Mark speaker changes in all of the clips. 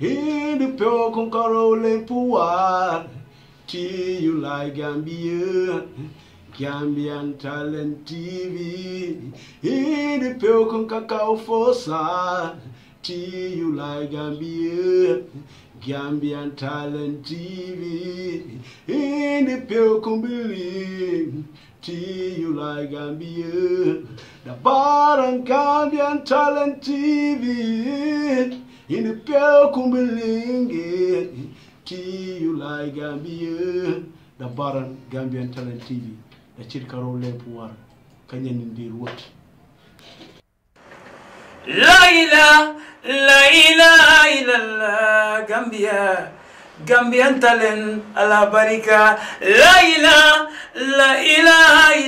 Speaker 1: Hele pyo kon karole pouvoir Ti you like Gambian Gambian Talent TV Hele pyo kon kakao fosa Ti you like Gambian Gambian Talent TV Hele pyo kon believe Ti you like Gambian Dabaran Gambian Talent TV in the pale kumbelinge ki you like Gambia the Baran Gambian Talent TV the Chirkaro Lepuar Kanyan wot
Speaker 2: Laila Laila Laila Gambia Gambian Talent Alabarika Laila Laila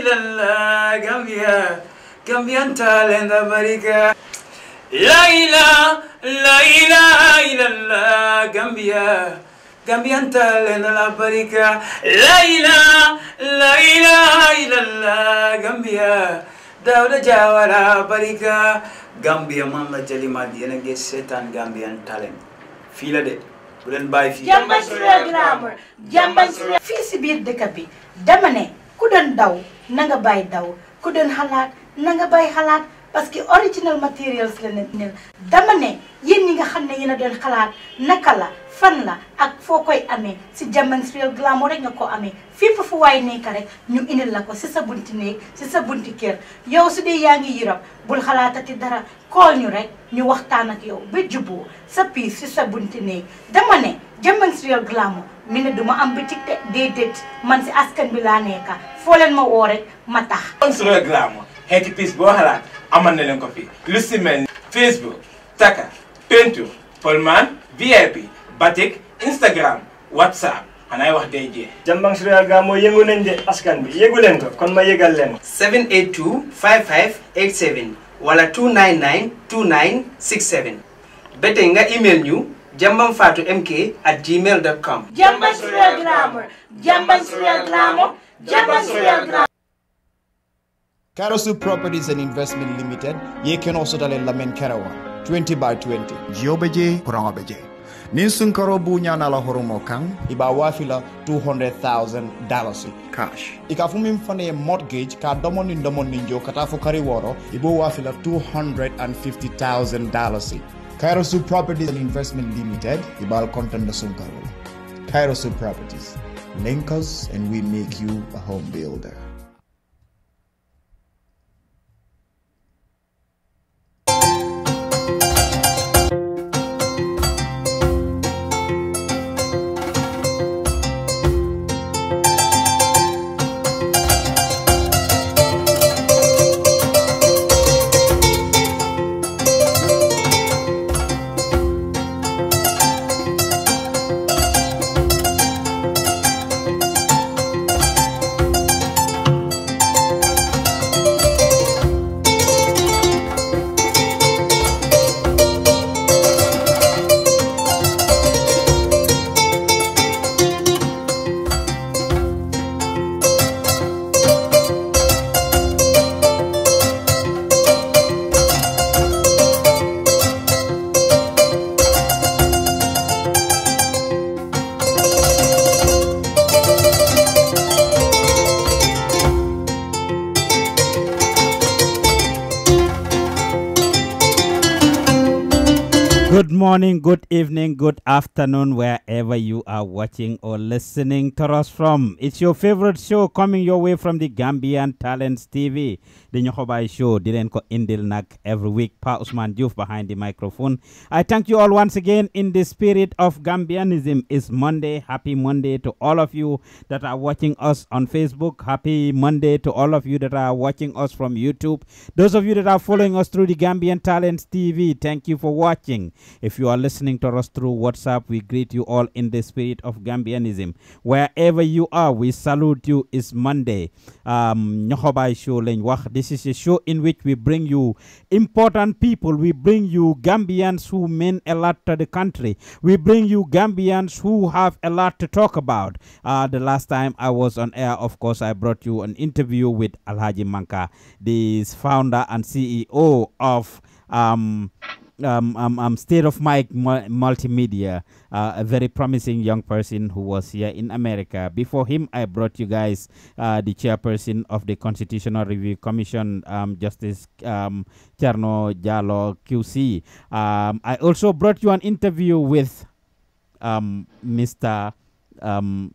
Speaker 2: Laila Gambia Gambian Talent Alabarika Laila, Laila, ilallah Gambia. Gambia anta lena la barika. Laila, Laila, ilallah Gambia. Dawda
Speaker 1: jawara barika. Gambia man la madi diena ge setan Gambian talent. Fila de. bu leen bàyyi fii jàmban sura
Speaker 2: grammar jàmban sura fii si biir dëkk bi dama ne ku doon daw nanga nga daw parce que original materials la ne nel dama ne yéen ñi nga xam ne yéen a doon xalaat naka la fan la ak foo koy amee si Jamans Real Glamour rek nga ko amee fépp fu waay nekk rek ñu indil la ko si sa bunti néeg si sa bunti kër yow si dee yaa ngi Europe bul xalaatati dara call ñu rek ñu waxtaan ak yow ba juboo sa piis si sa bunti néeg dama ne Jamans Real Glamour mi ne duma am boutique de déedéet man si askan bi laa nekka foo leen ma woo rek ma tax Jamans
Speaker 3: Real xeeti piis boo xalaat amal na leen ko fi lu si mel ni Facebook Taka Pentu Polman VIP Batik Instagram WhatsApp xanaay wax day jeex. jàmbang Suria gaa mooy yëngu nañ de askan bi yëgu leen ko kon ma yëgal leen. 782 55 87 wala 299 29 67 ba tey nga email ñu.
Speaker 1: Jambang Fatu MK at gmail.com.
Speaker 2: Jambang a Glamour. Jambang Surya Glamour. Jambang
Speaker 1: Karasu Properties and Investment Limited, ye ken also dale lamen karawa, 20 by 20. Jiobeje, kurangobeje. Nin sun karo bunya na la horomo kan. Iba wafila $200,000. Cash. Ika fumi mfane mortgage ka domo ni domo ninjo katafu kariworo, ibo wafila $250,000. Kairosu Properties and Investment Limited, ibal content na sun karo. Kairosu Properties. Link us and we make you a home builder.
Speaker 3: morning good evening, good afternoon, wherever you are watching or listening to us from. It's your favorite show coming your way from the Gambian Talents TV. The Nyokobai Show, Direnko Indilnak, every week. Pa Usman Diouf behind the microphone. I thank you all once again in the spirit of Gambianism. It's Monday. Happy Monday to all of you that are watching us on Facebook. Happy Monday to all of you that are watching us from YouTube. Those of you that are following us through the Gambian Talents TV, thank you for watching. If you are listening, listening to us through WhatsApp, we greet you all in the spirit of Gambianism. Wherever you are, we salute you. It's Monday. Um, this is a show in which we bring you important people. We bring you Gambians who mean a lot to the country. We bring you Gambians who have a lot to talk about. Uh, the last time I was on air, of course, I brought you an interview with Alhaji Manka, the founder and CEO of um, um, um, um, State of Mike Multimedia, uh, a very promising young person who was here in America. Before him, I brought you guys uh, the chairperson of the Constitutional Review Commission, um, Justice um, Cherno Jalo QC. Um, I also brought you an interview with um, Mr. Um,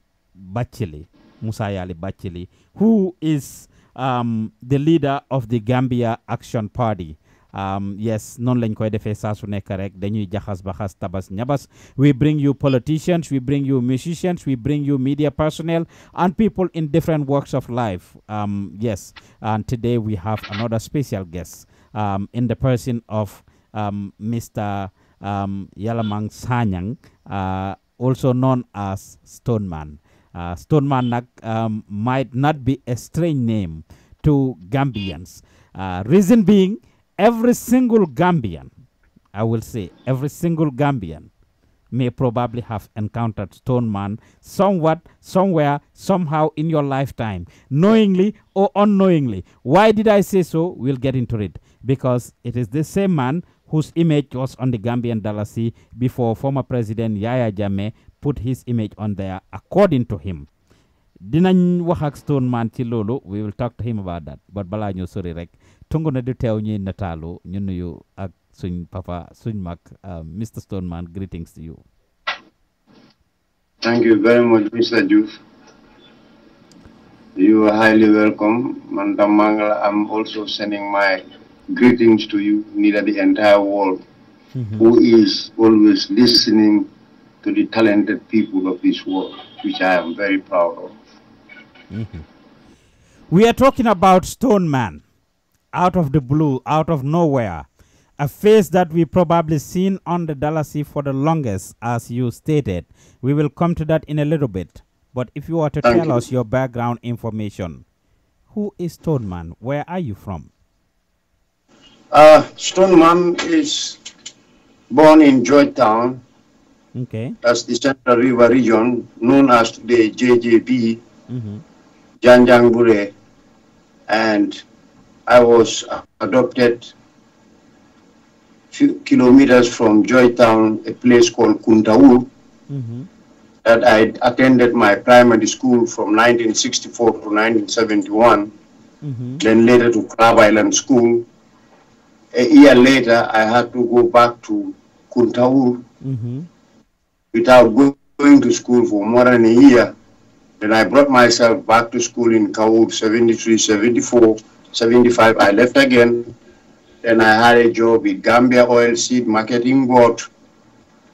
Speaker 3: Bachili, Musayali Bachili, who is um, the leader of the Gambia Action Party. Um, yes non lañ koy defee saa su nekk rek dañuy jaxas ba tabas ñabas we bring you politicians we bring you musicians we bring you media personnel and people in different walks of life um, yes and today we have another special guest um, in the person of Mr. Um, Yalamang Sanyang uh, also known as Stoneman. Uh, Stoneman um, might not be a strange name to Gambians. Uh, reason being, every single Gambian, I will say, every single Gambian may probably have encountered Stone Man somewhat, somewhere, somehow in your lifetime, knowingly or unknowingly. Why did I say so? We'll get into it. Because it is the same man whose image was on the Gambian Dalasi before former President Yaya Jammeh put his image on there, according to him. dinañ wax Stone Man ci we will talk to him about that but balaa sorry sori tongo na du teew ñuy nataalu ñu nuyu ak suñ papa suñ mag uh, Mr Stoneman greetings to you.
Speaker 4: Thank you very much Mr Diouf. You are highly welcome. Manda Mangala, I'm also sending my greetings to you, neither the entire world, mm -hmm. who is always listening to the talented people of this world, which I am very proud of.
Speaker 3: Mm -hmm. We are talking about Stone Man out of the blue, out of nowhere. A face that we probably seen on the Dallas for the longest, as you stated. We will come to that in a little bit. But if you were to Thank tell you. us your background information, who is Stoneman? Where are you from?
Speaker 4: Uh, Stoneman is born in Georgetown. Okay. That's the Central River region, known as the JJB, mm -hmm. Janjangbure. And I was adopted few kilometers from Joytown, a place called Kundaul, mm -hmm. that I attended my primary school from 1964 to 1971, mm -hmm. then later to Crab Island School. A year later, I had to go back to Kuntaul mm -hmm. without going to school for more than a year. Then I brought myself back to school in Kaul 73, 74, 75, I left again. Then I had a job with Gambia Oil Seed Marketing Board.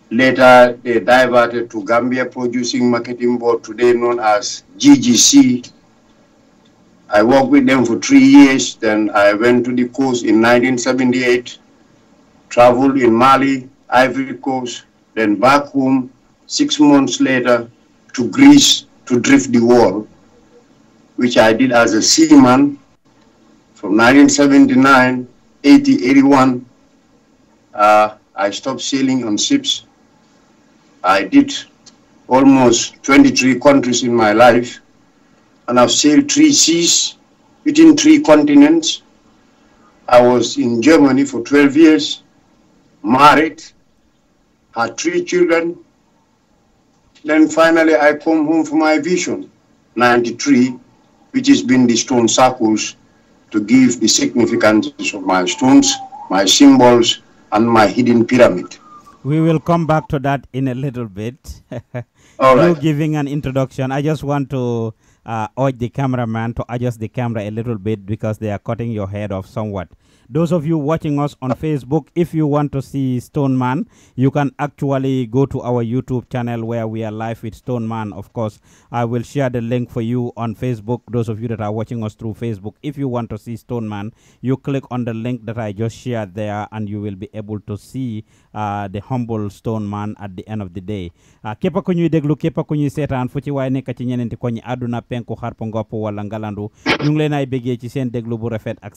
Speaker 4: Later, they diverted to Gambia Producing Marketing Board, today known as GGC. I worked with them for three years. Then I went to the coast in 1978, traveled in Mali, Ivory Coast, then back home six months later to Greece to drift the wall, which I did as a seaman from 1979, 80, 81, uh, I stopped sailing on ships. I did almost 23 countries in my life, and I've sailed three seas within three continents. I was in Germany for 12 years, married, had three children. Then finally, I come home for my vision, 93, which has been the stone circles to give the significance of my stones, my symbols, and my hidden pyramid.
Speaker 3: We will come back to that in a little bit. All right. You giving an introduction, I just want to uh, urge the cameraman to adjust the camera a little bit because they are cutting your head off somewhat. Those of you watching us on Facebook, if you want to see Stone Man, you can actually go to our YouTube channel where we are live with Stone Man. Of course, I will share the link for you on Facebook. Those of you that are watching us through Facebook, if you want to see Stone Man, you click on the link that I just shared there, and you will be able to see uh, the humble Stone Man at the end of the day. Uh, kepa ku déglu képp ku ñuy seetaan fu ci ci ñeneenti ko ñi àdduna penku xarpa ngopp wala ngalandu ñu ngi leen ci déglu bu rafet ak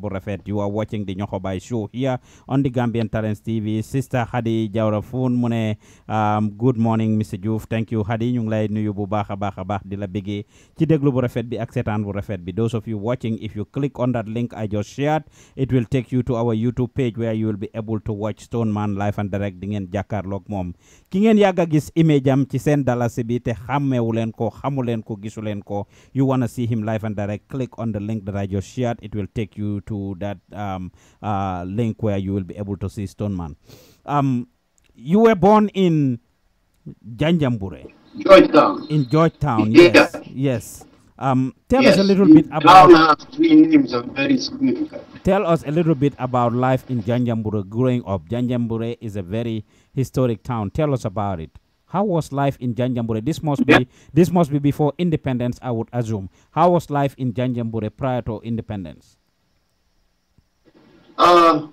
Speaker 3: bu rafet are watching the Nyokobai show here on the Gambian Talents TV. Sister Hadi Jaurafun Mune, um, good morning, Mr. Diouf. Thank you, Hadi. Ñu ngi lay nuyu bu baax a baax di la bëggee ci déglu bu rafet bi ak seetaan bu rafet bi. Those of you watching, if you click on that link I just it will take you to our YouTube page where you will be able to watch Stone Man live and direct di ngeen jàkkaarloog moom. Ki ngeen yàgg a gis image am ci seen dalasi bi te xàmmewu ko xamu leen ko gisu leen ko. You wanna see him live and direct, click on the um, uh, link where you will be able to see Stoneman. Um, you were born in Janjambure. Georgetown. In Georgetown, yes. Yeah. Yes. Um, tell yes, us a little bit about. Town has
Speaker 1: three names are very significant.
Speaker 3: Tell us a little bit about life in Janjambure growing up. Janjambure is a very historic town. Tell us about it. How was life in Janjambure? This must be this must be before independence, I would assume. How was life in Janjambure prior to independence?
Speaker 4: Uh,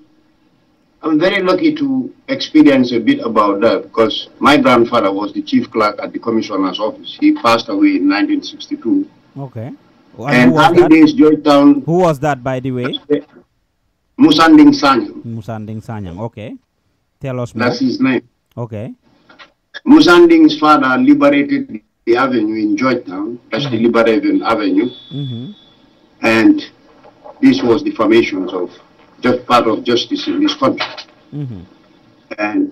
Speaker 4: I'm very lucky to experience a bit about that because my grandfather was the chief clerk at the commissioner's office. He passed away in 1962.
Speaker 3: Okay. and early days, Georgetown. Who was that, by the way? Musanding Sanyang. Musanding Sanyang, okay. Tell us more. That's his name. Okay.
Speaker 4: Musanding's father liberated the avenue in Georgetown. That's mm -hmm. the mm-hmm. Liberated Avenue. Mm -hmm. And this was the formations of just part of justice in this country. Mm -hmm. And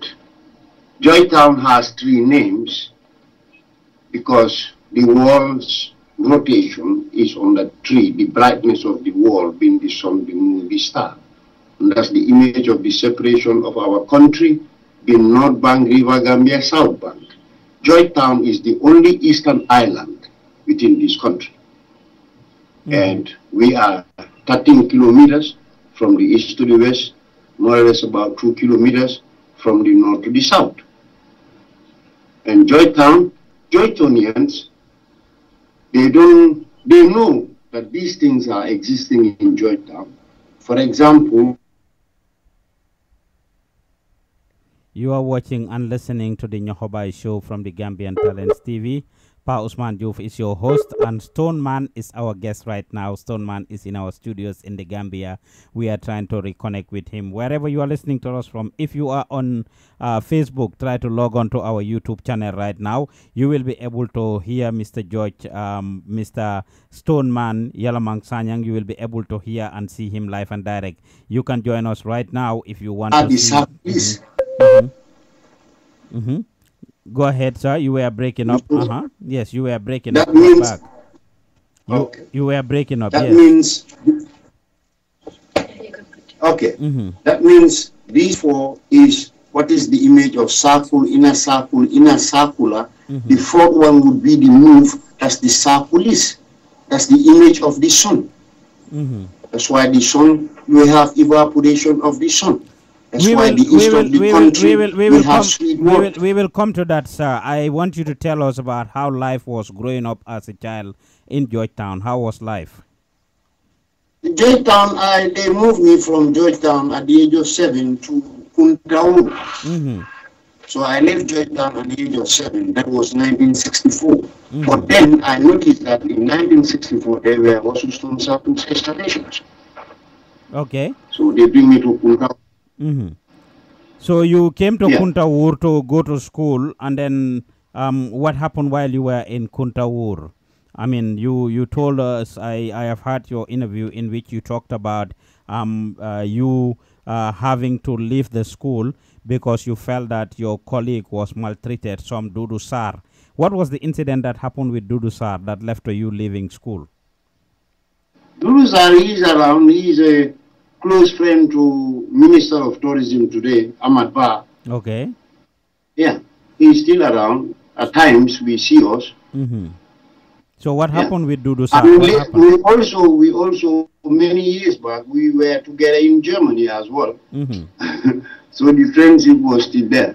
Speaker 4: Joytown has three names because the world's rotation is on the tree, the brightness of the world being the sun, the moon, the star. And that's the image of the separation of our country being North Bank, River Gambia, South Bank. Joytown is the only eastern island within this country. Mm -hmm. And we are 13 kilometers from the east to the west, more or less about two kilometers from the north to the south. And Joytown, Joytonians, they don't, they know that these things are existing in Joytown. For example,
Speaker 3: you are watching and listening to the Nyohobai show from the Gambian Talents TV. Pa Usman Juf is your host, and Stoneman is our guest right now. Stoneman is in our studios in the Gambia. We are trying to reconnect with him wherever you are listening to us from. If you are on uh, Facebook, try to log on to our YouTube channel right now. You will be able to hear Mr. George, um, Mr. Stoneman, Yalamang Sanyang. You will be able to hear and see him live and direct. You can join us right now if you want. Addis, please. Mm-hmm. Mm-hmm. Go ahead, sir. You were breaking up. Uh huh. Yes, you were breaking that up. Means, back. You, okay. you were breaking up. That yes. means.
Speaker 4: Okay. Mm -hmm. That means these four is what is the image of circle, inner circle, inner circular. Mm -hmm. The fourth one would be the move as the circle is. That's the image of the sun. Mm -hmm. That's why the sun, you have evaporation of the sun. That's we why will, the will, country we will, we will, we come, we will,
Speaker 3: we will come to that, sir. I want you to tell us about how life was growing up as a child in Georgetown. How was life?
Speaker 4: Georgetown, I, they moved me from Georgetown at the age of seven to Kuntaulu. Mm -hmm. So I left Georgetown at the age of seven. That was 1964. Mm -hmm. But then I noticed that in 1964 there were also some circumstantial
Speaker 3: Okay. So they bring me to Kuntaulu. Mm-hmm. So you came to yeah. Kuntawur to go to school, and then um, what happened while you were in Kuntawur? I mean, you, you told us, I, I have heard your interview in which you talked about um, uh, you uh, having to leave the school because you felt that your colleague was maltreated, some Dudu Sar. What was the incident that happened with Dudu Sar that left to you leaving school?
Speaker 4: Dudu Sar is around, he's a close friend to Minister of Tourism today, Ahmad Ba. Okay. Yeah, he's still around. At times we see us.
Speaker 3: Mm -hmm. So what happened yeah. with Dudu We, we, also we
Speaker 4: also many years back we were together in Germany as well. Mm -hmm. so the friendship was still there.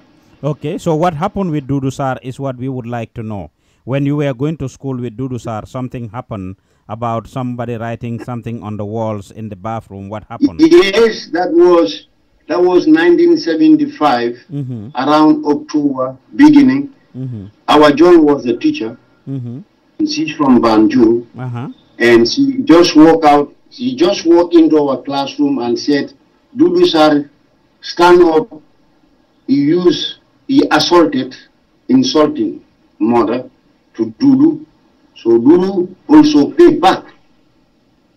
Speaker 3: Okay, so what happened with Dudu Sar is what we would like to know. When you were going to school with Dudu Sar, something happened about somebody writing something on the walls in the bathroom. What happened? Yes,
Speaker 4: that was that was 1975, mm -hmm. around October beginning. Mm -hmm. Our John was a teacher. Mm -hmm. She's from Banjul, uh -huh. and she just walked out. She just walked into our classroom and said, "Dudu sir, stand up. He used he assaulted, insulting mother to Dudu so Dunu also paid back.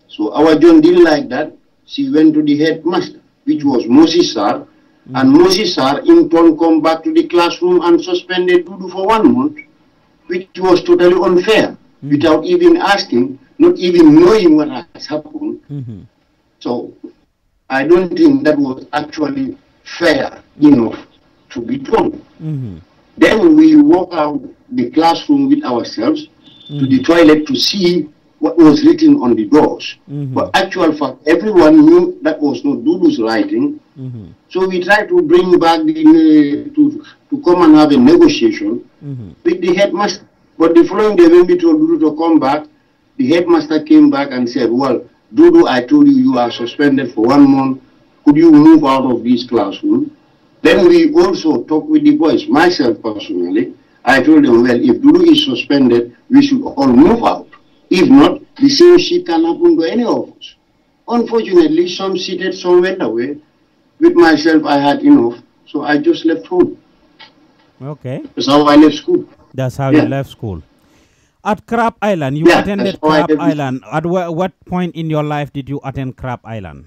Speaker 4: So our John didn't like that. She went to the headmaster, which was Moses Sar. Mm. And Moses Sar in turn come back to the classroom and suspended Dudu for one month, which was totally unfair, mm. without even asking, not even knowing what has happened. Mm -hmm. So I don't think that was actually fair enough to be done. -hmm. Then we walk out the classroom with ourselves mm. to the toilet to see what was written on the doors. Mm -hmm. But actual fact, everyone knew that was not Dudu's writing. Mm -hmm. So we tried to bring back the, uh, to, to come and have a negotiation mm-hmm. with the headmaster. But the following day, when we told Dudu to come back, the headmaster came back and said, well, Dudu, I told you you are suspended for one month. Could you move out of this classroom? Then we also talked with the boys, myself personally. I told them, well, if Dudu is suspended, we should all move out. If not, the same shit can happen to any of us. Unfortunately, some seated, some went away. With myself, I had enough, so I just left home.
Speaker 3: Okay. That's how I left school. That's how yeah. you left school. At Crab Island, you yeah, attended Crab Island. At wh what point in your life did you attend Crab Island?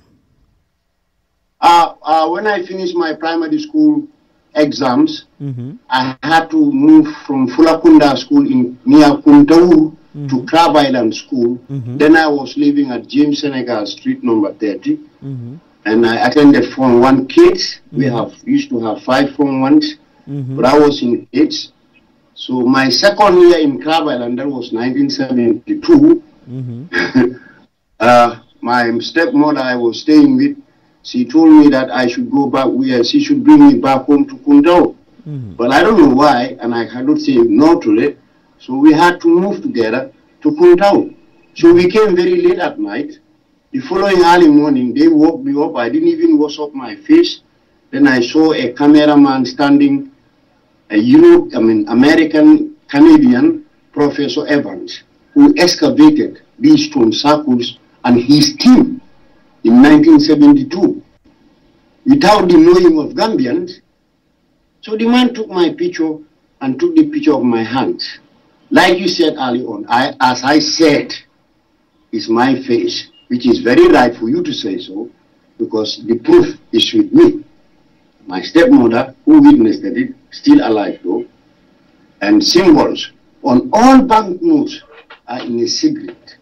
Speaker 4: Uh, uh, when I finished my primary school, exams, mm-hmm. I had to move from Fulakunda School in near mm-hmm. to Crab Island School. Mm-hmm. Then I was living at James Senegal Street number 30. Mm-hmm. And I attended Form 1 kids. We mm-hmm. have used to have five Form 1s, mm-hmm. but I was in kids. So my second year in Crab Island, that was 1972. uh, my stepmother I was staying with she told me that I should go back where uh, she should bring me back home to Kundao. Mm -hmm. But I don't know why, and I cannot say no to it. So we had to move together to Kundao. So we came very late at night. The following early morning, they woke me up. I didn't even wash up my face. Then I saw a cameraman standing, a Europe, I mean, American Canadian, Professor Evans, who excavated these stone circles and his team in 1972 without the knowing of Gambians. So the man took my picture and took the picture of my hands. Like you said early on, I, as I said, is my face, which is very right for you to say so, because the proof is with me. My stepmother, who witnessed it, still alive though, and symbols on all banknotes are in a secret.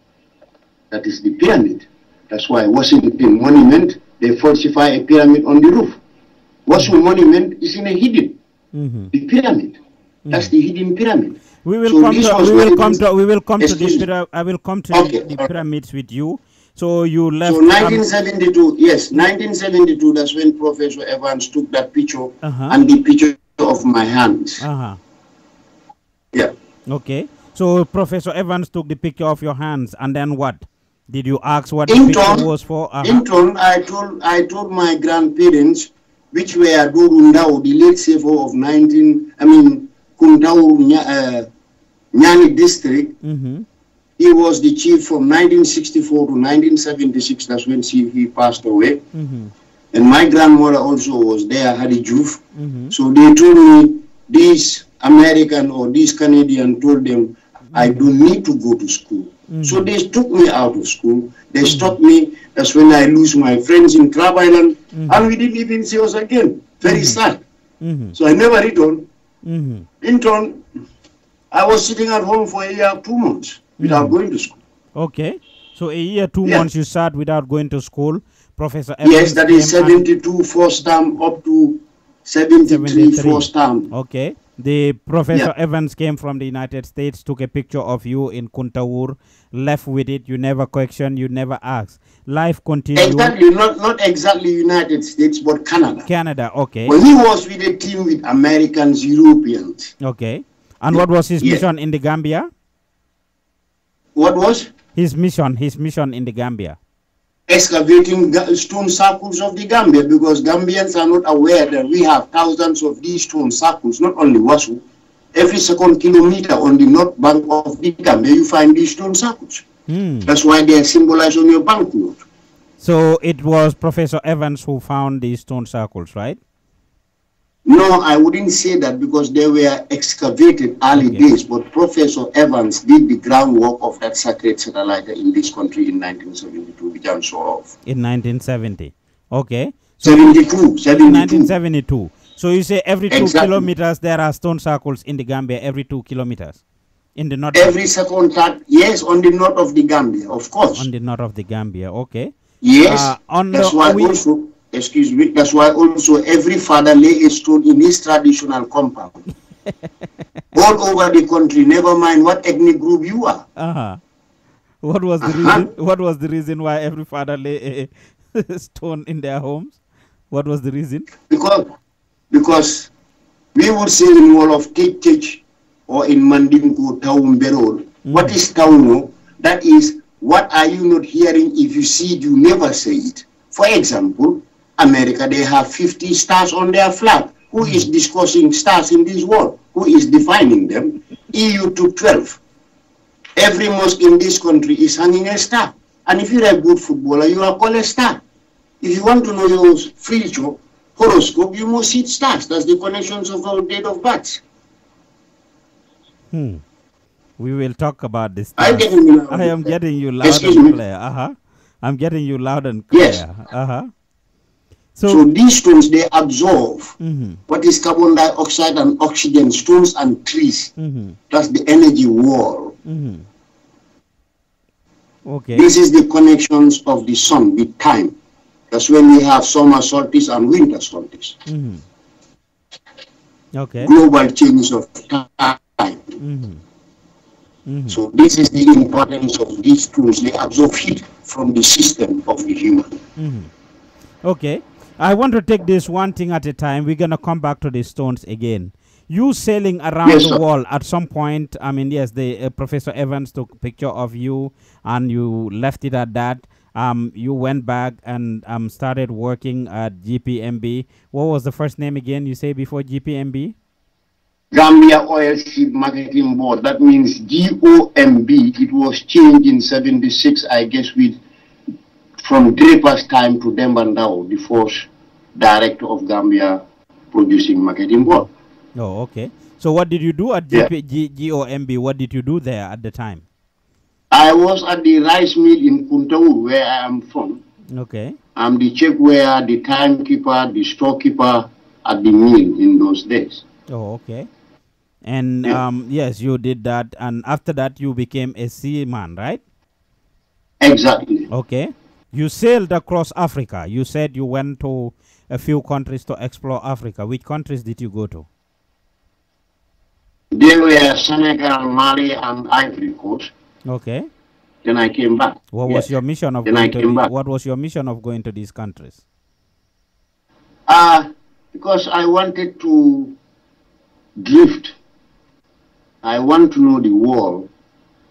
Speaker 4: That is the pyramid. That's why Washington Monument, they falsify a pyramid on the roof. Washington mm-hmm. Monument is in
Speaker 3: a hidden mm -hmm. the pyramid. Mm -hmm. That's the hidden pyramid. We will so come to we will come to we will come to this I will come to okay. the, the pyramids with you. So you left. So 1972, um, yes, 1972.
Speaker 4: That's when Professor Evans took that picture uh -huh. and the picture of my hands.
Speaker 3: Uh-huh. Yeah. Okay. So Professor Evans took the picture of your hands, and then what? Did you ask what in the picture turn, was for? Uh -huh. In turn,
Speaker 4: I told I told my grandparents, which were Dorundao, the late CFO of 19, I mean Kundao uh, Nyani district. Mm -hmm. He was the chief from 1964 to 1976. That's when he, he passed away. Mm -hmm. And my grandmother also was there, a Juf. Mm -hmm. So they told me this American or this Canadian told them, I mm-hmm. don't need to go to school. Mm. So they took me out of school. They mm -hmm. stopped me. That's when I lose my friends in Crab Island. Mm -hmm. And we didn't even see us again. Very mm-hmm. sad. Mm-hmm. So I never returned. Mm-hmm. In turn, I was sitting at home for a year, two months without going to school.
Speaker 3: Okay. So a year, two months you sat without going to school. Professor Evans Yes, that is 72
Speaker 4: first term up to 73, 73. first term.
Speaker 3: Okay. The Professor yeah. Evans came from the United States, took a picture of you in Kuntawur, left with it. You never question, you never ask. Life continues. Exactly,
Speaker 4: not, not exactly United States, but Canada. Canada, okay. Well, he was with a team with Americans, Europeans.
Speaker 3: Okay. And what was his yeah. mission in the Gambia? What was? His mission, his mission in the Gambia
Speaker 4: excavating stone circles of the Gambia because Gambians are not aware that we have thousands of these stone circles, not only Wasu. Every second kilometer on the north bank of the Gambia, you find these stone circles. Mm. That's why they are symbolized on your banknote.
Speaker 3: So it was Professor Evans who found these stone circles, right?
Speaker 4: No, I wouldn't say that because they were excavated early okay. days, but Professor Evans did the groundwork of that sacred satellite in this country in 1972, which I'm sure of.
Speaker 3: In 1970. Okay. So 72, 72. 1972. So you say every two exactly. kilometers there are stone circles in the Gambia every two kilometers? In the north? Every second, third, yes, on the north of the Gambia, of course. On the north of the Gambia, okay. Yes, uh, on that's the, why we, also
Speaker 4: Excuse me. That's why also every father lay a stone in his traditional compound. All over the country, never mind what ethnic group you are.
Speaker 3: Uh-huh. What was the uh-huh. reason? What was the reason why every father lay a stone in their homes? What was the reason?
Speaker 4: Because, because we would say in wall of Teach or in Mandingo Town Berol. Mm. What is Tauno? That is, what are you not hearing? If you see it, you never say it. For example, America, they have 50 stars on their flag. Who is hmm. discussing stars in this world? Who is defining them? EU took 12. Every mosque in this country is hanging a star. And if you're a good footballer, you are called a star. If you want to know your spiritual horoscope, you must see stars. That's the connections of our date of birth.
Speaker 3: Hmm. We will talk about this. I, I am getting you loud Excuse and clear. Uh huh. I'm getting you loud and clear. Yes. Uh huh.
Speaker 4: So, so, these stones, they absorb mm -hmm. what is carbon dioxide and oxygen, stones and trees. Mm -hmm. That's the energy wall.
Speaker 5: Mm -hmm. Okay. This is
Speaker 4: the connections of the sun with time. That's when we have summer solstice and winter solstice.
Speaker 5: Mm-hmm. Okay.
Speaker 4: Global changes of time. Mm-hmm. Mm-hmm. So this is the importance of these tools. They absorb heat from the system of the human.
Speaker 3: Okay. I want to take this one thing at a time. We're going to come back to the stones again. You sailing around yes, the world at some point. I mean, yes, the uh, Professor Evans took picture of you and you left it at that. Um, you went back and um, started working at GPMB. What was the first name again you say before GPMB? Gambia
Speaker 4: Oil Seed Marketing Board. That means GOMB. It was changed in 76, I guess, with from Draper's time to them and now, the first director of Gambia Producing Marketing Board.
Speaker 3: Oh, okay. So what did you do at GP, yeah. GOMB? What did you do there at the time?
Speaker 4: I was at the rice mill in Kuntao, where I am from. Okay. I'm the check where the timekeeper, the storekeeper at the mill in those days.
Speaker 3: Oh, okay. And yeah. um, yes, you did that. And after that, you became a seaman, right? Exactly. Okay. You sailed across Africa. You said you went to a few countries to explore Africa. Which countries did you go to?
Speaker 4: There were Senegal, Mali, and Ivory Coast. Okay. Then I came back.
Speaker 3: What yes. was your mission of then going I came to, back. What was your mission of going to these countries?
Speaker 4: Uh, because I wanted to drift. I want to know the world,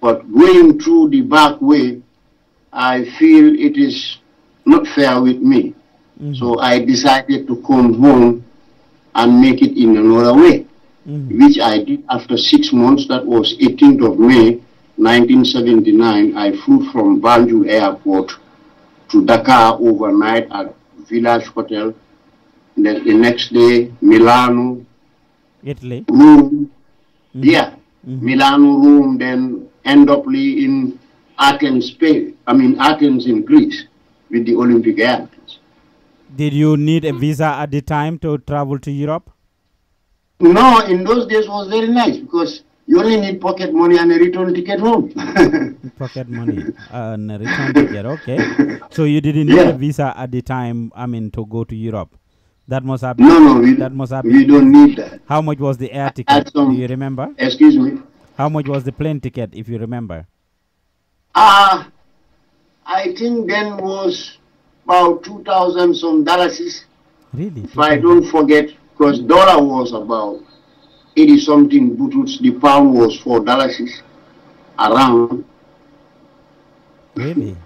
Speaker 4: but going through the back way I feel it is not fair with me. Mm. So I decided to come home and make it in another way, mm. which I did after six months. That was 18th of May, 1979. I flew from Banjul Airport to Dakar overnight at Village Hotel. And then the next day, Milano. Italy. Rome. Mm. Mm-hmm. Yeah. Milano, Rome, then end up in Athens, Spain i mean Athens in Greece with the Olympic Games.
Speaker 3: Did you need a visa at the time to travel to Europe?
Speaker 4: No, in those days was very nice because you only need pocket money and a return ticket home.
Speaker 3: pocket money and a return ticket, okay. So you didn't yeah. need a visa at the time, I mean, to go to Europe. That must happen. no, no, we, that must happen. we don't need that. How much was the air ticket? Some, Do you remember? Excuse me. How much was the plane ticket, if you remember?
Speaker 4: Ah, I think then was about 2000 some dollars. Really? If I don't forget, because dollar was about 80 something But the pound was 4 dollars around.
Speaker 3: Really?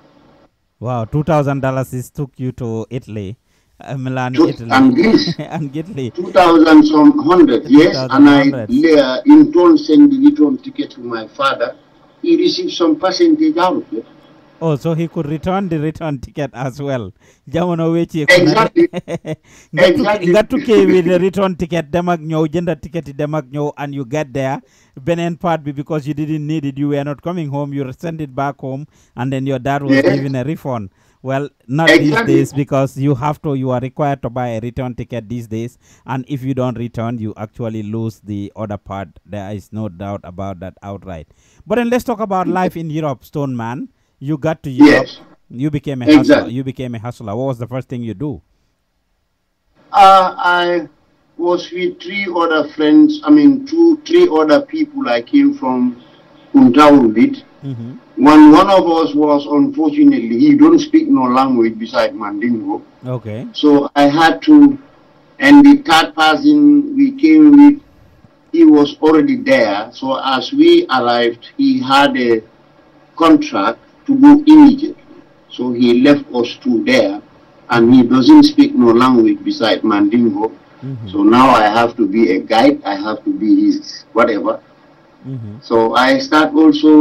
Speaker 3: Wow, $2,000 took you to Italy. Uh, Milan, Italy. And Greece. and Italy. 2000 some hundred, yes. And I, uh,
Speaker 4: in turn, send the return ticket to my father. He received some percentage out of it.
Speaker 3: Oh, so he could return the return ticket as well. Jamano wechi exactly. exactly. Ngatuke with the return ticket, demag nyo, gender ticket, demag nyo, and you get there. Benen part because you didn't need it, you were not coming home, you send it back home, and then your dad was yes. giving a refund. Well, not exactly. these days because you have to, you are required to buy a return ticket these days. And if you don't return, you actually lose the other part. There is no doubt about that outright. But then let's talk about life in Europe, Stone Man you got to Europe. Yes. You became a hustler. Exactly. You became a hustler. What was the first thing you do?
Speaker 4: Uh, I was with three other friends. I mean, two, three other people. I came from Kuntaul Mm -hmm. One, one of us was unfortunately he don't speak no language besides Mandingo. Okay. So I had to, and the third person we came with, he was already there. So as we arrived, he had a contract to go immediately. So he left us two there, and he doesn't speak no language beside Mandingo. Mm -hmm. So now I have to be a guide, I have to be his whatever. Mm -hmm. So I start also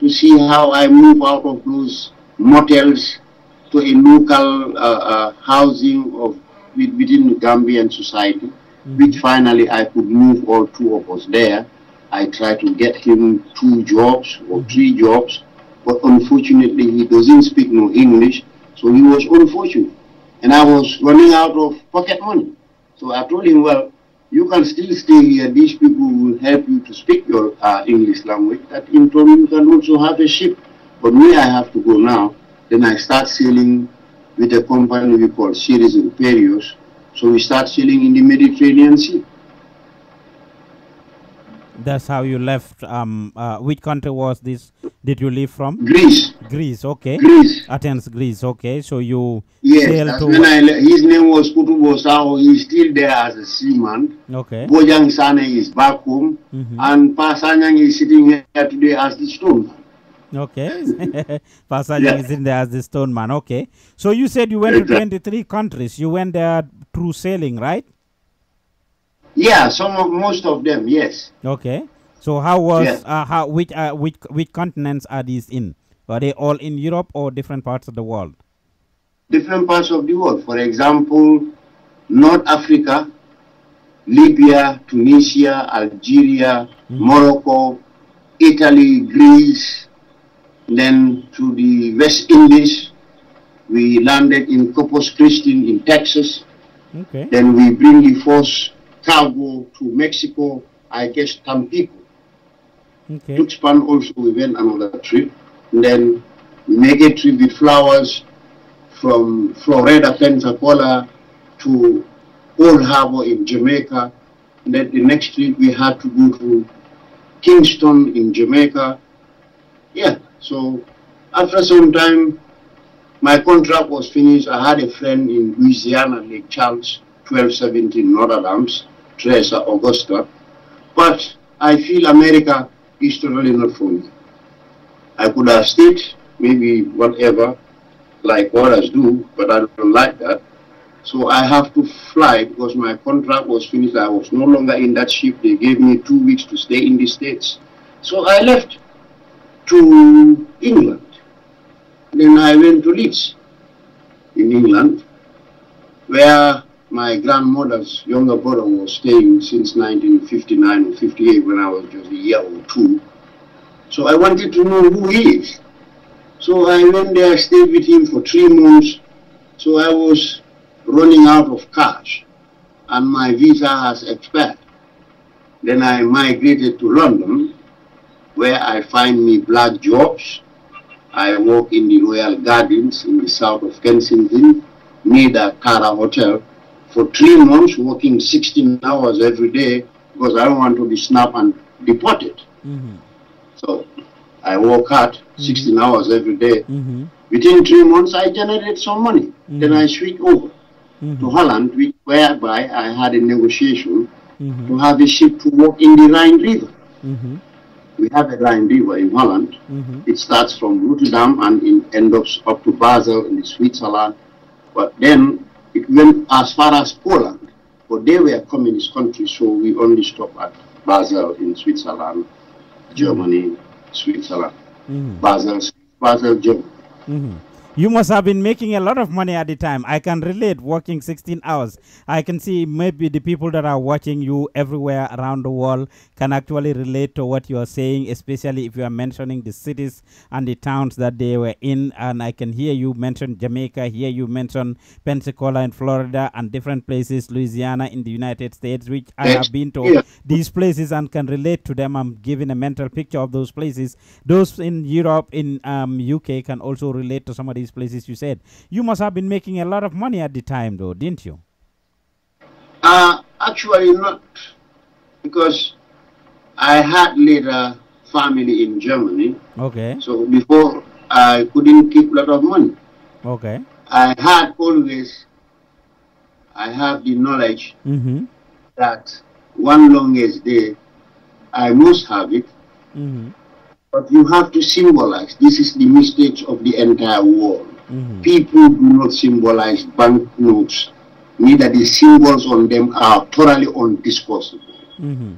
Speaker 4: to see how I move out of those motels to a local uh, uh, housing of within the Gambian society, mm -hmm. which finally I could move all two of us there. I try to get him two jobs or mm-hmm. three jobs but unfortunately he doesn't speak no English, so he was unfortunate. And I was running out of pocket money. So I told him, well, you can still stay here. These people will help you to speak your uh, English language. That in turn you can also have a ship. But me, I have to go now. Then I start sailing with a company we call Series Imperios. So we start sailing in the Mediterranean Sea.
Speaker 3: That's how you left. Um, uh, which country was this? Did you leave from? Greece. Greece, okay. Greece. Athens, Greece, okay. So you yes, sailed to. When I
Speaker 4: his name was Kutubo He's still there as a seaman. Okay. Bojang Sane is back home, mm -hmm. and Pasanyang is sitting here today as the stone.
Speaker 3: Okay. Pasanyang yeah. is in there as the stone man. Okay. So you said you went exactly. to 23 countries. You went there through sailing, right?
Speaker 4: Yeah, some of most of them, yes.
Speaker 3: Okay. So how was uh, how which uh, which which continents are these in? Are they all in Europe or different parts of the world?
Speaker 4: Different parts of the world. For example, North Africa, Libya, Tunisia, Algeria, mm. Morocco, Italy, Greece, then to the West Indies. We landed in Corpus Christi in Texas. Okay. Then we bring the force cargo to Mexico, I guess Tampico. Okay. Took span also, we went another trip. And then make a trip with flowers from Florida, Pensacola to Old Harbor in Jamaica. And then the next trip we had to go to Kingston in Jamaica. Yeah, so after some time, my contract was finished. I had a friend in Louisiana, Lake Charles, 1217 Notre Dame treasure, Augusta, but I feel America is totally not for me. I could have stayed, maybe whatever, like others do, but I don't like that. So I have to fly because my contract was finished. I was no longer in that ship. They gave me two weeks to stay in the States. So I left to England. Then I went to Leeds in England, where my grandmother's younger brother was staying since 1959 or 58 when I was just a year or two. So I wanted to know who he is. So I went there, stayed with him for three months. So I was running out of cash and my visa has expired. Then I migrated to London where I find me black jobs. I work in the Royal Gardens in the south of Kensington near the Cara Hotel for three months working 16 hours every day because I don't want to be snapped and deported. Mm -hmm. So I work hard, mm -hmm. 16 hours every day. Mm -hmm. Within three months, I generate some money. Mm-hmm. Then I switch over mm-hmm. to Holland, which, whereby I had a negotiation mm-hmm. to have a ship to work in the Rhine River. We have a Rhine River in Holland. It starts from Rotterdam and it ends up to Basel in Switzerland. But then it went as far as Poland, but they were communist countries, so we only stopped at Basel in Switzerland, Germany, Switzerland, mm Basel, Basel, Germany.
Speaker 3: Mm -hmm. You must have been making a lot of money at the time. I can relate working 16 hours. I can see maybe the people that are watching you everywhere around the world can actually relate to what you are saying, especially if you are mentioning the cities and the towns that they were in. And I can hear you mention Jamaica, hear you mention Pensacola in Florida and different places, Louisiana in the United States, which I have been to yeah. these places and can relate to them. I'm giving a mental picture of those places. Those in Europe, in um, UK, can also relate to some of these these places you said. You must have been making a lot of money at the time, though, didn't you?
Speaker 4: Uh, actually, not because I had later family in Germany. Okay. So before I couldn't keep a lot of money. Okay. I had always, I have the knowledge mm -hmm. that one longest day I must have it. Mm -hmm. But you have to symbolize. This is the mistake of the entire world. Mm -hmm. People do not symbolize banknotes, neither the symbols on them are totally undisposable. Mm -hmm.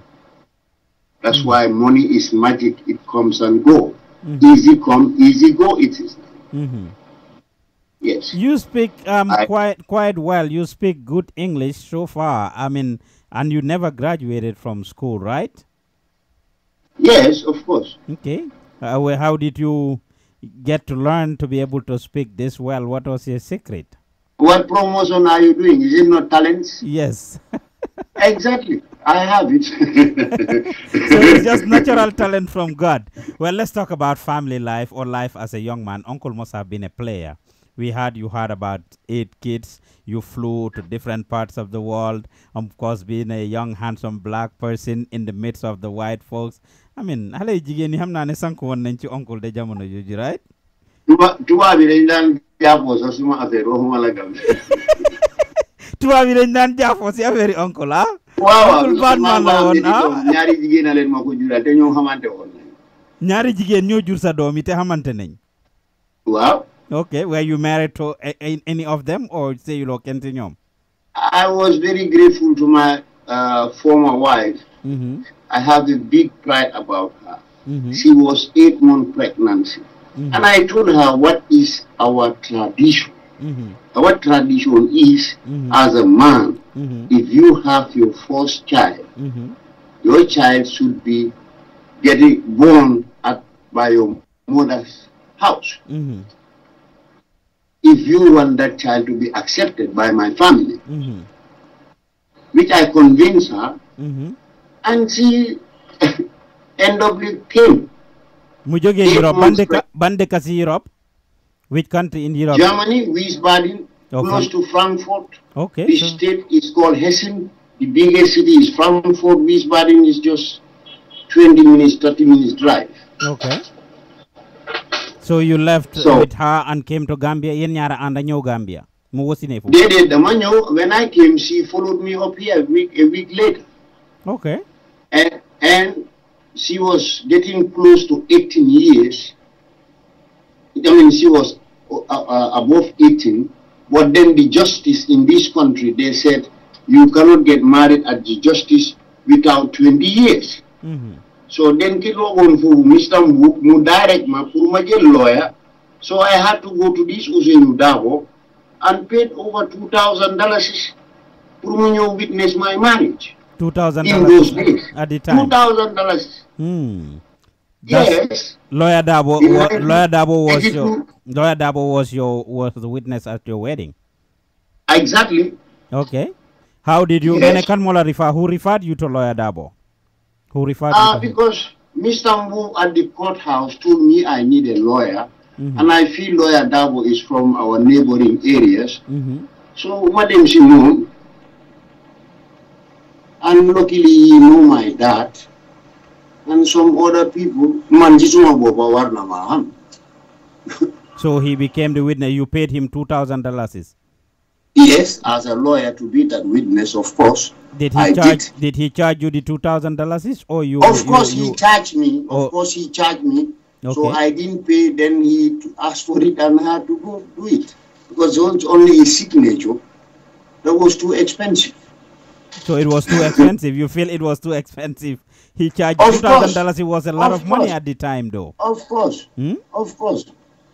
Speaker 4: That's mm -hmm. why money is magic, it comes and go. Mm-hmm. Easy come, easy go, it is.
Speaker 3: Mm-hmm. Yes. You speak um, I, quite quite well. You speak good English so far. I mean, and you never graduated from school, right? Yes, of course. Okay. Uh, well, how did you get to learn to be able to speak this well? What was your secret?
Speaker 4: What promotion are you doing? Is it not talents? Yes. exactly. I have it. so it's just natural
Speaker 3: talent from God. Well, let's talk about family life or life as a young man. Uncle must have been a player. We heard you had about eight kids. You flew to different parts of the world. Of course, being a young, handsome black person in the midst of the white folks, amin xale yi jigéen ñi xam naa ne sànq woon nañ ci oncle de jamono jooju right tuba
Speaker 4: tubaab bi dañ daan jaafoo sax suma affaire waxuma la gam
Speaker 3: tubaab bi dañ daan jaafoo si affaire yi oncle ah
Speaker 4: waaw waaw Batman la woon ah ñaari jigéen a leen moo
Speaker 3: ko jural te ñoo xamante woon ñaari jigéen ñoo jur sa doom yi te xamante nañ waaw ok were you married to any of them or seyuloo kenn ci ñoom
Speaker 4: I was very grateful to my uh, former wife mm-hmm. I have a big pride about her. Mm -hmm. She was eight month pregnancy. Mm -hmm. And I told her what is our tradition. Mm -hmm. Our tradition is mm-hmm. as a man, mm-hmm. if you have your first child, mm-hmm. your child should be getting born at by your mother's house. If you want that child to be accepted by my family,
Speaker 3: which I convinced her anti NWP. mu jógee Europe Europe. which country in Europe. Germany Wiesbaden. Okay. close to Frankfurt. Okay. The so
Speaker 4: state is called Hessen. The biggest city is Frankfurt. Wiesbaden is just 20 minutes, 30 minutes drive.
Speaker 3: Okay. So you left so, with her and came to Gambia. Yen nyara anda nyo Gambia. Mu wasine fu. Dede
Speaker 4: manyo. When I came, she followed me up here a week, a week later. Okay and, and she was getting close to 18 years. I mean, she was uh, uh, above 18, but then the justice in this country, they said, you cannot get married at the justice without 20 years. Mm -hmm. So then Kilogon for Mr. Mbuk, mu direct ma Purumaje lawyer. So I had to go to this Uzenu Davo and paid over $2,000 you witness my marriage.
Speaker 3: Two thousand dollars at the time. Two
Speaker 4: thousand dollars.
Speaker 3: Hmm. That's yes. Lawyer Dabo. Was, lawyer Double was your lawyer Double was your was the witness at your wedding. Exactly. Okay. How did you yes. can Mola refer? Who referred you to lawyer Dabo? Who referred? Ah,
Speaker 4: because Mr. Mbu at the courthouse told me I need a lawyer, mm -hmm. and I feel lawyer Dabo is from our neighboring areas. Mm -hmm. So Madam know unluckily you know my dad and some other people
Speaker 3: so he became the witness you paid him two thousand dollars
Speaker 4: yes as a lawyer to be that witness of course did he charge
Speaker 3: did. did he charge you the two thousand dollars or you of course you, he
Speaker 4: charged me of oh. course he charged me okay. so i didn't pay then he asked for it and I had to go do it because only his signature that was too expensive
Speaker 3: so it was too expensive. You feel it was too expensive. He charged two thousand dollars. It was a lot of, of money at the time, though.
Speaker 4: Of course.
Speaker 3: Hmm? Of course.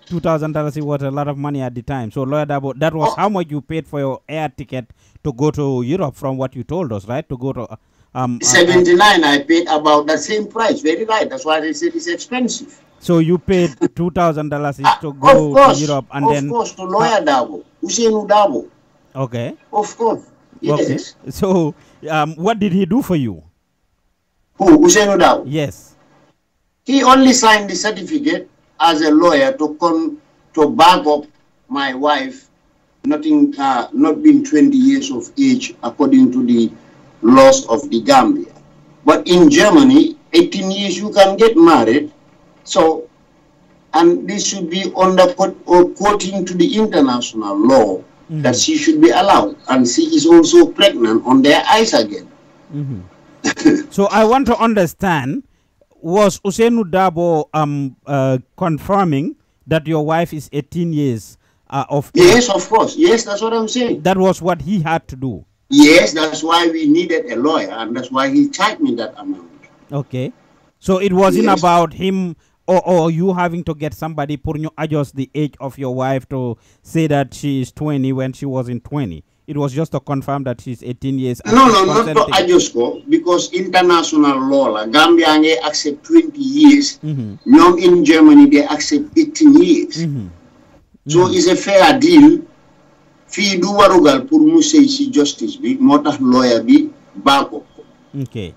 Speaker 3: Two thousand dollars. It was a lot of money at the time. So, lawyer Dabo, that was oh. how much you paid for your air ticket to go to Europe, from what you told us, right? To go to uh, um, uh, uh, seventy nine. I
Speaker 4: paid about the same price. Very right. That's why they said it's expensive.
Speaker 3: So you paid two thousand dollars ah, to go course, to Europe, and of then of course
Speaker 4: to lawyer Dabo, Usainu Dabo. Okay. Of course.
Speaker 3: Well, yes. So, um, what did he do for you? Who, no doubt? Yes.
Speaker 4: He only signed the certificate as a lawyer to con to back up my wife not, in, uh, not being 20 years of age according to the laws of the Gambia. But in Germany, 18 years you can get married. So, and this should be under according to the international law mm -hmm. that she should be allowed. And she is also pregnant on their
Speaker 3: eyes again. Mm -hmm. so I want to understand was Usenu Dabo um, uh, confirming that your wife is 18 years uh, of Yes, of
Speaker 4: course. Yes, that's what I'm saying.
Speaker 3: That was what he had to do.
Speaker 4: Yes, that's why we needed a lawyer, and that's why he charged me that amount.
Speaker 3: Okay. So it wasn't yes. about him or, or you having to get somebody put you adjust the age of your wife to say that she is 20 when she wasn't 20 it was just to confirm that she's 18 years no no not
Speaker 4: to adjust ko because international law la gambia nge accept 20 years mm -hmm. in germany they accept 18 years mm -hmm. so mm -hmm. it's a fair deal fi du warugal pour mu justice bi moo lawyer bi baa ko
Speaker 3: okay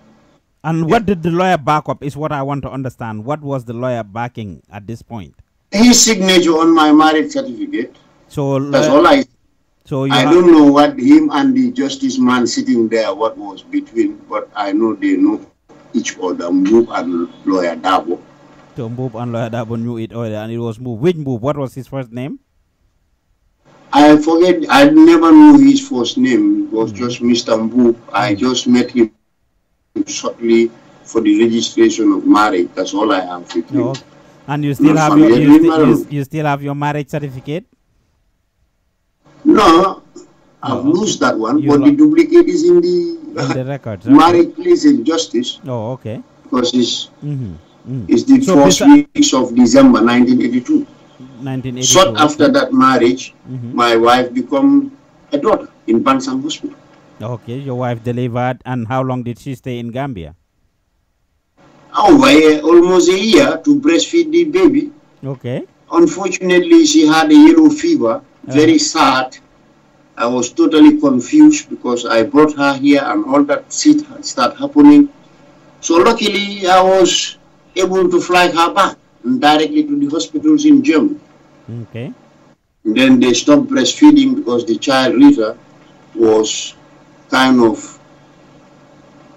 Speaker 3: and yeah. what did the lawyer back up is what I want to understand. What was the lawyer backing at this point? His signature on my
Speaker 4: marriage certificate.
Speaker 3: So that's all I. So I don't know
Speaker 4: what him and the justice man sitting there what was between, but I know they know each other. Move and lawyer Dabo.
Speaker 3: So Move and lawyer Dabo knew it earlier, and it was Move. Which Move? What was his first name?
Speaker 4: I forget. I never knew his first name. It was mm just Mr. Move. I mm just met him shortly for the registration of marriage. That's all I have with you.
Speaker 3: And you still have your, you, you, you, still have your marriage certificate?
Speaker 4: No, I've lost that one, you but the duplicate is in the, in
Speaker 3: the records, okay. marriage
Speaker 4: place in justice.
Speaker 3: Oh, okay. Because it's, mm -hmm. mm. it's the so
Speaker 4: first uh, weeks of December 1982. 1982. Short after that marriage, mm -hmm. my wife became a daughter in Bansang Hospital.
Speaker 3: Okay, your wife delivered, and how long did she stay in Gambia?
Speaker 4: Oh, uh, almost a year to breastfeed the baby. Okay. Unfortunately, she had a yellow fever, uh. very uh sad. I was totally confused because I brought her here and all that shit started happening. So luckily, I was able to fly her back directly to the hospitals in Germany. Okay. And then they stopped breastfeeding because the child litter was kind of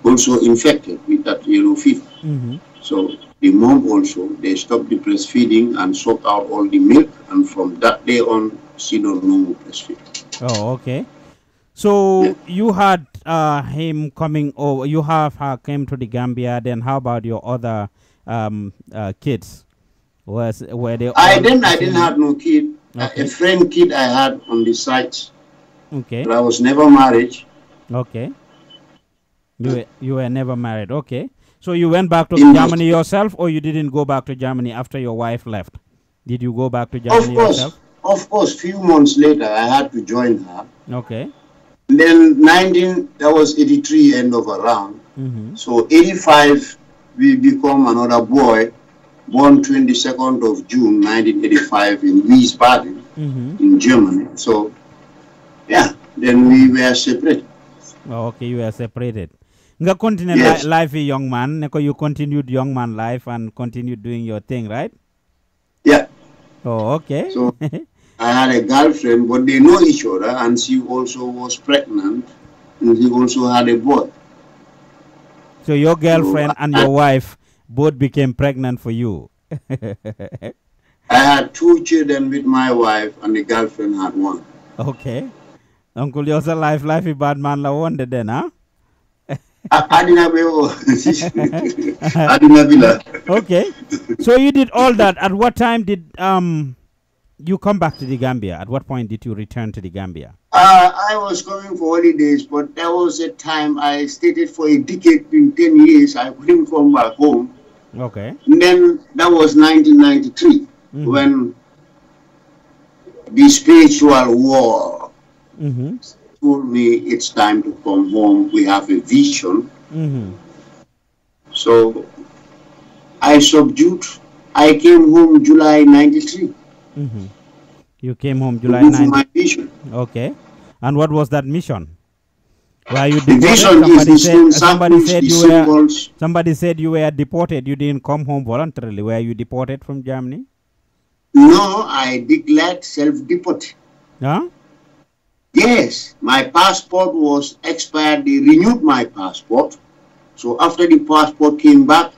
Speaker 4: also infected with that yellow fever. Mm -hmm. So the mom also, they stopped the breastfeeding and soak out all the milk. And from that day on, she don't know more breastfeed.
Speaker 3: Oh, okay. So yeah. you had uh, him coming over, you have her uh, came to the Gambia. Then how about your other um, uh, kids? Was where they? I didn't. I didn't have
Speaker 4: no kid. Okay. A friend kid I had on the site. Okay. But I was never married.
Speaker 3: Okay. You were, you were never married. Okay. So you went back to Germany yourself, or you didn't go back to Germany after your wife left? Did you go back to Germany of course, yourself?
Speaker 4: Of course. Few months later, I had to join her. Okay. And then 19, that was 83 end of a round. Mm -hmm. So 85, we become another boy, born 22nd of June 1985 in Wiesbaden, mm -hmm. in Germany. So, yeah, then we were separated.
Speaker 3: Okay, you are separated. Nga continue yes. li life, young man. Neko, you continued young man life and continued doing your thing, right? Yeah. Oh, okay. So
Speaker 4: I had a girlfriend, but they know each other, and she also was pregnant, and she also had a boy.
Speaker 3: So your girlfriend so, and your wife both became pregnant for you. I
Speaker 4: had two children with my wife, and the girlfriend had one.
Speaker 3: Okay. Uncle, you're life, life, bad man, la wonder then, huh? okay. So you did all that. At what time did um you come back to the Gambia? At what point did you return to the Gambia?
Speaker 4: Uh, I was coming for holidays, but there was a time I stayed for a decade in 10 years. I came from my home. Okay. And then that was 1993 mm -hmm. when the spiritual war mm -hmm. told me it's time to come home. We have a vision. Mm -hmm. So I subdued. I came home July 93.
Speaker 3: Mm -hmm. You came home July 93. My vision. Okay. And what was that mission? Why you deported? Somebody said, somebody, said you were, somebody said you were deported. You didn't come home voluntarily. Were you deported from Germany?
Speaker 4: No, I declared self-deport. Huh? Yes, my passport was expired. They renewed my passport. So after the passport came back,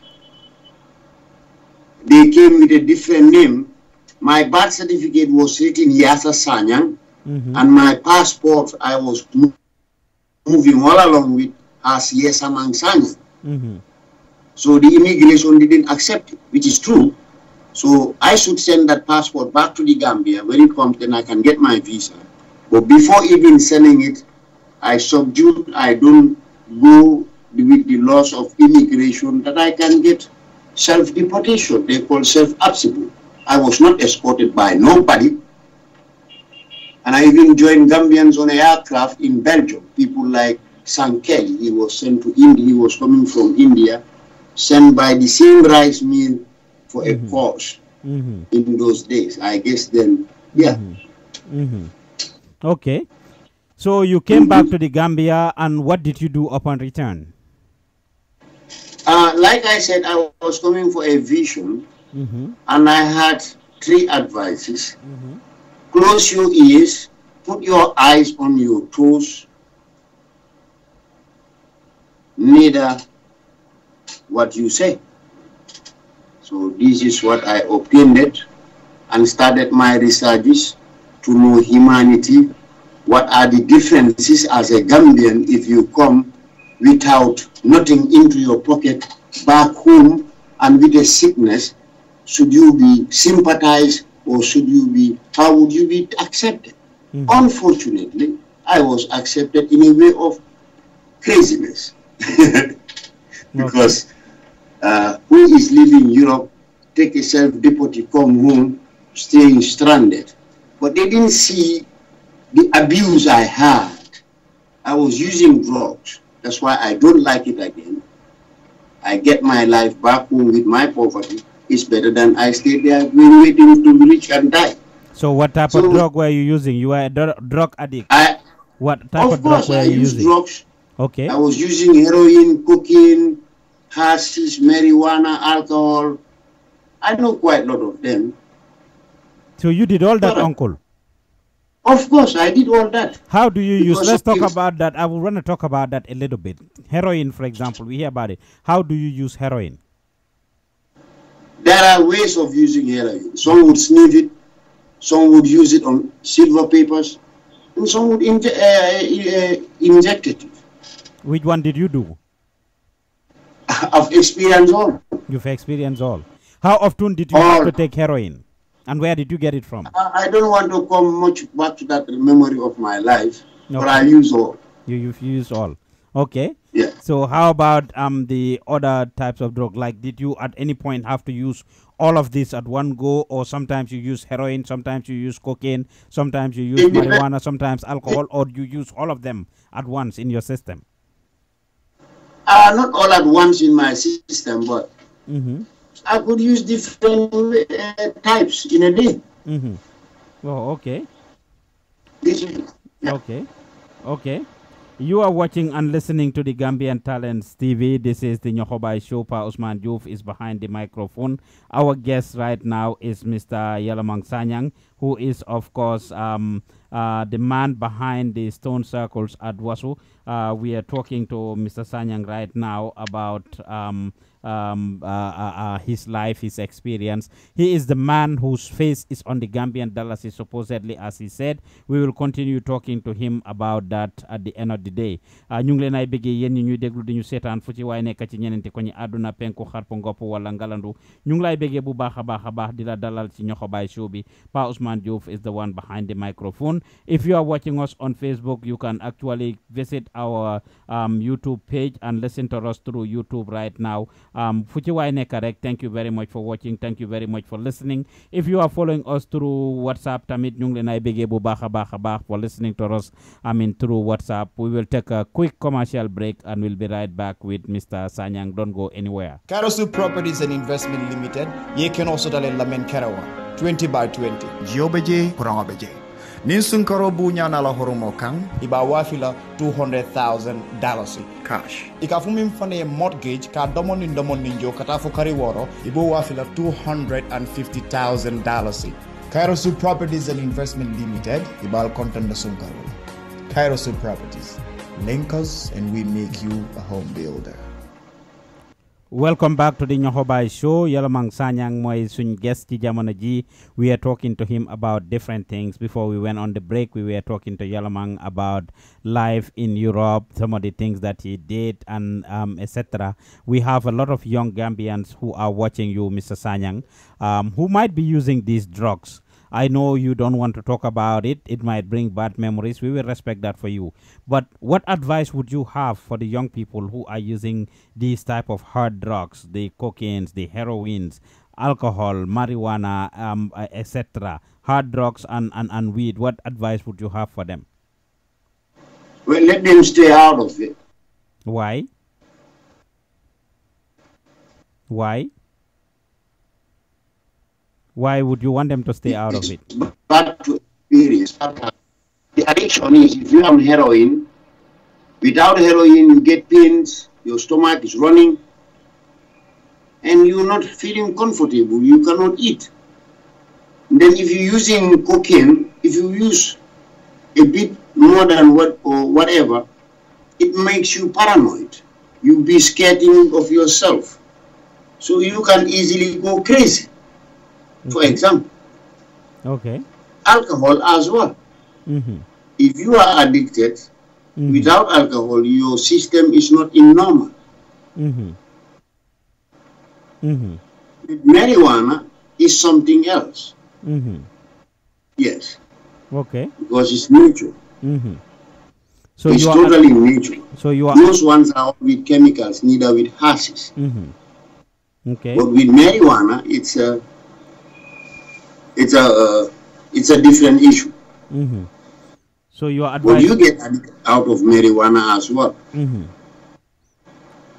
Speaker 4: they came with a different name. My birth certificate was written Yasa Sanyang, mm -hmm. and my passport I was moving all along with as Yesamang Sanyang. Mm -hmm. So the immigration didn't accept it, which is true. So I should send that passport back to the Gambia. When it comes, then I can get my visa. But before even selling it, I subdued, I don't go with the laws of immigration that I can get self-deportation. They call self-absible. I was not escorted by nobody. And I even joined Gambians on an aircraft in Belgium. People like Sankeli, he was sent to India, he was coming from India, sent by the same rice mill for mm -hmm. a mm-hmm. cause mm -hmm. in those days. I guess then,
Speaker 3: yeah. Mm -hmm. Okay. So you came back to the Gambia, and what did you do upon return?
Speaker 4: Uh, like I said, I was coming for a vision, mm -hmm. and I had three advices: mm -hmm. close your ears, put your eyes on your toes. Neither what you say. So this is what I obtained and started my researches to know humanity, what are the differences as a Gambian if you come without nothing into your pocket back home and with a sickness, should you be sympathized or should you be, how would you be accepted? Mm Unfortunately, I was accepted in a way of craziness. because uh, who is leaving Europe, take a self-deputy, come home, staying stranded? but they didn't see the abuse I had. I was using drugs. That's why I don't like it again. I get my life back home with my poverty. It's better than I stay there waiting to reach and die.
Speaker 3: So what type so of drug were you using? You were a drug addict. I, what type of, of drug were I you using? Drugs. Okay. I
Speaker 4: was using heroin, cocaine, hashish, marijuana, alcohol. I know quite a lot of them.
Speaker 3: So you did all that, but, uncle? Of course, I did all that. How do you because use? Let's talk about that. I would want to talk about that a little bit. Heroin, for example, we hear about it. How do you use heroin?
Speaker 4: There are ways of using heroin. Some would sniff it, some would use it on silver papers, and some would inje uh, uh, inject it.
Speaker 3: Which one did you do?
Speaker 4: I've experienced all.
Speaker 3: You've experienced all. How often did you all. have to take heroin? And where did you get it from?
Speaker 4: Uh, I don't want to come much back to that memory of my life, okay. but I use all.
Speaker 3: You, you've used all. Okay. Yeah. So how about um the other types of drug? Like, did you at any point have to use all of this at one go, or sometimes you use heroin, sometimes you use cocaine, sometimes you use marijuana, sometimes alcohol, or you use all of them at once in your system?
Speaker 4: Uh, not all at once in my system, but mm -hmm. I could use different uh, types in a day.
Speaker 3: Mm-hmm. Oh, okay. Yeah. Okay. Okay. You are watching and listening to the Gambian Talents TV. This is the Nyohobai Show. Pa Usman Juf is behind the microphone. Our guest right now is Mr. Yalamang Sanyang, who is, of course, um, uh, the man behind the stone circles at Wasu. Uh, we are talking to Mr. Sanyang right now about um, um, uh, uh, uh, his life, his experience. He is the man whose face is on the Gambian dollars, supposedly, as he said. We will continue talking to him about that at the end of the day. ñu uh, ngi leen ay bëggee yéen ñi ñuy déglu di ñu seetaan fu ci waaye nekk ci ñenente ko ñi àdduna penku xarpu wala ngalandu ñu ngi bu baax a baax a dalal ci ñoxo baay show Pa Usman Diouf is the one behind the microphone. If you are watching us on Facebook, you can actually visit our um, YouTube page and listen to us through YouTube right now um, Fujiwai thank you very much for watching. Thank you very much for listening. If you are following us through WhatsApp, tamit for listening to us. I mean through WhatsApp. We will take a quick commercial break and we'll be right back with Mr. Sanyang. Don't go anywhere.
Speaker 1: Karasu Properties and Investment Limited. Ye can also dale lamen karawa. 20 by 20. nin sunkaro buñana la horomo kaŋ i b'a waafi la 200000 dollars cash i k'a fɔ min fana ye mortgage k'a dɔmɔ ni dɔmɔ nin jo ka taa fɔ kari wɔɔrɔ i b'o waafi la 250000 dollars kairosu properties and investment limited i b'a content da sunkaro kairosu properties link and we make you a home builder
Speaker 3: Welcome back to the Nyohobai Show. Yalamang Sanyang Moy Sun guest Jamanaji. We are talking to him about different things. Before we went on the break, we were talking to Yalamang about life in Europe, some of the things that he did, and um, etc. We have a lot of young Gambians who are watching you, Mr. Sanyang, um, who might be using these drugs. I know you don't want to talk about it. It might bring bad memories. We will respect that for you. But what advice would you have for the young people who are using these type of hard drugs, the cocaine, the heroines, alcohol, marijuana, um, eh, etc., hard drugs and, and, and weed? What advice would you have for them?
Speaker 4: Well, let them stay out of it.
Speaker 3: Why? Why? why would you want them to stay out of it?
Speaker 4: But to experience. The addiction is if you're on heroin, without heroin, you get pains, your stomach is running, and you're not feeling comfortable, you cannot eat. And then if you're using cocaine, if you use a bit more than what or whatever, it makes you paranoid. you be scared of yourself. So you can easily go crazy. For example, okay, alcohol as well. Mm -hmm. If you are addicted, mm -hmm. without alcohol, your system is not in normal.
Speaker 5: Mm -hmm.
Speaker 4: Marijuana is something else. Mm-hmm. Yes. Okay. Because it's natural. Mm-hmm. So it's totally natural.
Speaker 3: So you are those
Speaker 4: ones are with chemicals, neither with hashes. Okay. But with marijuana, it's a it's a uh, it's a different issue.
Speaker 3: Mm-hmm. So you are advising. Well, you get
Speaker 4: out of marijuana as
Speaker 3: well. Mm-hmm.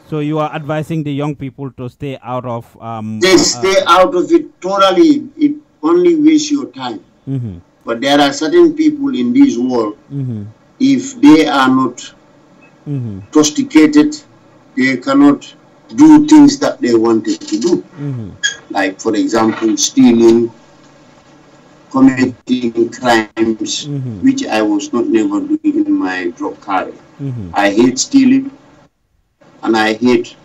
Speaker 3: So you are advising the young people to stay out of. Um, they uh, stay
Speaker 4: uh, out of it totally. It only wastes your time. Mm-hmm. But there are certain people in this world. Mm-hmm. If they are not mm-hmm. tosticated, they cannot do things that they wanted to do. Mm-hmm. Like, for example, stealing, committing crimes mm -hmm. which I was not never doing in my drug career. Mm -hmm. I hate stealing and I hate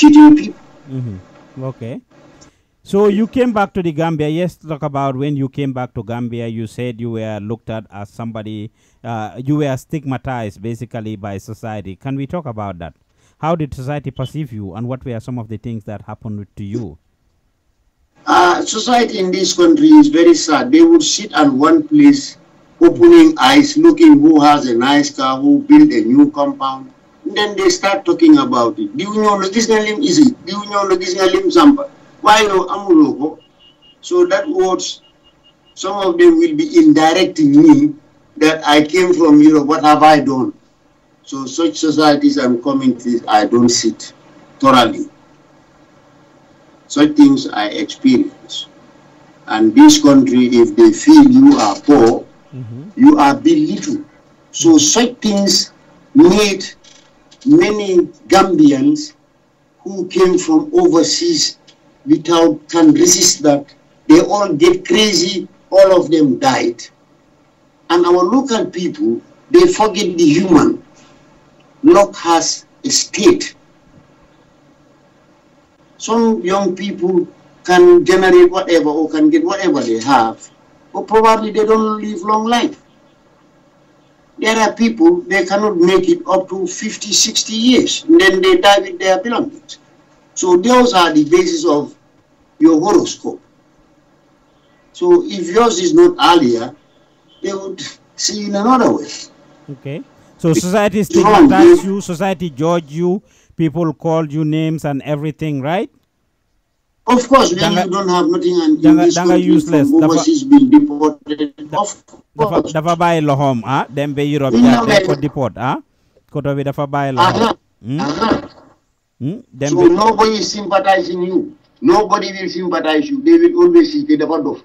Speaker 4: cheating people.
Speaker 3: Mm -hmm. Okay. So you came back to the Gambia. Yes, talk about when you came back to Gambia. You said you were looked at as somebody, uh, you were stigmatized basically by society. Can we talk about that? How did society perceive you, and what were some of the things that happened to you?
Speaker 4: Uh, society in this country is very sad. They would sit at one place, opening eyes, looking who has a nice car, who built a new compound. And then they start talking about it. Do you know this guy? is it? Do you know this lim samba? Why no amuloko? So that words, some of them will be indirecting me that I came from Europe. What have I done? So such societies I'm coming to, I don't sit thoroughly. Such things I experience. And this country, if they feel you are poor, mm -hmm. you are belittled. So such things made many Gambians who came from overseas without can resist that. They all get crazy, all of them died. And our local people, they forget the human. Lok has a state some young people can generate whatever or can get whatever they have, but probably they don't live long life. There are people, they cannot make it up to 50, 60 years, and then they die with their belongings. So those are the basis of your horoscope. So if yours is not earlier, they would see in another way. Okay. So society still attacks
Speaker 3: you, society judge you, people called you names and everything, right?
Speaker 4: Of course, when danga, you don't have nothing and danga, in this danga country useless. from overseas
Speaker 3: dafa, being deported, da, of course. Dafa bayi lo ah, Dem be Europe, ja, dem ah. dafa bayi lo home. Hmm? Dem be, nobody
Speaker 4: is sympathizing Nobody will sympathize you. They will always see the dafa dof.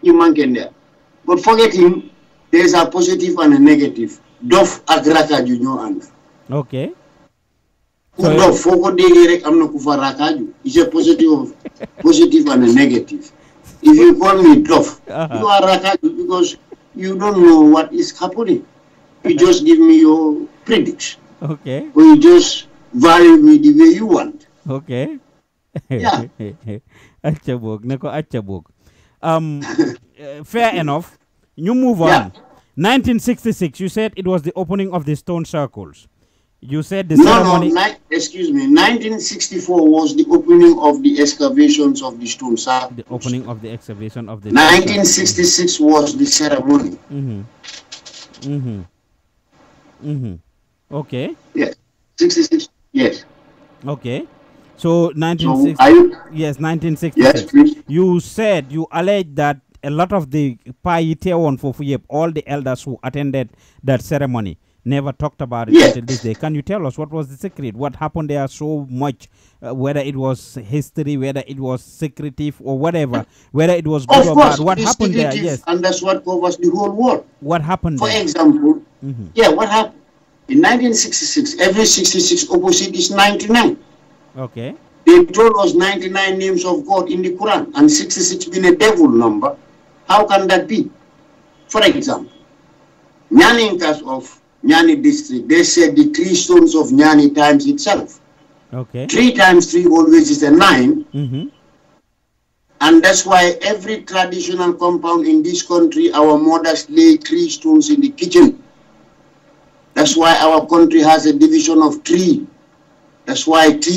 Speaker 4: You man can there. But forget him, there's a positive and a negative. Dof agraka you know and.
Speaker 3: Okay. ku dof
Speaker 4: foo ko déggee rek is a positive positive and a negative if you call me dof uh-huh. you are raakaaju because you don't know what is happening you just give me your prediction
Speaker 3: okay or you just value me the way you want okay yeah acca boog ne um eh, fair enough you move on yeah. 1966 you said it was the opening of the stone circles you said the no, ceremony. No, ni-
Speaker 4: excuse me. 1964 was the opening of the excavations of the stone, sir.
Speaker 3: The opening of the excavation of the. 1966 stone. was the ceremony. Mm-hmm. Mm-hmm. Mm-hmm. Okay. Yes. 66. Yes. Okay. So 1960. So you, yes, 1960. Yes, please. You said you alleged that a lot of the Pai Itaewon for all the elders who attended that ceremony never talked about it until this day. Can you tell us what was the secret? What happened there so much? Uh, whether it was history, whether it was secretive or whatever, whether it was good or bad, what happened there? Yes,
Speaker 4: and that's what covers the whole world. What happened? For there? example, mm -hmm. yeah, what happened in 1966? Every 66 opposite is 99. Okay. They told us 99 names of God in the Quran and 66 being a devil number. How can that be? For example, Nyaninkas of Nyani district, they said the three stones of Nyani times itself. Okay. Three times three always is a 9 mm -hmm. And that's why every traditional compound in this country, our mothers lay three stones in the kitchen. That's why our country has a division of three. That's why THE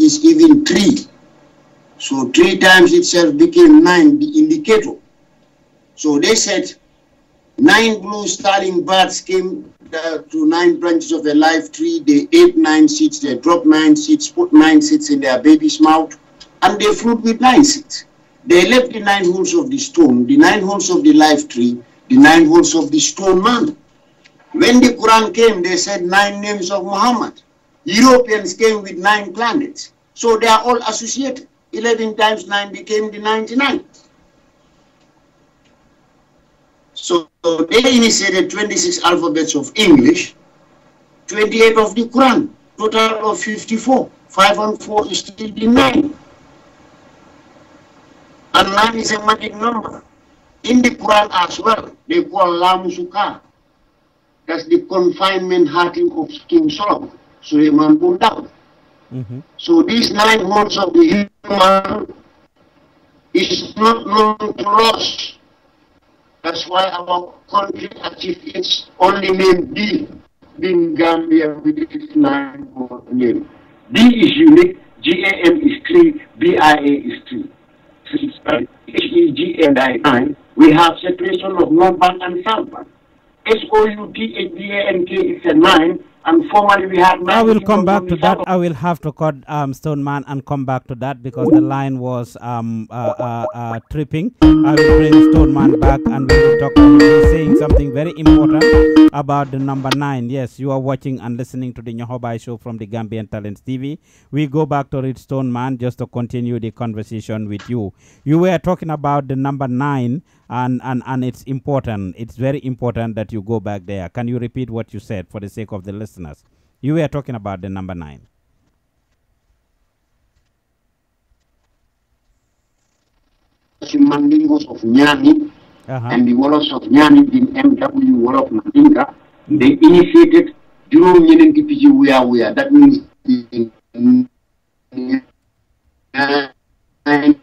Speaker 4: is even three. So three times itself became nine, the indicator. So they said nine blue starling birds came uh, to nine branches of a live tree. They ate nine seeds, they dropped nine seeds, put nine seeds in their baby's mouth, and they fruit with nine seeds. They left the nine holes of the stone, the nine holes of the live tree, the nine holes of the stone man. When the Quran came, they said nine names of Muhammad. Europeans came with nine planets. So they are all associated. 11 times 9 became the 99. So they initiated 26 alphabets of English, 28 of the Quran, total of 54. 5 and 4 is still the And 9 is a magic number. In the Quran as well, they call Lam Sukkah. That's the confinement hearting of King Solomon, So he Dawud. Mm -hmm. So these nine months of the human is not known to us that's why our country achieved its only name D, being Gambia with its nine name. D is unique, GAM is three, BIA is two. HEG and I9, we have separation of non-bank and sound bank. SOUTHBANK is a nine, and formerly we
Speaker 3: had. I will come back to that. I will have to call um, Stoneman and come back to that because the line was um, uh, uh, uh, tripping. I will bring Stoneman back and we will talk. He's saying something very important about the number nine. Yes, you are watching and listening to the Nyohobai show from the Gambian Talents TV. We go back to Rich Stoneman just to continue the conversation with you. You were talking about the number nine and and and it's important it's very important that you go back there can you repeat what you said for the sake of the listeners you were talking about the number 9
Speaker 4: Mandingos of Nyani
Speaker 3: uh -huh. and the Wolofs
Speaker 4: of Nyani, the MW Wolof Mandinga, they initiated Juro Nyenin Kipiji Wea Wea. That means the uh,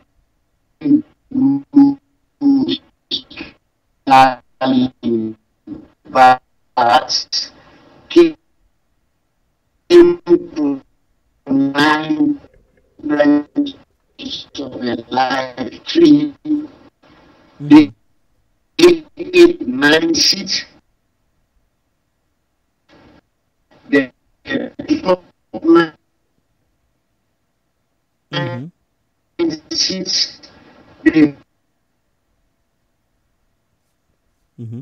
Speaker 4: but came to nine branches
Speaker 5: of the life tree. They did nine seeds. The people mm seeds, they
Speaker 3: Mm-hmm.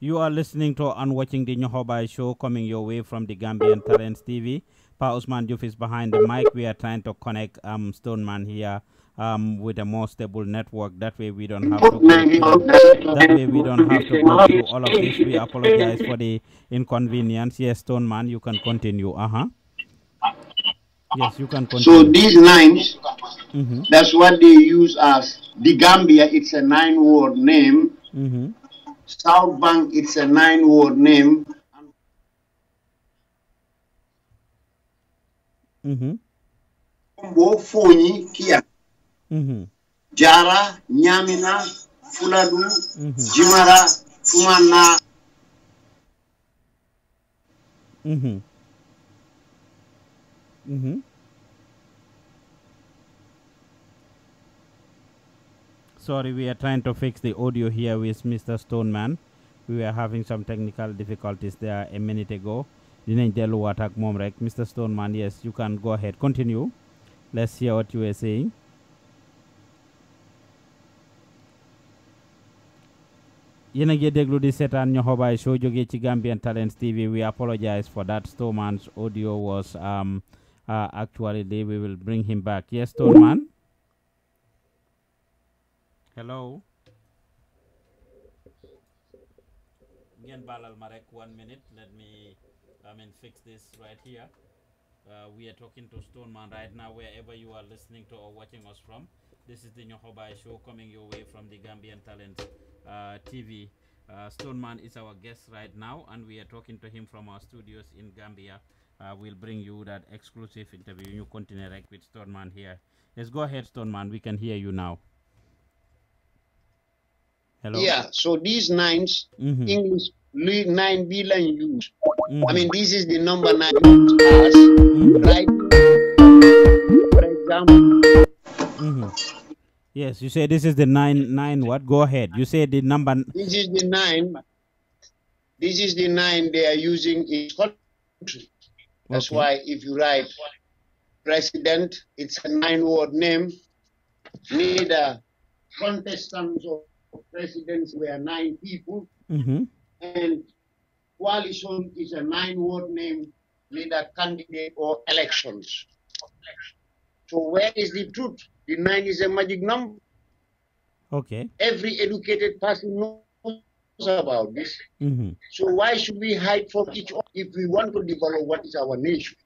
Speaker 3: You are listening to and watching the Nyohobai show coming your way from the Gambian Talents TV. Pa Usman Juf is behind the mic. We are trying to connect um, Stoneman here um, with a more stable network. That way we don't have to that way we don't have to go through all of this. We apologize for the inconvenience. Yes, Stoneman, you can continue. Uh-huh. Yes, you can continue. So these lines mm -hmm. that's
Speaker 4: what they use as the Gambia. It's a nine-word name. Mm -hmm. South Bank, it's a nine word name. Mm -hmm. Kia. Mm -hmm. Jara, Nyamina, Fuladu, mm-hmm. Jimara, Tumana.
Speaker 5: Mm-hmm. Mm-hmm.
Speaker 3: Sorry, we are trying to fix the audio here with Mr. Stoneman. We were having some technical difficulties there a minute ago. Didn't tell what Momrek. Mr. Stoneman, yes, you can go ahead. Continue. Let's hear what you were saying. yéen a déglu di seetaan show jógee ci Gambian Talents TV we apologize for that Stoneman's audio was um, uh, actually we will bring him back yes Stoneman Hello. Again, Balal Marek, one minute. Let me, I mean, fix this right here. Uh, we are talking to Stoneman right now, wherever you are listening to or watching us from. This is the Nyohobai Show coming your way from the Gambian Talent uh, TV. Uh, Stoneman is our guest right now, and we are talking to him from our studios in Gambia. Uh, we'll bring you that exclusive interview. You continue right with Stoneman here. Let's go ahead, Stoneman. We can hear you now. Hello? Yeah, so these 9s
Speaker 4: mm-hmm. English nine billion use. Mm-hmm. I mean, this is the number nine class, mm-hmm. right? For example.
Speaker 3: Mm-hmm. Yes, you say this is the nine nine. What? Go ahead. You say the number. This
Speaker 4: is the nine. This is the nine they are using in country. That's okay. why if you write president, it's a nine-word name. Neither contestants or presidents were nine people, mm-hmm. and coalition is a nine-word name, leader, candidate, or elections. So where is the truth? The nine is a magic number. Okay. Every educated person knows about this. Mm-hmm. So why should we hide from each other if we want to develop what is our
Speaker 3: nation?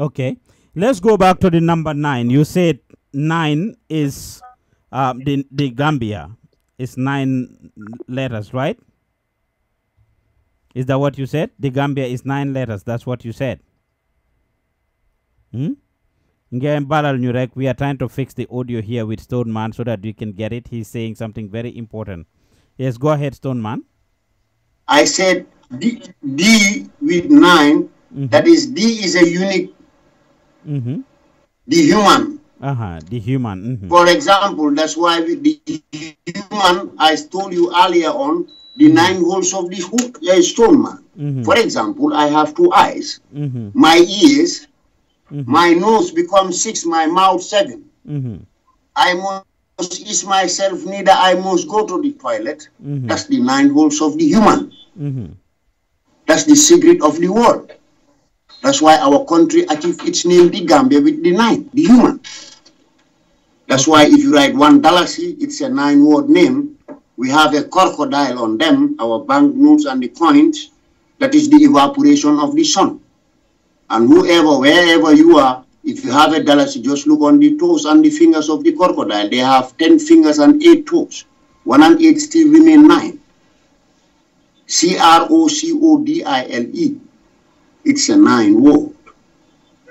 Speaker 3: Okay. Let's go back to the number nine. You said nine is uh, the, the Gambia is nine letters, right? Is that what you said? The Gambia is nine letters. That's what you said. Hmm? We are trying to fix the audio here with Stone Man so that you can get it. He's saying something very important. Yes, go ahead, Stone Man.
Speaker 4: I said D, D with 9 mm -hmm. That is, D is a unique. Mm -hmm. The human.
Speaker 3: Uh-huh, the human. Mm -hmm. For
Speaker 4: example, that's why the human, I told you earlier on, the mm-hmm. nine holes of the hook, uh, stone man. Mm -hmm. For example, I have two eyes, mm -hmm. my ears, mm-hmm. my nose becomes six, my mouth 7 mm-hmm. I must eat myself, neither I must go to the toilet. That's the nine holes of the human. That's the secret of the world. That's why our country achieved its name, the Gambia, with the nine, the human. That's why if you write one galaxy, it's a nine-word name. We have a crocodile on them, our banknotes and the coins. That is the evaporation of the sun. And whoever, wherever you are, if you have a galaxy, just look on the toes and the fingers of the crocodile. They have 10 fingers and 8 toes. 1 and 8 still remain 9. C-R-O-C-O-D-I-L-E. It's a 9 word.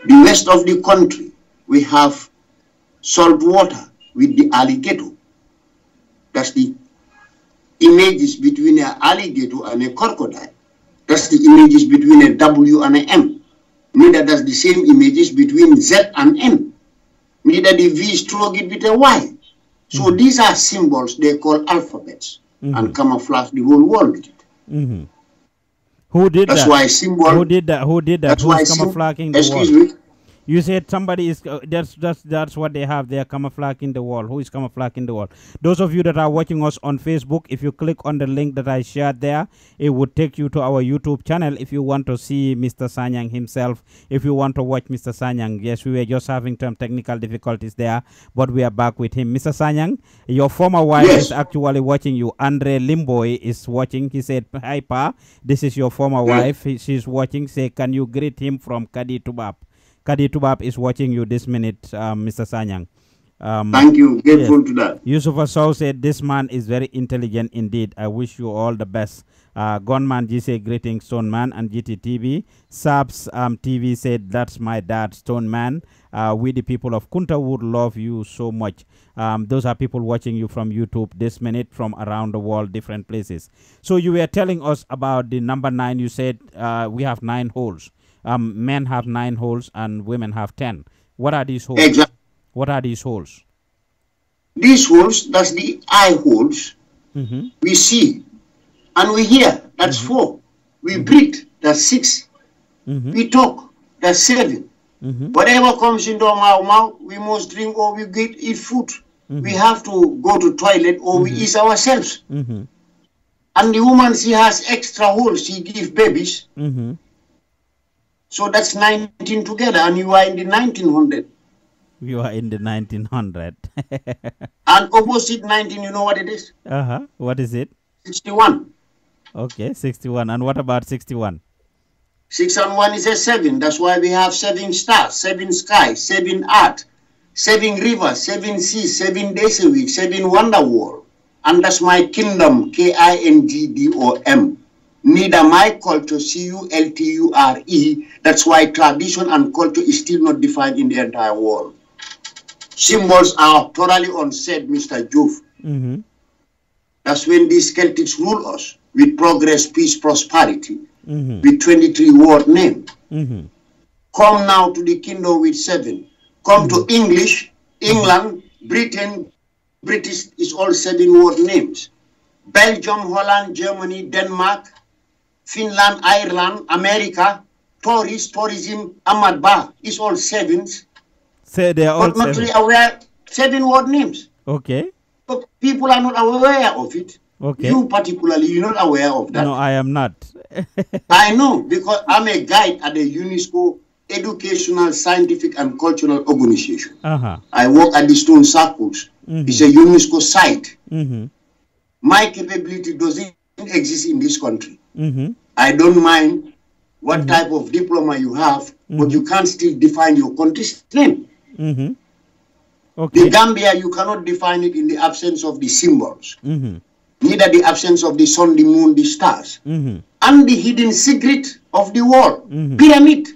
Speaker 4: The rest of the country, we have Salt water with the alligator. That's the images between an alligator and a crocodile. That's the images between a W and a M. Mean that that's the same images between Z and M. Mean that the V stroke it with a Y. So mm -hmm. these are symbols they call alphabets mm -hmm. and mm-hmm. camouflage the whole
Speaker 3: world with it. Mm -hmm. Who did that's that? That's why symbol. Who did that? Who did that? That's Who's why camouflaging the world? Excuse me. You said somebody is uh, that's that's that's what they have. They are camouflaging the wall. Who is camouflaging the wall? Those of you that are watching us on Facebook, if you click on the link that I shared there, it would take you to our YouTube channel. If you want to see Mr. Sanyang himself, if you want to watch Mr. Sanyang, yes, we were just having some technical difficulties there, but we are back with him. Mr. Sanyang, your former wife yes. is actually watching you. Andre Limboy is watching. He said, "Hi, pa, this is your former yes. wife. She's watching. Say, can you greet him from Kadi Kadi Tubab is watching you this minute, um, Mr. Sanyang. Um, Thank you. Grateful yes. to that. Yusuf Asau said, This man is very intelligent indeed. I wish you all the best. Uh, Gunman GC greeting Stone Man and GTTV. Sabs um, TV said, That's my dad, Stone Man. Uh, we, the people of Kunta, would love you so much. Um, those are people watching you from YouTube this minute from around the world, different places. So, you were telling us about the number nine. You said uh, we have nine holes um, men have nine holes and women have ten. What are these holes? Exactly. What are these holes?
Speaker 4: These holes, that's the eye holes. Mm-hmm. We see and we hear, that's mm-hmm. four. We mm-hmm. breathe, that's 6 mm-hmm. We talk, that's 7 mm-hmm. Whatever comes into our mouth, we must drink or we get eat food. We mm-hmm. have to go to toilet or we eat ourselves. And the woman, she has extra holes. She gives babies. So that's 19 together, and you are in the 1900.
Speaker 3: You are in the 1900.
Speaker 4: and opposite 19, you know what it is?
Speaker 3: Uh huh. What is it?
Speaker 4: 61.
Speaker 3: Okay, 61. And what about 61?
Speaker 4: 6 and 1 is a 7. That's why we have 7 stars, 7 sky, 7 art, 7 river, 7 sea, 7 days a week, 7 wonder world. And that's my kingdom, K I N G D O M neither my culture, C-U-L-T-U-R-E, that's why tradition and culture is still not defined in the entire world. Symbols are totally unsaid, Mr. Jove. Mm -hmm. That's when these Celtics rule us with progress, peace, prosperity, mm -hmm. with 23 word name. Mm -hmm. Come now to the kingdom with seven. Come to mm-hmm. English, mm-hmm. England, Britain, British is all seven word names. Belgium, Holland, Germany, Denmark, Finland, Ireland, America, tourists, tourism, Ahmadba, it's all sevens.
Speaker 3: Say they are all but not really
Speaker 4: aware seven word
Speaker 3: names. Okay.
Speaker 4: But people are not aware of it. Okay. You particularly, you're not aware of that.
Speaker 3: No, I am not.
Speaker 4: I know because I'm a guide at the UNESCO Educational, Scientific and Cultural Organization. Uh-huh. I work at the Stone Circles. Mm-hmm. It's a UNESCO site. Mm-hmm. My capability doesn't exist in this country. Mm-hmm. I don't mind what mm-hmm. type of diploma you have, mm-hmm. but you can't still define your country's name.
Speaker 5: Mm-hmm. Okay. The Gambia, you
Speaker 4: cannot define it in the absence of the symbols, mm-hmm. neither the absence of the sun, the moon, the stars, mm-hmm. and the hidden secret of the world pyramid.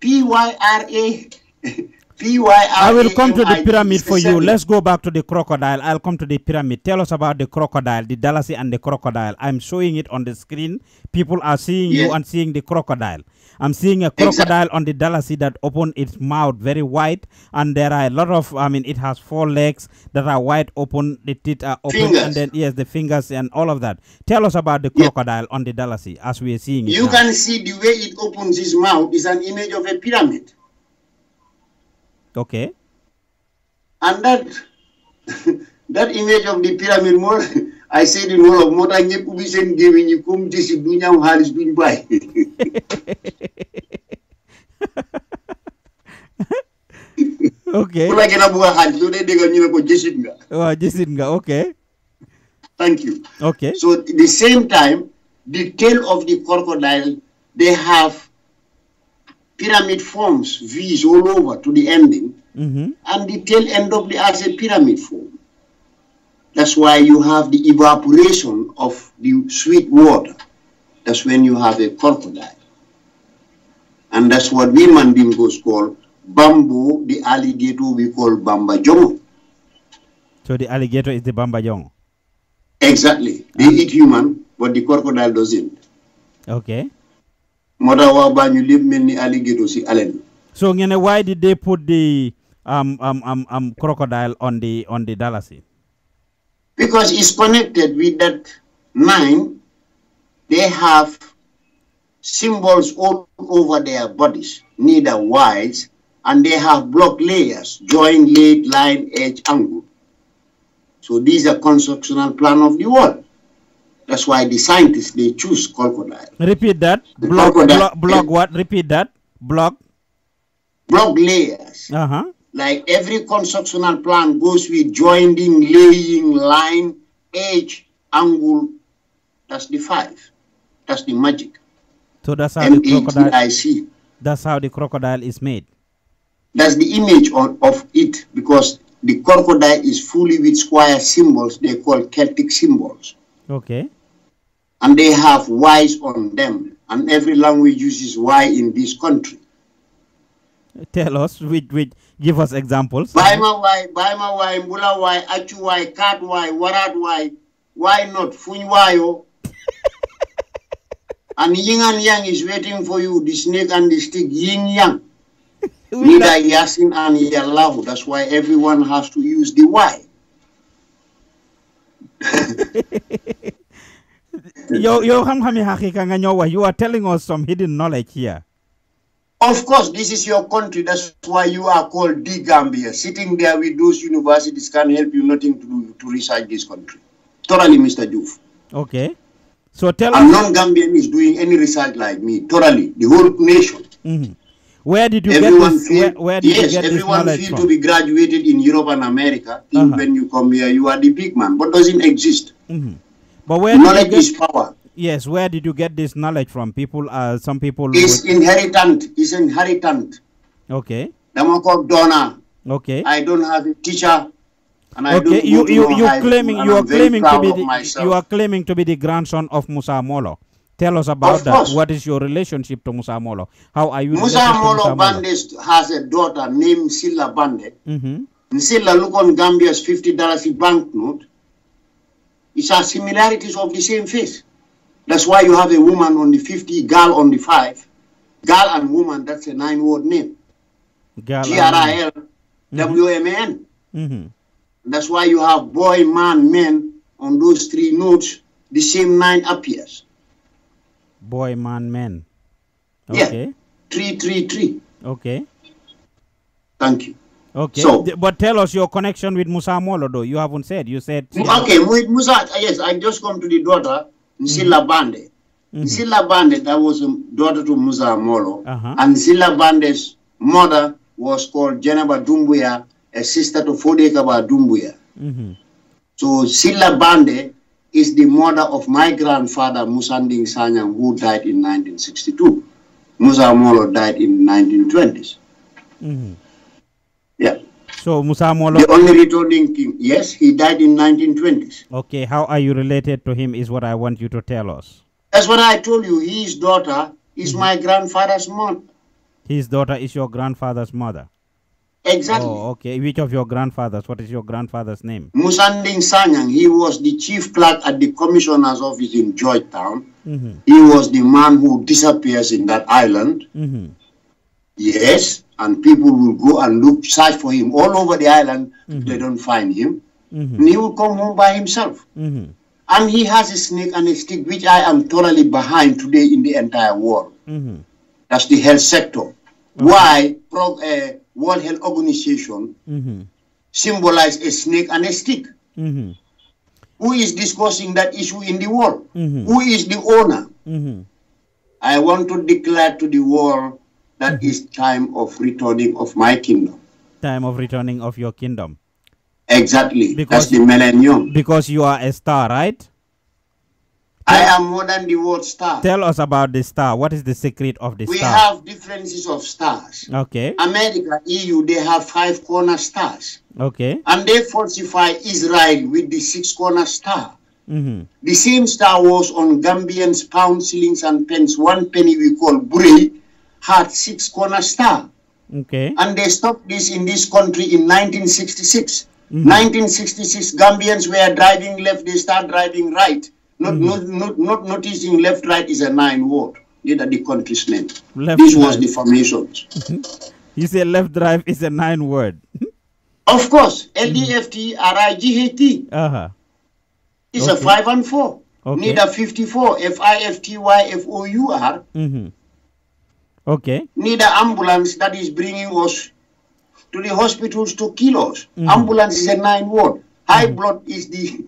Speaker 4: P Y R A I will come to the pyramid for you. Let's
Speaker 3: go back to the crocodile. I'll come to the pyramid. Tell us about the crocodile, the Dalasi and the crocodile. I'm showing it on the screen. People are seeing yes. you and seeing the crocodile. I'm seeing a crocodile exactly. on the Dalasi that opened its mouth very wide, and there are a lot of. I mean, it has four legs that are wide open. The teeth are open, fingers. and then yes, the fingers and all of that. Tell us about the crocodile on the Dalasi as we are seeing it. You now. can
Speaker 4: see the way it opens its mouth is an image of a pyramid. Okay. And that that image of the pyramid more I said in all of Mota Nyepubi Sen Gaming, you come to see Dunyam Harris by. okay. Kula kena buka hati, so deh dengan nyuruh kau
Speaker 3: jesit nga. Wah, jesit nggak, okay. Thank you. Okay. So at the same
Speaker 4: time, the tail of the crocodile, they have pyramid forms, V's all over to the ending, mm-hmm. and the tail end up as a pyramid form. That's why you have the evaporation of the sweet water. That's when you have a crocodile. And that's what we Mandingos call bamboo, the alligator we call Bamba Jongo.
Speaker 3: So the alligator is the Bamba Jongo?
Speaker 4: Exactly. They ah. eat human, but the crocodile doesn't.
Speaker 3: Okay. So why did they put the um, um, um, um, crocodile on the on the Dalasi?
Speaker 4: Because it's connected with that mine. They have symbols all over their bodies, neither wise, and they have block layers, join, lead, line, edge, angle. So these are constructional plan of the world. That's why the scientists they choose crocodile.
Speaker 3: Repeat that. The block, block, block what? Repeat that. Block. Block layers. Uh huh.
Speaker 4: Like every constructional plan goes with joining, laying, line, edge, angle. That's the five. That's the magic.
Speaker 3: So that's how the crocodile. That's how the crocodile is made.
Speaker 4: That's the image of it because the crocodile is fully with square symbols. They call Celtic symbols. Okay. And they have whys on them. And every language uses Y in this country.
Speaker 3: Tell us, with, with, give us examples. why,
Speaker 4: Y, my Y, Mbula Y, Achu Y, cat Y, Warad Y, why not Funwayo? and yin and yang is waiting for you, the snake and the stick, yin yang. Neither Yasin and Yalahu. That's why everyone has to use the Y.
Speaker 3: yo yo ham hami ya, hakika you are telling us some hidden knowledge here of course
Speaker 4: this is your country that's why you are called the gambia sitting there with those universities can help you nothing to do to research this country totally mr Juf.
Speaker 3: okay so
Speaker 4: tell a non-gambian is doing any research like me totally the whole nation
Speaker 3: mm -hmm. Where did you everyone get this? Feel, where, where did yes, you get everyone feel to be
Speaker 4: graduated in Europe and America. uh -huh. when you come here, you are the big man. But doesn't exist. Mm -hmm. But where knowledge get, is power.
Speaker 3: Yes, where did you get this knowledge from? People, uh, some people. It's would... inheritant.
Speaker 4: It's inheritant. Okay. called donor. Okay. I don't have a teacher. And okay. I you you you claiming you are claiming to be the,
Speaker 3: you are claiming to be the grandson of Musa Molo. Tell us about that. What is your relationship to Musa Molo? How are you? Musa Molo Bande
Speaker 4: has a daughter named Silla Bande. Mm-hmm. Nsilla look on Gambia's $50 banknote. It's a similarities of the same face. That's why you have a woman on the 50, girl on the 5. Girl and woman, that's a nine word name.
Speaker 5: Girl G-R-I-L
Speaker 4: mm-hmm. W-M-N. Mm-hmm. That's why you have boy, man, men on those three notes. The same nine appears.
Speaker 3: Boy, man, man. Okay. Yeah.
Speaker 4: Tree, tree, tree.
Speaker 3: Okay. Thank you. Okay. So, but tell us your connection with Musa Molo, though. You haven't said. You said. Okay,
Speaker 4: with Musa, yes, I just come to the daughter, mm-hmm. Nsila Bande. Mm -hmm. Nsila Bande, that was a daughter to Musa Molo. Uh -huh. And Nsila Bande's mother was called Jennifer Dumbuya, a sister to Fodekaba Dumbuya. Mm -hmm. So Sila Bande is the mother of my grandfather, Musanding Sanyang, who died in 1962. Musa Molo died in 1920s. Mm -hmm. Yeah.
Speaker 3: So Musa Molo... The only
Speaker 4: returning king. Yes, he died in 1920s.
Speaker 3: Okay, how are you related to him is what I want you to tell us.
Speaker 4: That's what I told you. His daughter is mm -hmm. my grandfather's mother.
Speaker 3: His daughter is your grandfather's mother.
Speaker 4: Exactly. Oh,
Speaker 3: okay. Which of your grandfathers? What is your grandfather's name?
Speaker 4: Musandling Sanyang. He was the chief clerk at the commissioner's office in Georgetown. Mm -hmm. He was the man who disappears in that island. Mm -hmm. Yes, and people will go and look, search for him all over the island. Mm -hmm. They don't find him. Mm-hmm. And he will come home by himself. Mm-hmm. And he has a snake and a stick, which I am totally behind today in the entire world. Mm-hmm. That's the health sector. Why? Pro, uh, World Health Organization mm-hmm. symbolize a snake and a stick. Mm-hmm. Who is discussing that issue in the world? Mm-hmm. Who is the owner? Mm-hmm. I want to declare to the world that mm-hmm. is time of returning of my kingdom.
Speaker 3: Time of returning of your kingdom.
Speaker 4: Exactly.
Speaker 3: Because, That's the millennium. Because you are a star, right? I am more
Speaker 4: than the world star.
Speaker 3: Tell us about the star. What is the secret of the we star? We
Speaker 4: have differences of stars. Okay. America, EU, they have five corner stars. Okay. And they falsify Israel with the six corner star. Mm -hmm. The same star was on Gambians, pound shillings, and pence. One penny we call Buri had six corner star. Okay. And they stopped this in this country in 1966. Mm -hmm. 1966, Gambians were driving left, they start driving right. Not, mm. not, not, not noticing left right is a nine word. Neither the country's name. Left this was the formations.
Speaker 3: you say left drive is a nine word. of course, LDFTRIGHT. Uh-huh. It's okay. a five and four. Okay. Neither 54,
Speaker 4: F-I-F-T-Y-F-O-U-R.
Speaker 3: Mm-hmm. Okay.
Speaker 4: Neither ambulance that is bringing us to the hospitals to kill us. Mm-hmm. Ambulance is a nine word. High mm-hmm. blood is the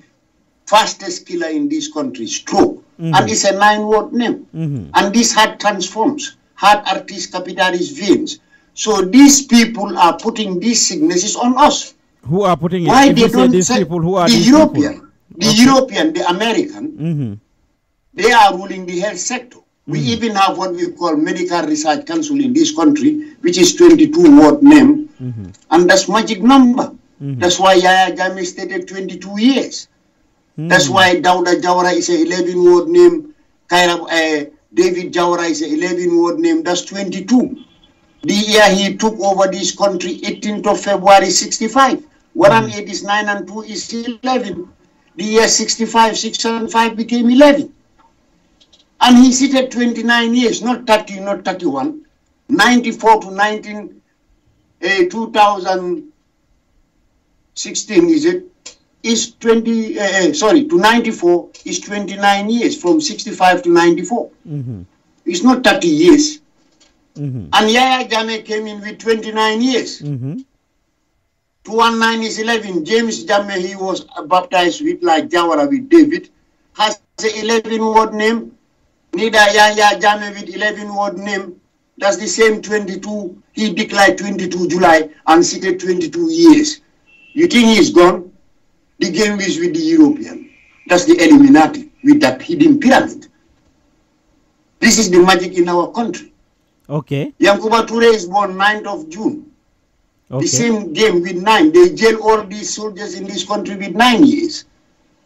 Speaker 4: fastest killer in this country, stroke. Mm -hmm. And it's a nine-word name. Mm -hmm. And this heart transforms. Heart arteries, capillaries, veins. So these people are putting these sicknesses on us. Who are putting it? Why they don't these
Speaker 3: people who are the
Speaker 4: European, people? the okay. European, the American, mm -hmm. they are ruling the health sector. We mm-hmm. even have what we call Medical Research Council in this country, which is 22 word name, mm-hmm. and that's magic number. Mm-hmm. That's why Yaya Jami stated 22 years. Hmm. That's why Dawda Jawara is an 11 word name. Kairab, uh, eh, David Jawara is an 11 word name. That's 22. The year he took over this country, 18th of February 65. 1 and 8 is 9 and 2 is 11. The year 65, 6 5 became 11. And he seated 29 years, not 30, not 31. 94 to 19, uh, eh, 2016, is it? is 20, uh, sorry, to 94 is 29 years, from 65 to 94. Mm-hmm. It's not 30 years. Mm-hmm. And Yaya Jame came in with 29 years. Mm-hmm. 219 is 11. James Jame, he was baptized with like Jawara with David, has the 11 word name. Nida Yaya Jame with 11 word name. That's the same 22. He declared 22 July and seated 22 years. You think he's gone? The game is with the European. That's the Illuminati with that hidden pyramid. This is the magic in our country. Okay. Yankuba Ture is born 9th of June.
Speaker 3: Okay. The same
Speaker 4: game with nine. They jail all these soldiers in this country with nine years.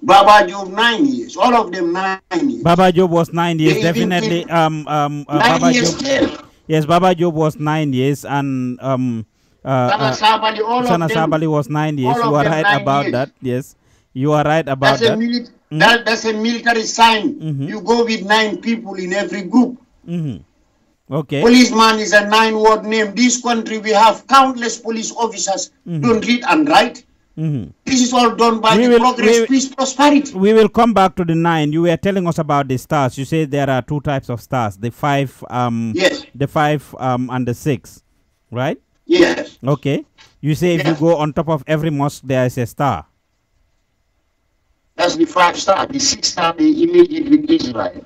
Speaker 4: Baba Job nine years. All of them nine years.
Speaker 3: Baba Job was nine years, they definitely. um, um, uh, nine Baba years Job, Yes, Baba Job was nine years, and um, uh, uh, Sabali, Sana them, Sabali was nine years. You are right about years. that. Yes, you are right about that's that. A mili- mm. that. That's a military sign. Mm-hmm. You go with
Speaker 4: nine people in every group.
Speaker 3: Mm-hmm. Okay. Policeman
Speaker 4: is a nine-word name. This country we have countless police officers mm-hmm. don't read and write. Mm-hmm. This is all done by we the will, progress, will,
Speaker 3: peace, prosperity. We will come back to the nine. You were telling us about the stars. You said there are two types of stars: the five, um, yes, the five, um, and the six, right? Yes. Okay. You say if yes. you go on top of every mosque, there is a star.
Speaker 4: That's the five star. The six star, the image in Israel.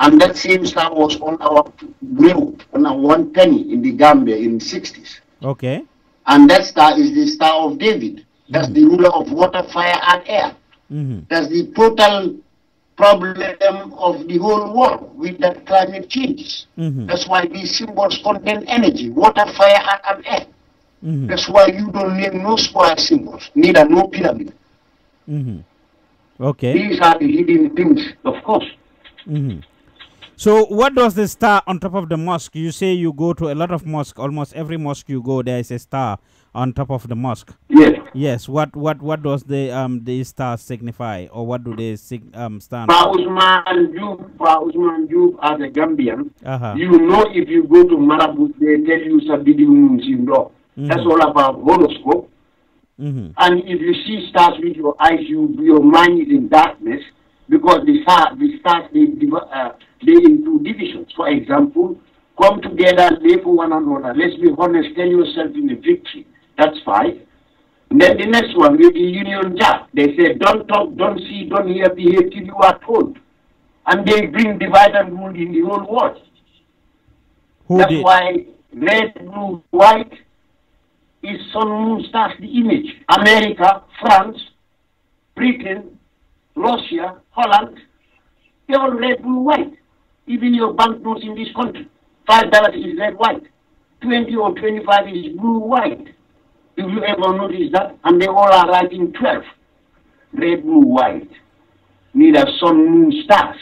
Speaker 4: And that same star was on our grill, on our one penny in the Gambia in the 60s. Okay. And that star is the star of David. That's mm -hmm. the ruler of water, fire, and air. Mm -hmm. That's the total problem of the whole world with the climate change. Mm -hmm. That's why these symbols contain energy, water, fire, and, air. earth. Mm -hmm. That's why you don't need no square symbols, neither no pyramid.
Speaker 3: Mm -hmm. Okay. These are the hidden things, of course. Mm-hmm. So, what does the star on top of the mosque? You say you go to a lot of mosque. Almost every mosque you go, there is a star on top of the mosque. Yes. Yes. What what what does the um the star signify, or what do they sig- um stand? For
Speaker 4: Usman Jub, for Usman as a Gambian, uh-huh. you know if you go to Marabut, they tell you Sabidi Mumsindo. not hmm That's all about horoscope. Mm-hmm. And if you see stars with your eyes, you your mind is in darkness because the star the stars they. Uh, play into divisions. For example, come together, play for one another. Let's be honest, tell yourself in the victory. That's five. And then the next one will be Union Jack. They say, don't talk, don't see, don't hear, behave till you are told. And they bring divide and rule in the whole world. Who That's did? why red, blue, white is Sun Moon stars the image. America, France, Britain, Russia, Holland, they all red, blue, white. Even your banknotes in this country, five dollars is red white, twenty or twenty-five is blue white. If you ever notice that, and they all are writing twelve, red, blue, white. Neither sun, moon, stars.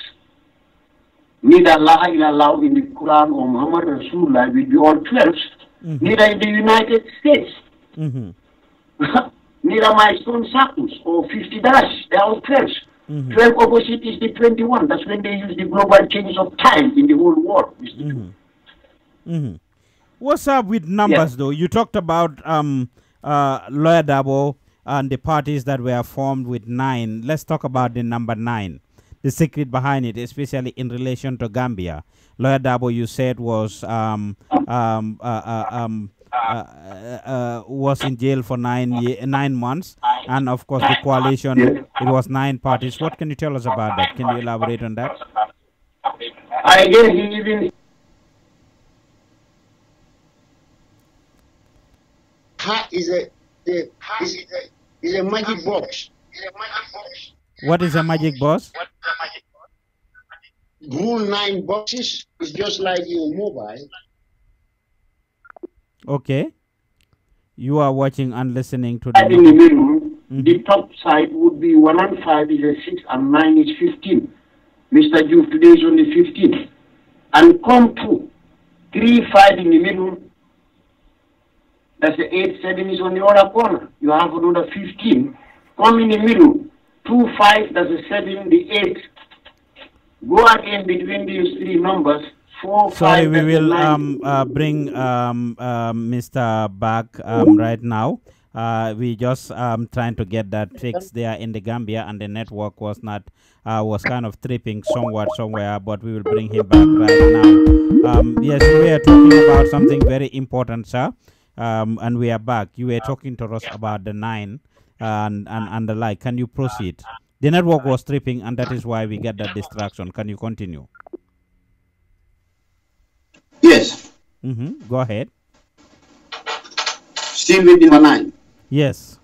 Speaker 4: Neither la ilaha in the Quran or Muhammad Rasulullah will be all twelve. mm-hmm. Neither in the United States. Mm-hmm. neither my stone circles or fifty dollars. They are all twelve. Mm-hmm. 12 opposite is the 21. That's when they use the global change of time in the whole world.
Speaker 3: Mm-hmm. Mm-hmm. What's up with numbers, yeah. though? You talked about um, uh, Lawyer Dabo and the parties that were formed with nine. Let's talk about the number nine, the secret behind it, especially in relation to Gambia. Lawyer Dabo, you said, was um, um, uh, uh, um, uh, uh, uh, was in jail for nine nine months, and of course the coalition it was nine parties. What can you tell us about that? Can you elaborate on that?
Speaker 4: Again, he is is a is a, is a magic box.
Speaker 3: What is a magic box?
Speaker 4: Rule nine boxes is just like your mobile.
Speaker 3: Okay. You are watching and listening to the. In the middle, mm-hmm. the top
Speaker 4: side would be 1 and 5 is a 6 and 9 is 15. Mr. Juve today is only 15. And come to 3, 5 in the middle, that's the 8, 7 is on the other corner. You have another 15. Come in the middle, 2, 5, that's the 7, the 8. Go again between these three numbers four, Sorry, we will um, uh, bring
Speaker 3: um, uh, um, Mr. back um, right now. Uh, we just um, trying to get that fixed there in the Gambia, and the network was not uh, was kind of tripping somewhat somewhere. But we will bring him back right now. Um, yes, we are talking about something very important, sir, um, and we are back. You were talking to us about the nine and, and and the like. Can you proceed? The network was tripping, and that is why we get that distraction. Can you continue? Yes. Mm-hmm. Go ahead.
Speaker 4: Still with number nine. Yes.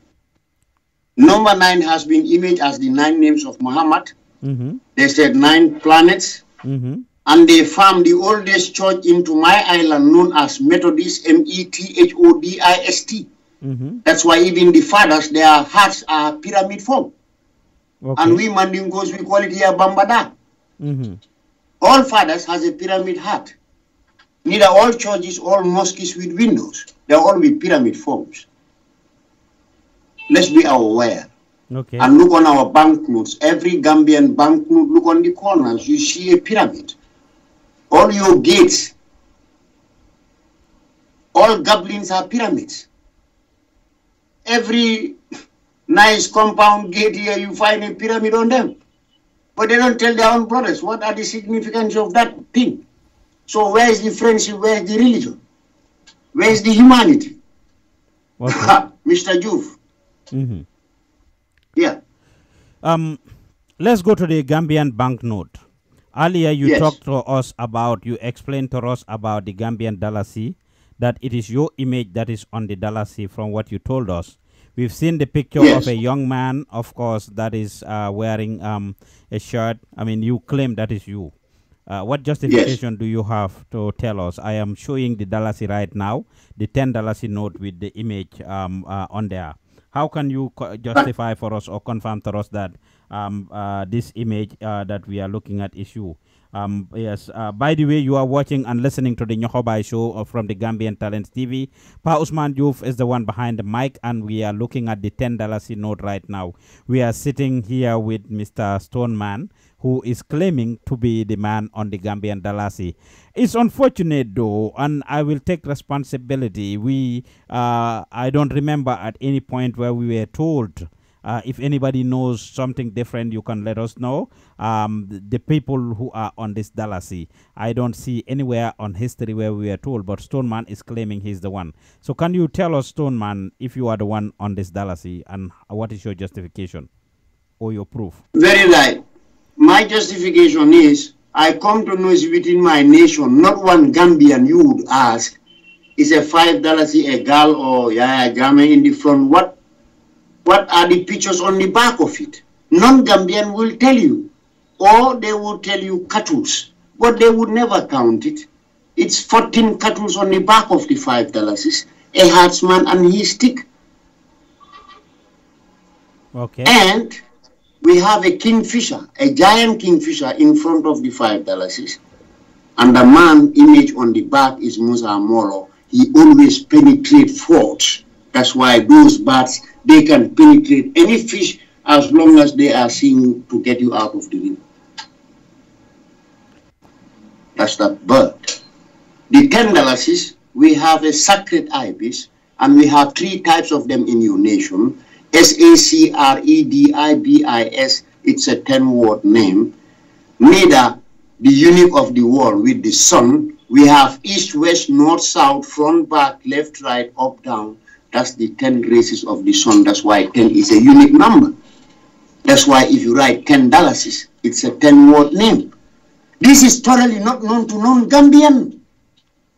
Speaker 4: Number nine has been imaged as the nine names of Muhammad. Mm-hmm. They said nine planets. Mm-hmm. And they formed the oldest church into my island known as Methodist, M E T H O D I S T. Mm-hmm. That's why even the fathers, their hearts are pyramid form. Okay. And we Mandingos, we call it here Bambada. Mm-hmm. All fathers has a pyramid heart. Neither all churches, all mosques with windows. They're all with pyramid forms. Let's be aware. Okay. And look on our banknotes. Every Gambian banknote, look on the corners. You see a pyramid. All your gates, all goblins are pyramids. Every nice compound gate here, you find a pyramid on them. But they don't tell their own brothers what are the significance of that thing. So where is the friendship? Where is the religion? Where is the
Speaker 3: humanity?
Speaker 4: Mr. Juve.
Speaker 3: Mm-hmm. Yeah. Um, let's go to the Gambian banknote. Earlier, you yes. talked to us about, you explained to us about the Gambian dollar C, that it is your image that is on the dollar C from what you told us. We've seen the picture yes. of a young man, of course, that is uh, wearing um, a shirt. I mean, you claim that is you. Uh, what justification yes. do you have to tell us? I am showing the Dalasi right now, the 10 Dalasi note with the image um, uh, on there. How can you justify for us or confirm to us that um, uh, this image uh, that we are looking at is you? Um, yes, uh, by the way, you are watching and listening to the Nyohobai show uh, from the Gambian Talents TV. Pa Usman Diouf is the one behind the mic, and we are looking at the $10 note right now. We are sitting here with Mr. Stoneman, who is claiming to be the man on the Gambian Dalasi. It's unfortunate though, and I will take responsibility. We, uh, I don't remember at any point where we were told. Uh, if anybody knows something different, you can let us know. Um, the, people who are on this Dalasi, I don't see anywhere on history where we are told, but Stoneman is claiming he's the one. So, can you tell us, Stoneman, if you are the one on this Dalasi and what is your justification or your proof?
Speaker 4: Very right. My justification is I come to know it's within my nation, not one Gambian you would ask. Is a five dollars a gal or yeah, Gambian in the front? What what are the pictures on the back of it? Non-Gambian will tell you, or they will tell you cattles, but they would never count it. It's 14 cattles on the back of the five dollars, a herdsman and his stick. Okay. And we have a kingfisher, a giant kingfisher in front of the five palaces. And the man image on the back is Musa Moro. He always penetrates forts. That's why those bats, they can penetrate any fish as long as they are seeing to get you out of the river. That's the bird. The tendalasis, we have a sacred ibis, and we have three types of them in your nation. S-A-C-R-E-D-I-B-I-S, it's a 10-word name, neither the unit of the world with the sun. We have east, west, north, south, front, back, left, right, up, down. That's the 10 races of the sun. That's why 10 is a unique number. That's why if you write 10 dalasis, it's a 10-word name. This is totally not known to non-Gambian.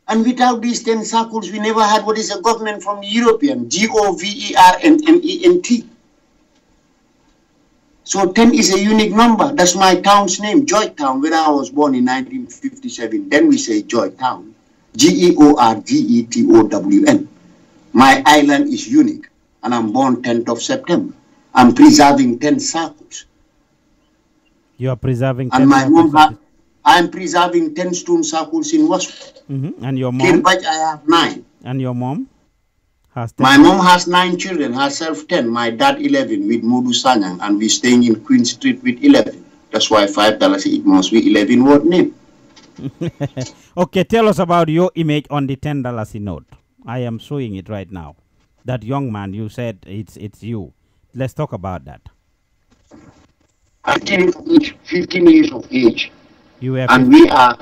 Speaker 4: And without these 10 circles, we never had what is a government from European, G-O-V-E-R-N-M-E-N-T. So 10 is a unique number. That's my town's name, Joytown, where I was born in 1957. Then we say Joytown, G-E-O-R-G-E-T-O-W-N. My island is unique, and I'm born 10th of September. I'm preserving 10 circles.
Speaker 3: You are preserving. ten circles.
Speaker 4: I am preserving 10 stone circles in Wasu.
Speaker 3: Mm -hmm. And your mom? Kirbaj,
Speaker 4: I have nine.
Speaker 3: And your mom? Has ten My mom
Speaker 4: has nine children, herself 10. My dad 11 with Modu Sanyang, and we're staying in Queen Street with 11. That's why $5, it must be 11 word name.
Speaker 3: okay, tell us about your image on the $10 note. I am showing it right now. That young man, you said it's it's you. Let's talk about that.
Speaker 4: I think 15 years of age, you were and we are,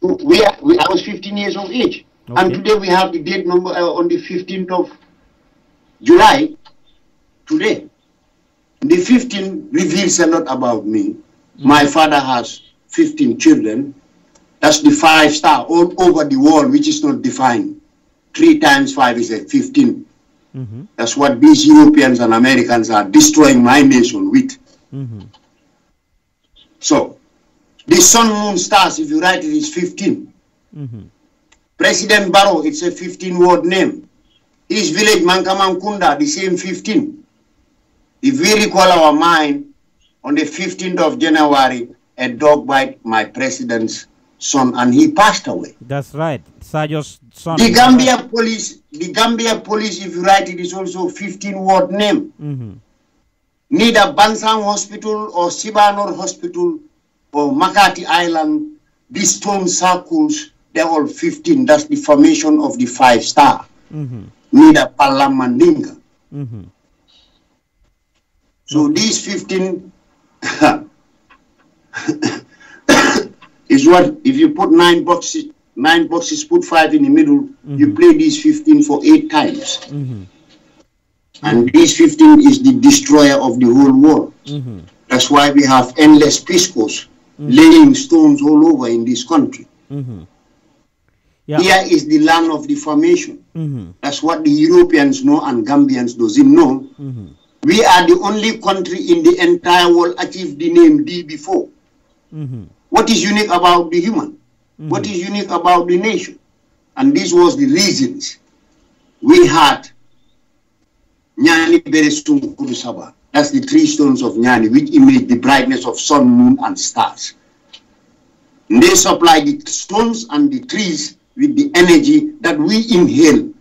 Speaker 4: we are, we, I was 15 years of age. Okay. And today we have the date number uh, on the 15th of July, today. The 15 reveals a lot about me. Mm. My father has 15 children. That's the five star all over the world, which is not defined. Three times five is a 15. Mm -hmm. That's what these Europeans and Americans are destroying my nation with. Mm -hmm. So the sun, moon, stars, if you write it, is 15. Mm-hmm. President Barrow, it's a 15 word name. His village, Mankamankunda, the same 15. If we recall our mind, on the 15th of January, a dog bite my president's son and he passed away.
Speaker 3: That's right. Sajo's son. The Gambia
Speaker 4: police, the Gambia police, if you write it, is also 15 word name. Mm-hmm. Neither Bansang Hospital or Sibanor Hospital or Makati Island, these storm circles, they're all 15. That's the formation of the five star. Mm-hmm. Nida Palamandinga. Mm-hmm. So these 15 is what if you put nine boxes, nine boxes, put five in the middle, mm-hmm. you play these 15 for eight times. Mm-hmm. And these 15 is the destroyer of the whole world. Mm-hmm. That's why we have endless peace corps Mm-hmm. laying stones all over in this country. Mm-hmm. Yeah. Here is the land of the formation. Mm-hmm. That's what the Europeans know and Gambians doesn't know. We are the only country in the entire world achieved the name D before. What is unique about the human? What is unique about the nation? And this was the reasons we had Nyani Kurusaba as the three stones of Nyani, which image the brightness of sun, moon, and stars. And they supply the stones and the trees with the energy that we inhale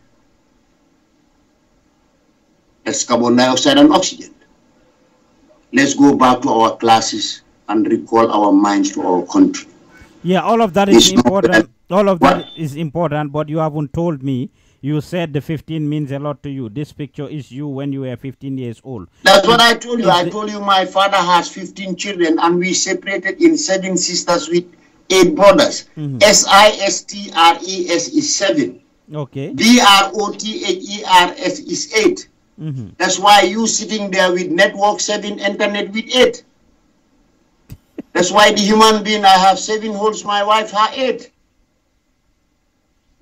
Speaker 4: as carbon dioxide and oxygen. Let's go back to our classes and recall our minds to our country.
Speaker 3: Yeah, all of that is it's important. All of that is important, but you haven't told me you said the 15 means a lot to you. This picture is you when you were 15 years old. That's what I told
Speaker 4: you. I told you my father has 15 children and we separated in seven sisters with eight brothers. Mm -hmm. S I S T R E S is seven. Okay. B R O T H E R S is 8 mm -hmm. That's why you sitting there with network seven, internet with eight. That's why the human being I have seven holes, my wife her eight.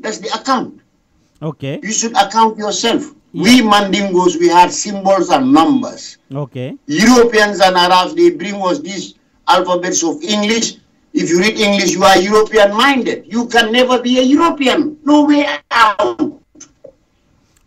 Speaker 4: That's the account. Okay. You should account yourself. Yeah. We Mandingos, we had symbols and numbers. Okay. Europeans and Arabs, they bring us these alphabets of English. If you read English, you are European minded. You can never be a European. No way out.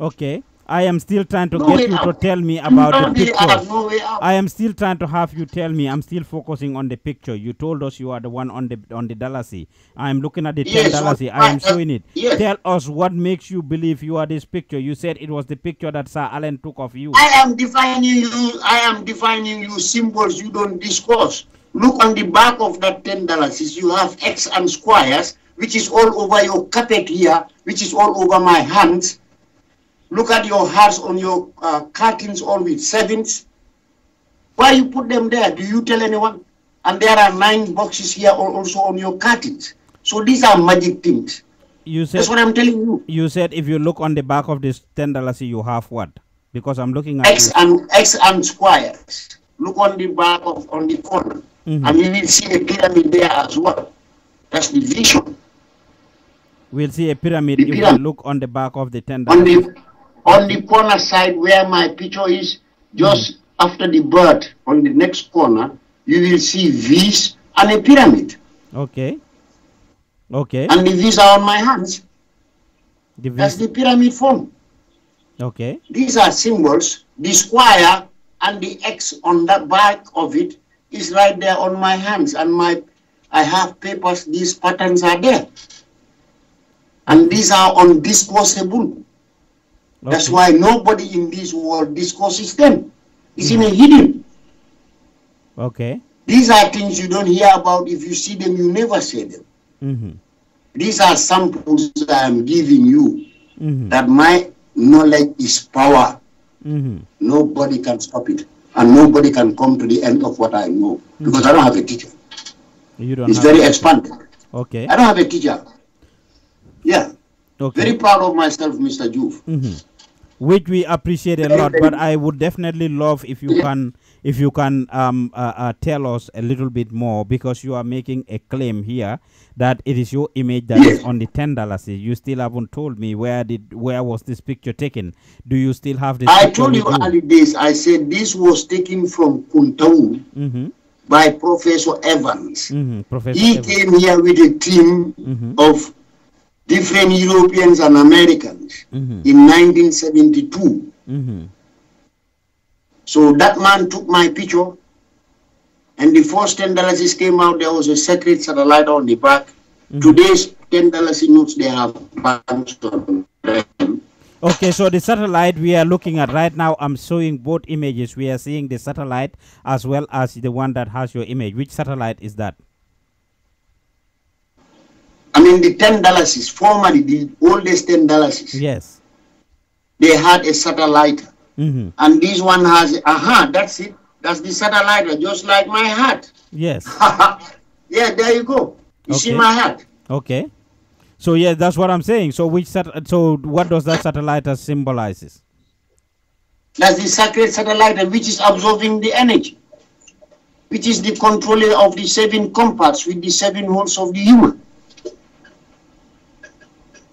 Speaker 3: Okay. I am still trying to no get you out. to tell me about no the picture. No I am still trying to have you tell me. I'm still focusing on the picture. You told us you are the one on the on the Dallasy. I am looking at the yes, ten Dallasy. I am showing it. Yes. Tell us what makes you believe you are this picture. You said it was the picture that Sir Allen took of you. I
Speaker 4: am defining you. I am defining you symbols you don't discuss. Look on the back of that ten Dallasys. You have X and squares, which is all over your carpet here, which is all over my hands Look at your hearts on your uh, curtains all with sevens. Why you put them there? Do you tell anyone? And there are nine boxes here also on your curtains. So these are magic things.
Speaker 3: You said, That's what I'm telling you. You said if you look on the back of this ten dollars, you have what? Because I'm looking at X and
Speaker 4: X and squares. Look on the back of on the corner, mm -hmm. and you will see a pyramid there as well. That's the vision.
Speaker 3: We'll see a pyramid, the pyramid. if you look on the back of the ten dollars
Speaker 4: on the corner side where my picture is, just hmm. after the bird on the next corner, you will see V's and a pyramid.
Speaker 3: Okay. Okay. And the
Speaker 4: V's are on my hands. The V's. That's the pyramid form. Okay. These are symbols. The square and the X on the back of it is right there on my hands. And my I have papers, these patterns are there. And these are on disposable. Okay. That's why nobody in this world discusses them. It's mm. in a hidden. Okay. These are things you don't hear about. If you see them, you never see them. Mm -hmm. These are samples I am giving you mm -hmm. that my knowledge is power. Mm -hmm. Nobody can stop it. And nobody can come to the end of what I know because I don't have a teacher.
Speaker 5: You don't it's very expanded.
Speaker 3: Okay. I don't
Speaker 4: have a teacher. Yeah. Okay. Very proud of myself, Mr.
Speaker 3: Juve. Mm -hmm. Which we appreciate a lot, but I would definitely love if you yeah. can if you can um, uh, uh, tell us a little bit more because you are making a claim here that it is your image that yes. is on the ten dollars. You still haven't told me where did where was this picture taken? Do you still have this? I told you early
Speaker 4: days. I said this was taken from Kuntau mm -hmm. by Professor Evans.
Speaker 3: Mm -hmm. Professor he Evans.
Speaker 4: came here with a team mm -hmm. of different Europeans and Americans mm -hmm. in 1972. Mm -hmm. So that man took my picture, and the first ten dollars came out. There was a secret satellite on the back. Mm -hmm. Today's ten dollars notes they have banks on them.
Speaker 3: Okay, so the satellite we are looking at right now, I'm showing both images. We are seeing the satellite as well as the one that has your image. Which satellite is that?
Speaker 4: I mean, the ten dollars is formerly the oldest ten dollars. Yes. They had a satellite, mm -hmm. and this one has. Aha, uh -huh, that's it. That's the satellite, just like my hat. Yes. yeah, there you go. You okay. see my hat.
Speaker 3: Okay. So yeah, that's what I'm saying. So which sat- so what does that satellite symbolizes?
Speaker 4: That's the sacred satellite which is absorbing the energy, which is the controller of the seven compass with the seven holes of the human.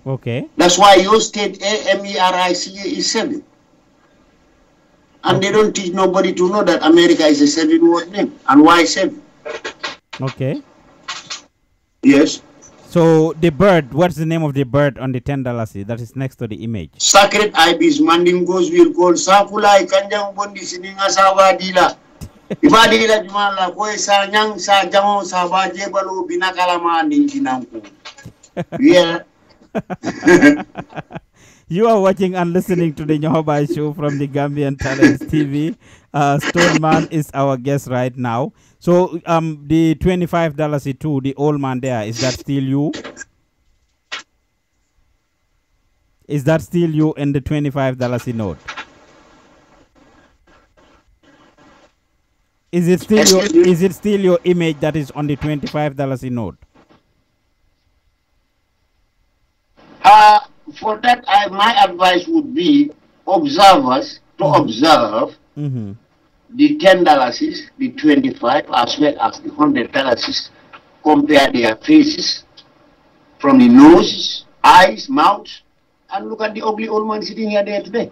Speaker 4: Okay. That's why your state A-M-E-R-I-C-A e is seven, And they don't teach nobody to know that America is a seven word name and why seven.
Speaker 3: Okay. Yes. So the bird, what's the name of the bird on the ten dollar that is next to the image?
Speaker 4: Sacred ibis mandingos will call sakulai kanjang bondi sininga sawadila. man jumala koe sa nyang sa jamo sa baje balu binakala manding
Speaker 3: Yeah. you are watching and listening to the Nyohobai show from the Gambian Talents TV. Uh, Stone Man is our guest right now. So um, the twenty-five dollars two, the old man there, is that still you? Is that still you in the twenty-five dollars note? Is it still your is it still your image that is on the twenty-five dollars note?
Speaker 4: Uh, for that, I, my advice would be observers to mm -hmm. observe mm -hmm. the 10 dialysis, the 25, as well as the 100 dialysis, compare their faces from the noses, eyes, mouth, and look at the ugly old man sitting here there today.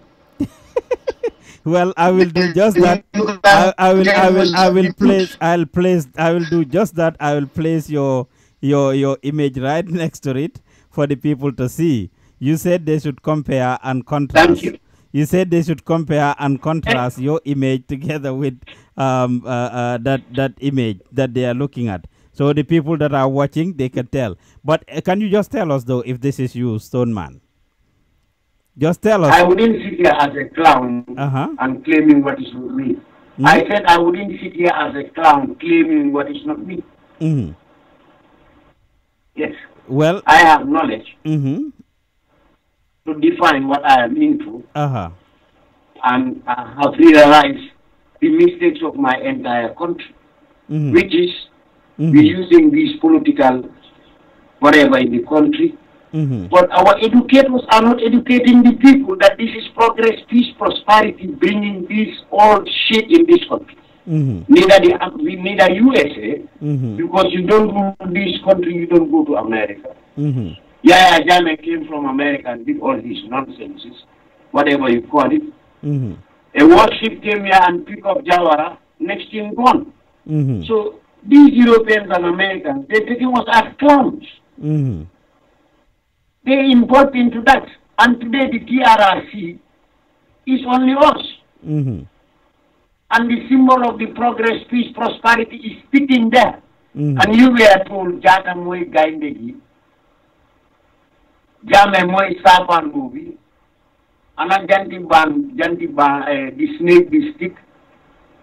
Speaker 3: well, I will do just that. I, I will, I will, I will place, I'll place, I will do just that. I will place your, your, your image right next to it for the people to see. You said they should compare and contrast. Thank you. You said they should compare and contrast your image together with um, uh, uh, that that image that they are looking at. So the people that are watching, they can tell. But uh, can you just tell us though if this is you, Stone Man? Just tell us. I
Speaker 4: wouldn't sit here as a clown uh-huh. and claiming what is not me. Mm-hmm. I said I wouldn't sit here as a clown claiming what is not me. Mm-hmm. Yes. Well, I have knowledge mm-hmm. to define what I am into uh-huh. and I have realized the mistakes of my entire country, mm-hmm. which is mm-hmm. we're using these political whatever in the country. Mm-hmm. But our educators are not educating the people that this is progress, peace, prosperity, bringing this all shit in this country. Mm -hmm. neither the neither USA mm -hmm. because you don't go to this country, you don't go to America. Mm-hmm. yeah. Jame came from America and did all these nonsenses, whatever you call it. Mm-hmm. A warship came here and picked up Jawara, next thing gone. Mm-hmm. So these Europeans and Americans, they're taking us as clowns. Mm-hmm. They import into that. And today the TRRC is only us. Mm-hmm and the symbol of the progress, peace, prosperity is sitting there. Mm. And you were told, Jana Moy Gaindegi, Jame Moy Saban movie, and then Janti Ban, Janti Ban, eh, the snake, the stick.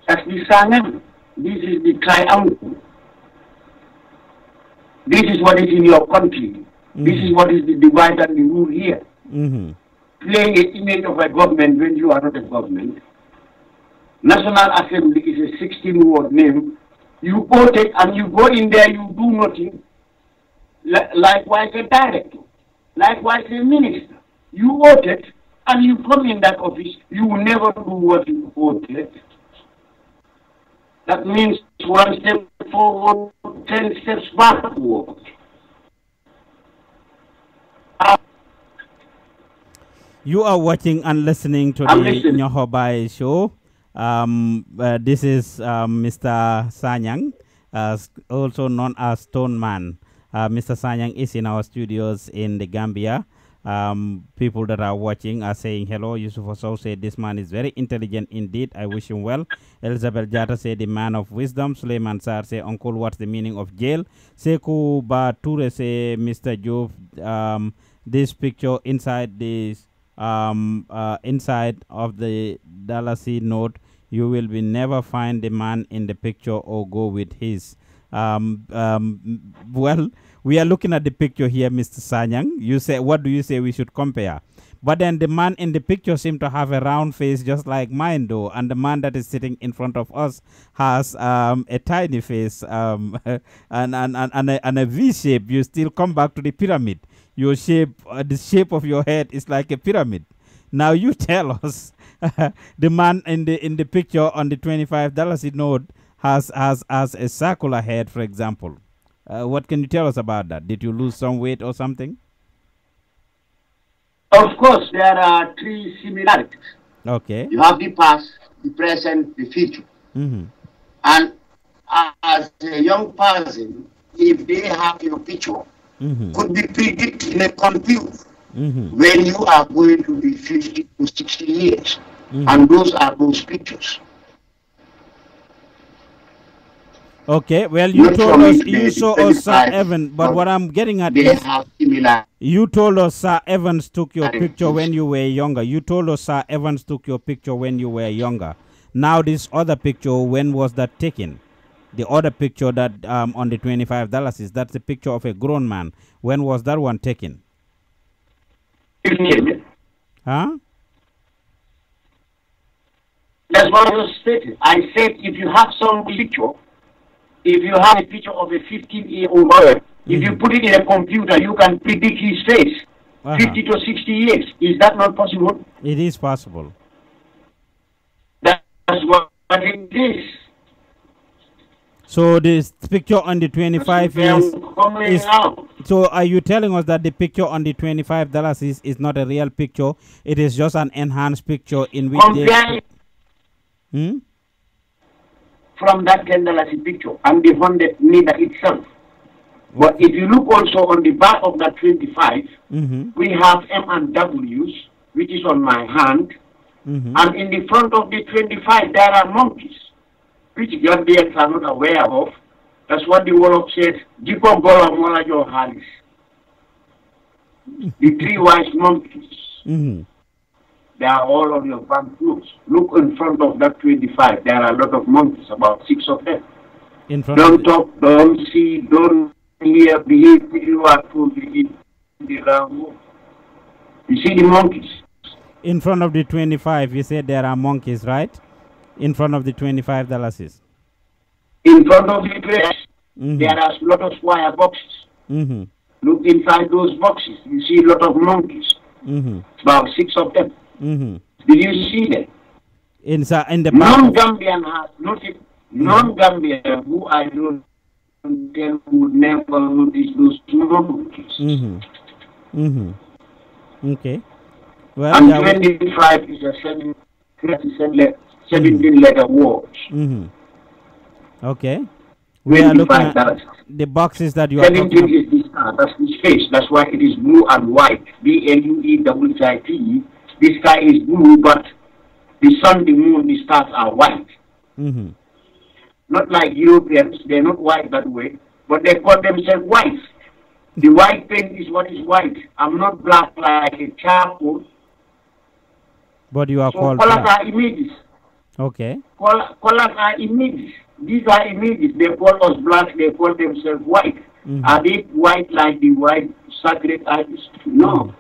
Speaker 4: That's the Sangam. This is the triumph. This is what is in your country. Mm -hmm. This is what is the divide and the rule here. Mm -hmm. Playing an image of a government when you are not a government National Assembly is a 16 word name. You vote it and you go in there, you do nothing. likewise, a director, likewise, a minister. You vote it and you come in that office, you will never do what you voted. That means one step forward, ten steps backward.
Speaker 3: You are watching and listening to I'm the listening. Nyohobai show. Um, uh, this is um, Mr. Sanyang, uh, also known as Stone Man. Uh, Mr. Sanyang is in our studios in the Gambia. Um, people that are watching are saying hello. Yusuf also said this man is very intelligent indeed. I wish him well. Elizabeth Jata said the man of wisdom. Suleiman Sar said, uncle, what's the meaning of jail? Sekou Bature say Mr. Joe, Um, this picture inside this um, uh, inside of the Dalasi note you will be never find the man in the picture or go with his. Um, um, well, we are looking at the picture here, Mr. Sanyang. You say, what do you say we should compare? But then the man in the picture seemed to have a round face just like mine, though. And the man that is sitting in front of us has um, a tiny face um, and, and, and, and, a, and a V shape. You still come back to the pyramid. Your shape, uh, the shape of your head is like a pyramid. Now you tell us, the man in the in the picture on the twenty-five dollars note has has has a circular head, for example. Uh, what can you tell us about that? Did you lose some weight or something?
Speaker 4: Of course, there are three similarities.
Speaker 3: Okay. You have
Speaker 4: the past, the present, the future. Mm -hmm. And as a young person, if they have your picture, mm -hmm. could be predicted in a computer mm-hmm. when you are going to be 50 to 60 years. Mm-hmm. And those are those pictures.
Speaker 3: Okay, well, you Not told us, you saw us uh, Sir Evans, but what I'm getting at is, you told us Sir Evans took your picture when you were younger. You told us Sir Evans took your picture when you were younger. Now this other picture, when was that taken? The other picture that um, on the $25, is that the picture of a grown man. When was that one taken? You Huh?
Speaker 4: That's what I was stating. I said if you have some picture, if you have a picture of a 15 year old boy, mm-hmm. if you mm-hmm. put it in a computer, you can predict his face. Uh-huh. 50 to 60 years. Is that not
Speaker 3: possible? It is possible.
Speaker 4: That's what it is.
Speaker 3: So this picture on the 25 years is, is so are you telling us that the picture on the twenty-five dollars is, is not a real picture? It is just an enhanced picture in which they, hmm?
Speaker 4: from that ten dollars picture and the hundred meter itself. But if you look also on the back of that twenty-five, mm -hmm. we have M and W's, which is on my hand, mm -hmm. and in the front of the twenty-five there are monkeys, which Gambians are not aware of that's what the Wolof said. Jiko Bola your hands. The three wise monkeys. Mm-hmm. They are all on your front roofs. Look in front of that 25. There are a lot of monkeys, about six of them. In front don't talk, don't see, don't hear, Behave. you are told the You
Speaker 3: see the monkeys. In front of the 25, you said there are monkeys, right? In front of the 25 Dallases.
Speaker 4: In front of the press, mm-hmm. there are a lot of wire boxes. Mm-hmm. Look inside those boxes. You see a lot of monkeys. Mm-hmm. About six of
Speaker 3: them. Mm-hmm. Did you see them? Inside, in the non-Gambian
Speaker 4: has noticed. Non-Gambian who I don't tell would never notice those two monkeys.
Speaker 3: Mm-hmm. Mm-hmm. Okay. Well, and
Speaker 4: 25 is a seven, 17 letter, 17 letter word.
Speaker 3: Okay. We are looking at the boxes that you are talking is
Speaker 4: the star. Ah, that's the face. That's why it is blue and white. B L U E W H I T. This sky is blue, but the sun, the moon, the stars are white. Mm -hmm. Not like Europeans. They're not white that way, but they call themselves white. The white paint is what is white. I'm not black like a charcoal.
Speaker 3: But you are so called colors black. are images. Okay.
Speaker 4: Col colors are images. These are images. They call us black. They call themselves white. Mm -hmm. Are they white like the white sacred eyes? No.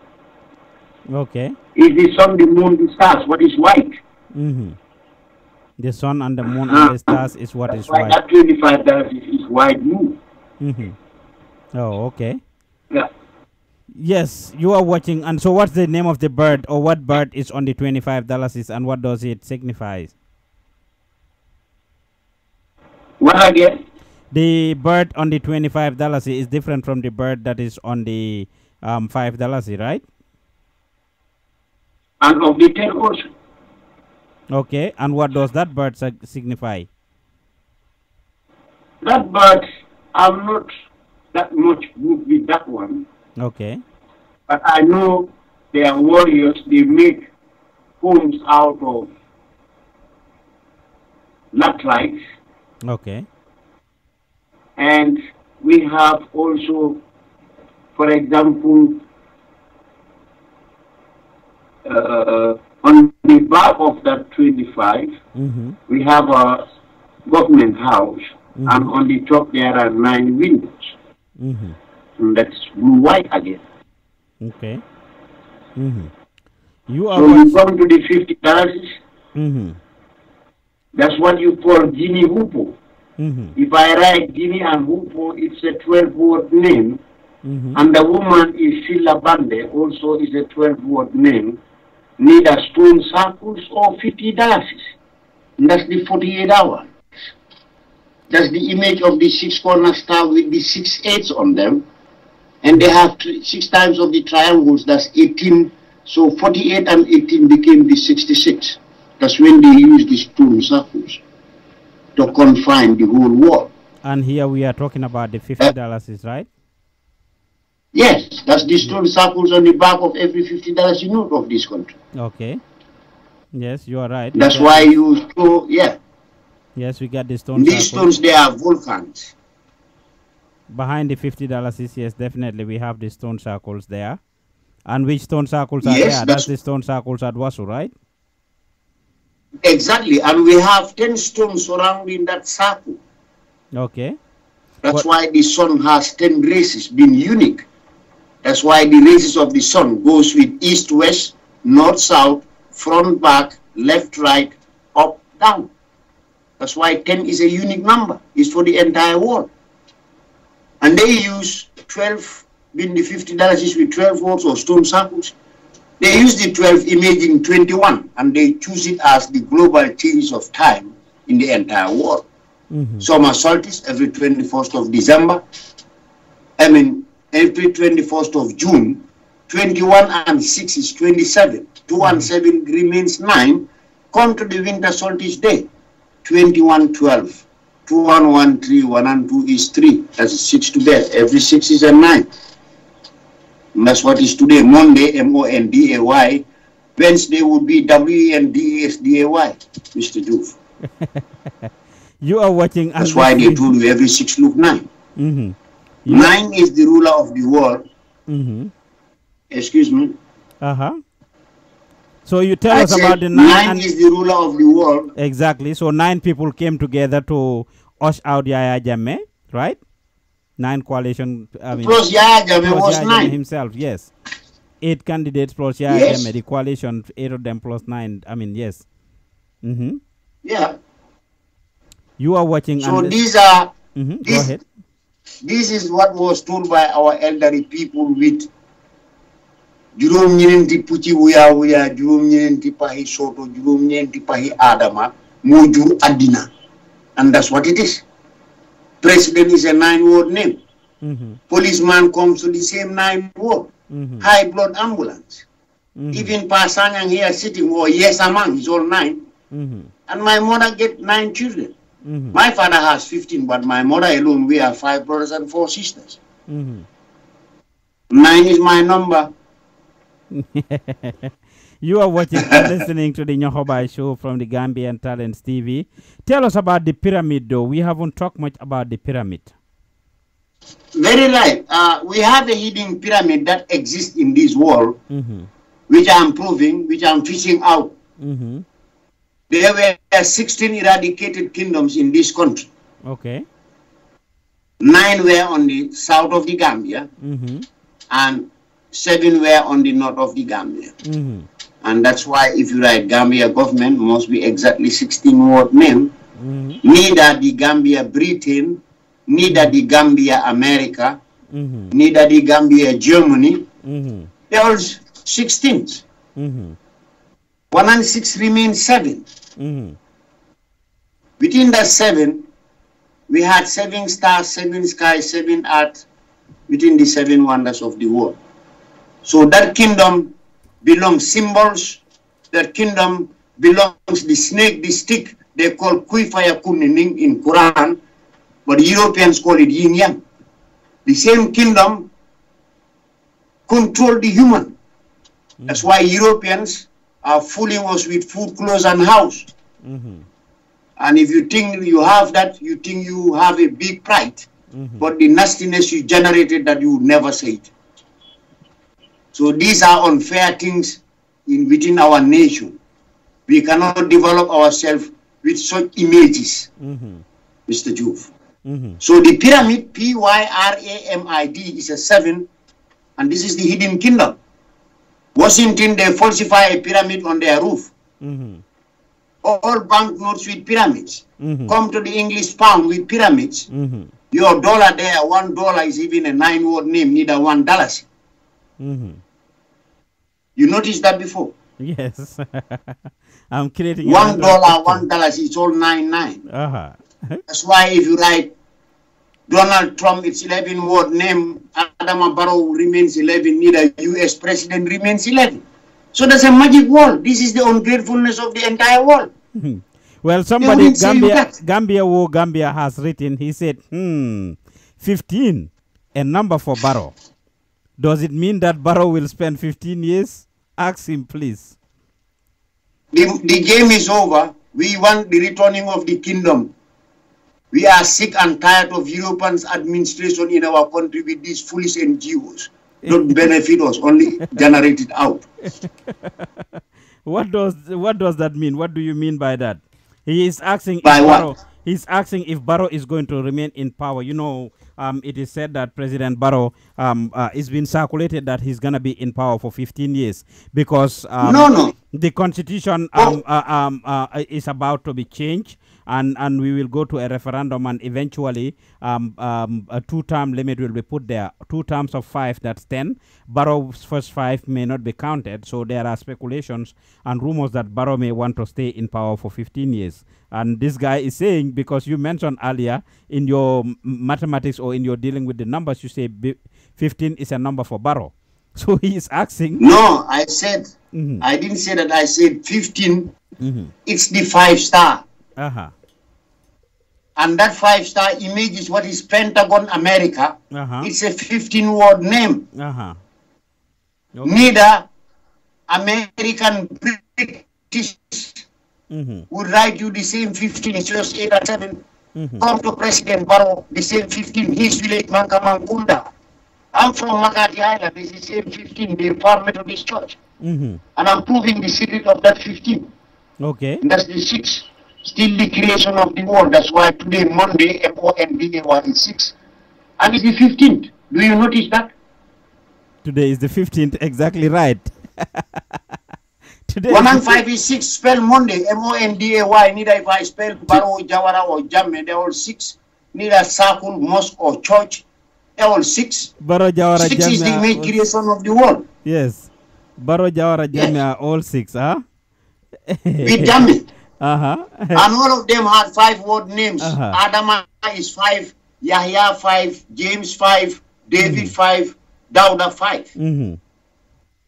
Speaker 4: Mm. Okay. Is the sun, the moon, the stars? What is white?
Speaker 3: Mm -hmm. The sun and the moon and ah. the stars is what That's is white. That
Speaker 1: twenty-five dollars is, is white moon.
Speaker 3: Mm -hmm. Oh, okay. Yeah. Yes, you are watching. And so, what's the name of the bird, or what bird is on the twenty-five dollars, and what does it signify? What again? The bird on the twenty-five dollars is different from the bird that is on the um, five dollars, right? And of the ten course. Okay, and what does that bird signify?
Speaker 4: That bird, I'm not that much good with that one. Okay. But I know they are warriors. They make homes out of latrites. Okay. And we have also, for example, uh, on the back of that 25, mm -hmm. we have a government house, mm -hmm. and on the top there are nine windows. Mm -hmm. And that's blue white again.
Speaker 3: Okay. Mm-hmm.
Speaker 4: You are so you come to the 50 terraces. That's what you call Guinea Hoopoe. Mm -hmm. If I write Guinea and Hoopoe, it's a 12 word name. Mm -hmm. And the woman is Sheila Bande, also is a 12 word name. Neither stone circles or 50 dashes. That's the 48 hours. That's the image of the six corner star with the six eights on them. And they have six times of the triangles, that's 18. So 48 and 18 became the 66. That's when they use these stone circles to confine the whole world.
Speaker 3: And here we are talking about the fifty eh? dollars, uh, is right?
Speaker 4: Yes, that's the stone circles on the back of every fifty dollars you note of this country.
Speaker 3: Okay. Yes, you are right. That's okay. why
Speaker 4: you so yeah.
Speaker 3: Yes, we got the stone. These circles. stones they are volcans. Behind the fifty dollars is yes, definitely we have the stone circles there. And which stone circles are yes, there? That's, that's the stone circles at Wasu, right?
Speaker 4: Exactly, and we have 10 stones surrounding that circle. Okay. That's what? why the sun has 10 races, being unique. That's why the races of the sun goes with east, west, north, south, front, back, left, right, up, down. That's why 10 is a unique number. It's for the entire world. And they use 12, being the 50 dialysis with 12 holes or stone circles. They use the 12 image in 21 and they choose it as the global change of time in the entire world. Mm -hmm. Summer solstice every 21st of December. I mean, every 21st of June. 21 and 6 is 27. 2 and 7 mm-hmm. remains 9. Come to the winter solstice day. 21, 12. 2 and 1, 3. 1 and 2 is 3. That's 6 to death. Every 6 is a 9. And that's what is today, Monday, M-O-N-D-A-Y. Wednesday would be W-E-N-D-A-S-D-A-Y, Mr. Doof.
Speaker 3: you are watching... That's why they told
Speaker 4: you every six look nine. Mm -hmm. yeah. Nine is the ruler of the world. Mm -hmm. Excuse me.
Speaker 3: Uh-huh. So you tell I us about the nine. Nine is
Speaker 4: the ruler of the world.
Speaker 3: Exactly. So nine people came together to osh out Yaya Jammeh, right? nine coalition. I mean, plus Yagame was nine. himself. Yes, eight candidates plus Yagame. Yes. The coalition, eight of them plus nine. I mean, yes. Mm-hmm. Yeah. You are watching. So these are. Mm-hmm. This, Go ahead.
Speaker 4: This is what was told by our elderly people with juróom ñeenti pucci wuyaa wuyaa juróom ñeenti paxi soto juróom ñeenti paxi adama moo jur àddina and that's what it is President is a nine-word name. Mm-hmm. Policeman comes to the same nine-word. Mm-hmm. High blood ambulance. Mm-hmm. Even Pasanyang here sitting, Oh yes, among, he's all 9 mm-hmm. And my mother get nine children. Mm-hmm. My father has 15, but my mother alone, we are five brothers and four sisters. Mm-hmm. Nine is my number.
Speaker 3: You are watching and listening to the Nyohobai show from the Gambian Talents TV. Tell us about the pyramid, though. We haven't talked much about the pyramid.
Speaker 4: Very right. Uh, we have a hidden pyramid that exists in this world, mm -hmm. which I'm proving, which I'm fishing out. Mm -hmm. There were 16 eradicated kingdoms in this country. Okay. Nine were on the south of the Gambia, mm -hmm. and seven were on the north of the Gambia. Mm -hmm. And that's why if you write Gambia government must be exactly 16 word name. Mm -hmm. Neither the Gambia Britain, neither the Gambia America, mm -hmm. neither the Gambia Germany. Mm -hmm. They're all 16s. Mm-hmm. One and six remain 7 Between mm-hmm. the seven, we had seven stars, seven skies, seven earth, within the seven wonders of the world. So that kingdom belong symbols. Their kingdom belongs the snake, the stick. They call kuifaya kunining in Quran, but Europeans call it yin yang. The same kingdom control the human. Mm -hmm. That's why Europeans are fooling us with food, clothes, and house. Mm -hmm. And if you think you have that, you think you have a big pride. Mm -hmm. But the nastiness you generated that you never say it. So these are unfair things in within our nation. We cannot develop ourselves with such images, mm -hmm. Mr. Juve. Mm -hmm. So the pyramid, P-Y-R-A-M-I-D, is a seven, and this is the hidden kingdom. Washington, they falsify a pyramid on their roof. Mm -hmm. All banknotes with pyramids. Mm-hmm. Come to the English pound with pyramids. Mm-hmm. Your dollar there, one dollar is even a nine-word name, neither one dollars. Mm-hmm. You noticed that before?
Speaker 3: Yes. I'm creating one dollar,
Speaker 4: one dollar. It's all nine nine. Uh-huh. That's why if you write Donald Trump, it's eleven word name. Adam Barrow remains eleven. Neither U.S. president remains eleven. So there's a magic word. This is the ungratefulness of the entire world.
Speaker 3: well, somebody Gambia Gambia Wo Gambia has written. He said, "Hmm, fifteen, a number for Barrow. Does it mean that Barrow will spend fifteen years?" Ask him, please.
Speaker 4: The, the game is over. We want the returning of the kingdom. We are sick and tired of Europeans' administration in our country with these foolish NGOs. Don't benefit us, only generate it out.
Speaker 3: what does what does that mean? What do you mean by that? He is asking by if Barrow, he's asking if Barrow is going to remain in power. You know, um, it is said that President Barrow, um, uh, it's been circulated that he's going to be in power for 15 years because um, no, no. the constitution oh. Um, uh, um, uh, is about to be changed. And, and we will go to a referendum, and eventually, um, a two term limit will be put there. Two terms of five, that's 10. Barrow's first five may not be counted, so there are speculations and rumors that Barrow may want to stay in power for 15 years. And this guy is saying, because you mentioned earlier in your mathematics or in your dealing with the numbers, you say 15 is a number for barrel. So he is asking. No, I
Speaker 4: said, mm -hmm. I didn't say that. I said 15, mm -hmm. it's the five star. Uh huh. And that five star image is what is Pentagon America. Uh -huh. It's a 15 word
Speaker 3: name. Uh huh. Okay. Neither
Speaker 4: American, British, mm-hmm. will write you the same 15, it's just 8 or 7. Mm-hmm. Come to President Barrow, the same 15, his village, Mankamangunda. I'm from Makati Island, it's the same 15, the Farm Methodist Church. Mm-hmm. And I'm proving the secret of that 15. Okay. And that's the 6. Still the creation of the world. That's why today, Monday, M-O-N-D-A-Y is 6. And it's the 15th. Do you notice that?
Speaker 3: Today is the 15th, exactly right.
Speaker 4: today. One five is six spell Monday. M O N D A Y. Neither if I spell Baro Jawara or Jamme. They all six. Neither circle, mosque or church. They all six. Baro
Speaker 3: Jawara Six Jamia is the main creation of the world. Yes. Baro Jawara yes. are all six, huh? With Jamme. Uh-huh. and all
Speaker 4: of them had five word names. Uh-huh. Adama is five, Yahya five, James five, David mm-hmm. five, Dauda 5 mm-hmm.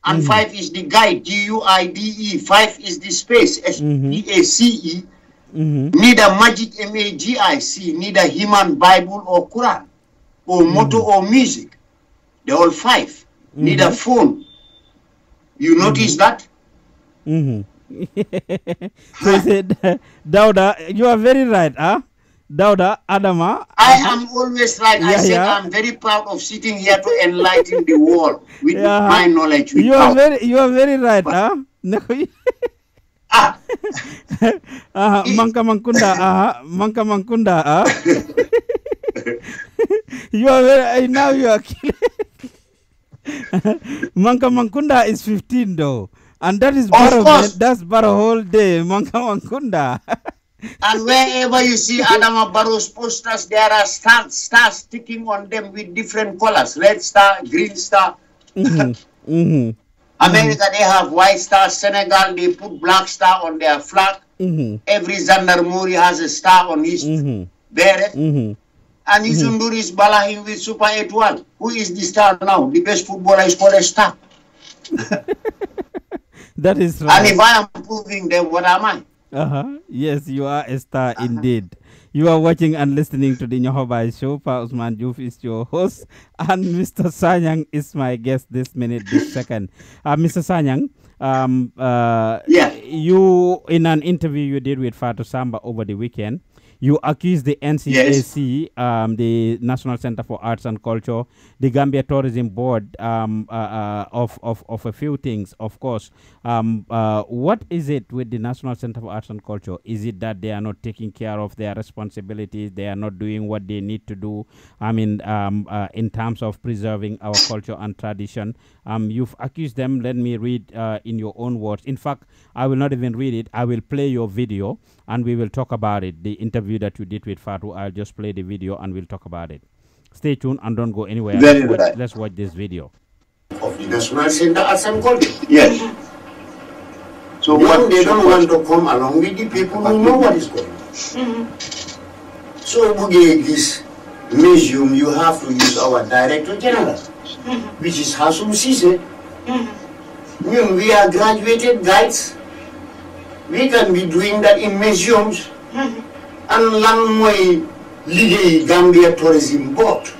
Speaker 4: and mm. five is the guide, G U I D E. Five is the space, S P A C E. Mm -hmm. Neither magic, M A G I C, neither human Bible or Quran, or mm -hmm. motto or music. They're all five. Mm-hmm. Neither phone. You mm-hmm. notice that?
Speaker 3: Mm-hmm. so he said, Dauda, you are very right, huh? Dauda Adama. I
Speaker 4: am always right. Yeah, I said yeah. I'm very proud of sitting here to enlighten the world with yeah. my knowledge. With you are power. very,
Speaker 3: you are very right. But, huh? ah. uh, Manka Mankunda. Uh, Manka Mankunda. Uh. you are very. Uh, now you are killing. Manka Mankunda is 15 though, and that is of barrow, that's barrow whole day. Manka Mankunda.
Speaker 4: and wherever you see Adama Barrow's posters, there are stars, stars sticking on them with different colors red star, green star.
Speaker 5: Mm -hmm. Mm -hmm.
Speaker 4: America, they have white star. Senegal, they put black star on their flag. Mm-hmm. Every Zandarmuri has a star on his mm-hmm. beret. Mm-hmm. And Isunduri is balahing with Super 8 1. Who is the star now? The best footballer is called a star.
Speaker 3: that is right. And if I
Speaker 4: am proving them, what am I?
Speaker 3: Uh-huh. Yes, you are a star uh-huh. indeed. You are watching and listening to the Nyohobai show. Pa Usman Juf is your host, and Mr. Sanyang is my guest this minute, this second. Uh, Mr. Sanyang, um, uh, yeah. you in an interview you did with Fatu Samba over the weekend, you accuse the NCAC, yes. um, the National Center for Arts and Culture, the Gambia Tourism Board, um, uh, uh, of, of, of a few things, of course. Um, uh, what is it with the National Center for Arts and Culture? Is it that they are not taking care of their responsibilities? They are not doing what they need to do, I mean, um, uh, in terms of preserving our culture and tradition? Um, you've accused them. Let me read uh, in your own words. In fact, I will not even read it. I will play your video and we will talk about it. The interview that you did with Fatu, I'll just play the video and we'll talk about it. Stay tuned and don't go anywhere. Very let's, right. let's watch this video.
Speaker 4: Of the National Center Yes.
Speaker 5: So what they don't want
Speaker 4: to come along with the people who know what is going on. Mm -hmm. So this museum, you have to use our director general. which is Hasum Sise. When we are graduated guides, we can be doing that in museums. And lan mooy liggéey Gambia Tourism Board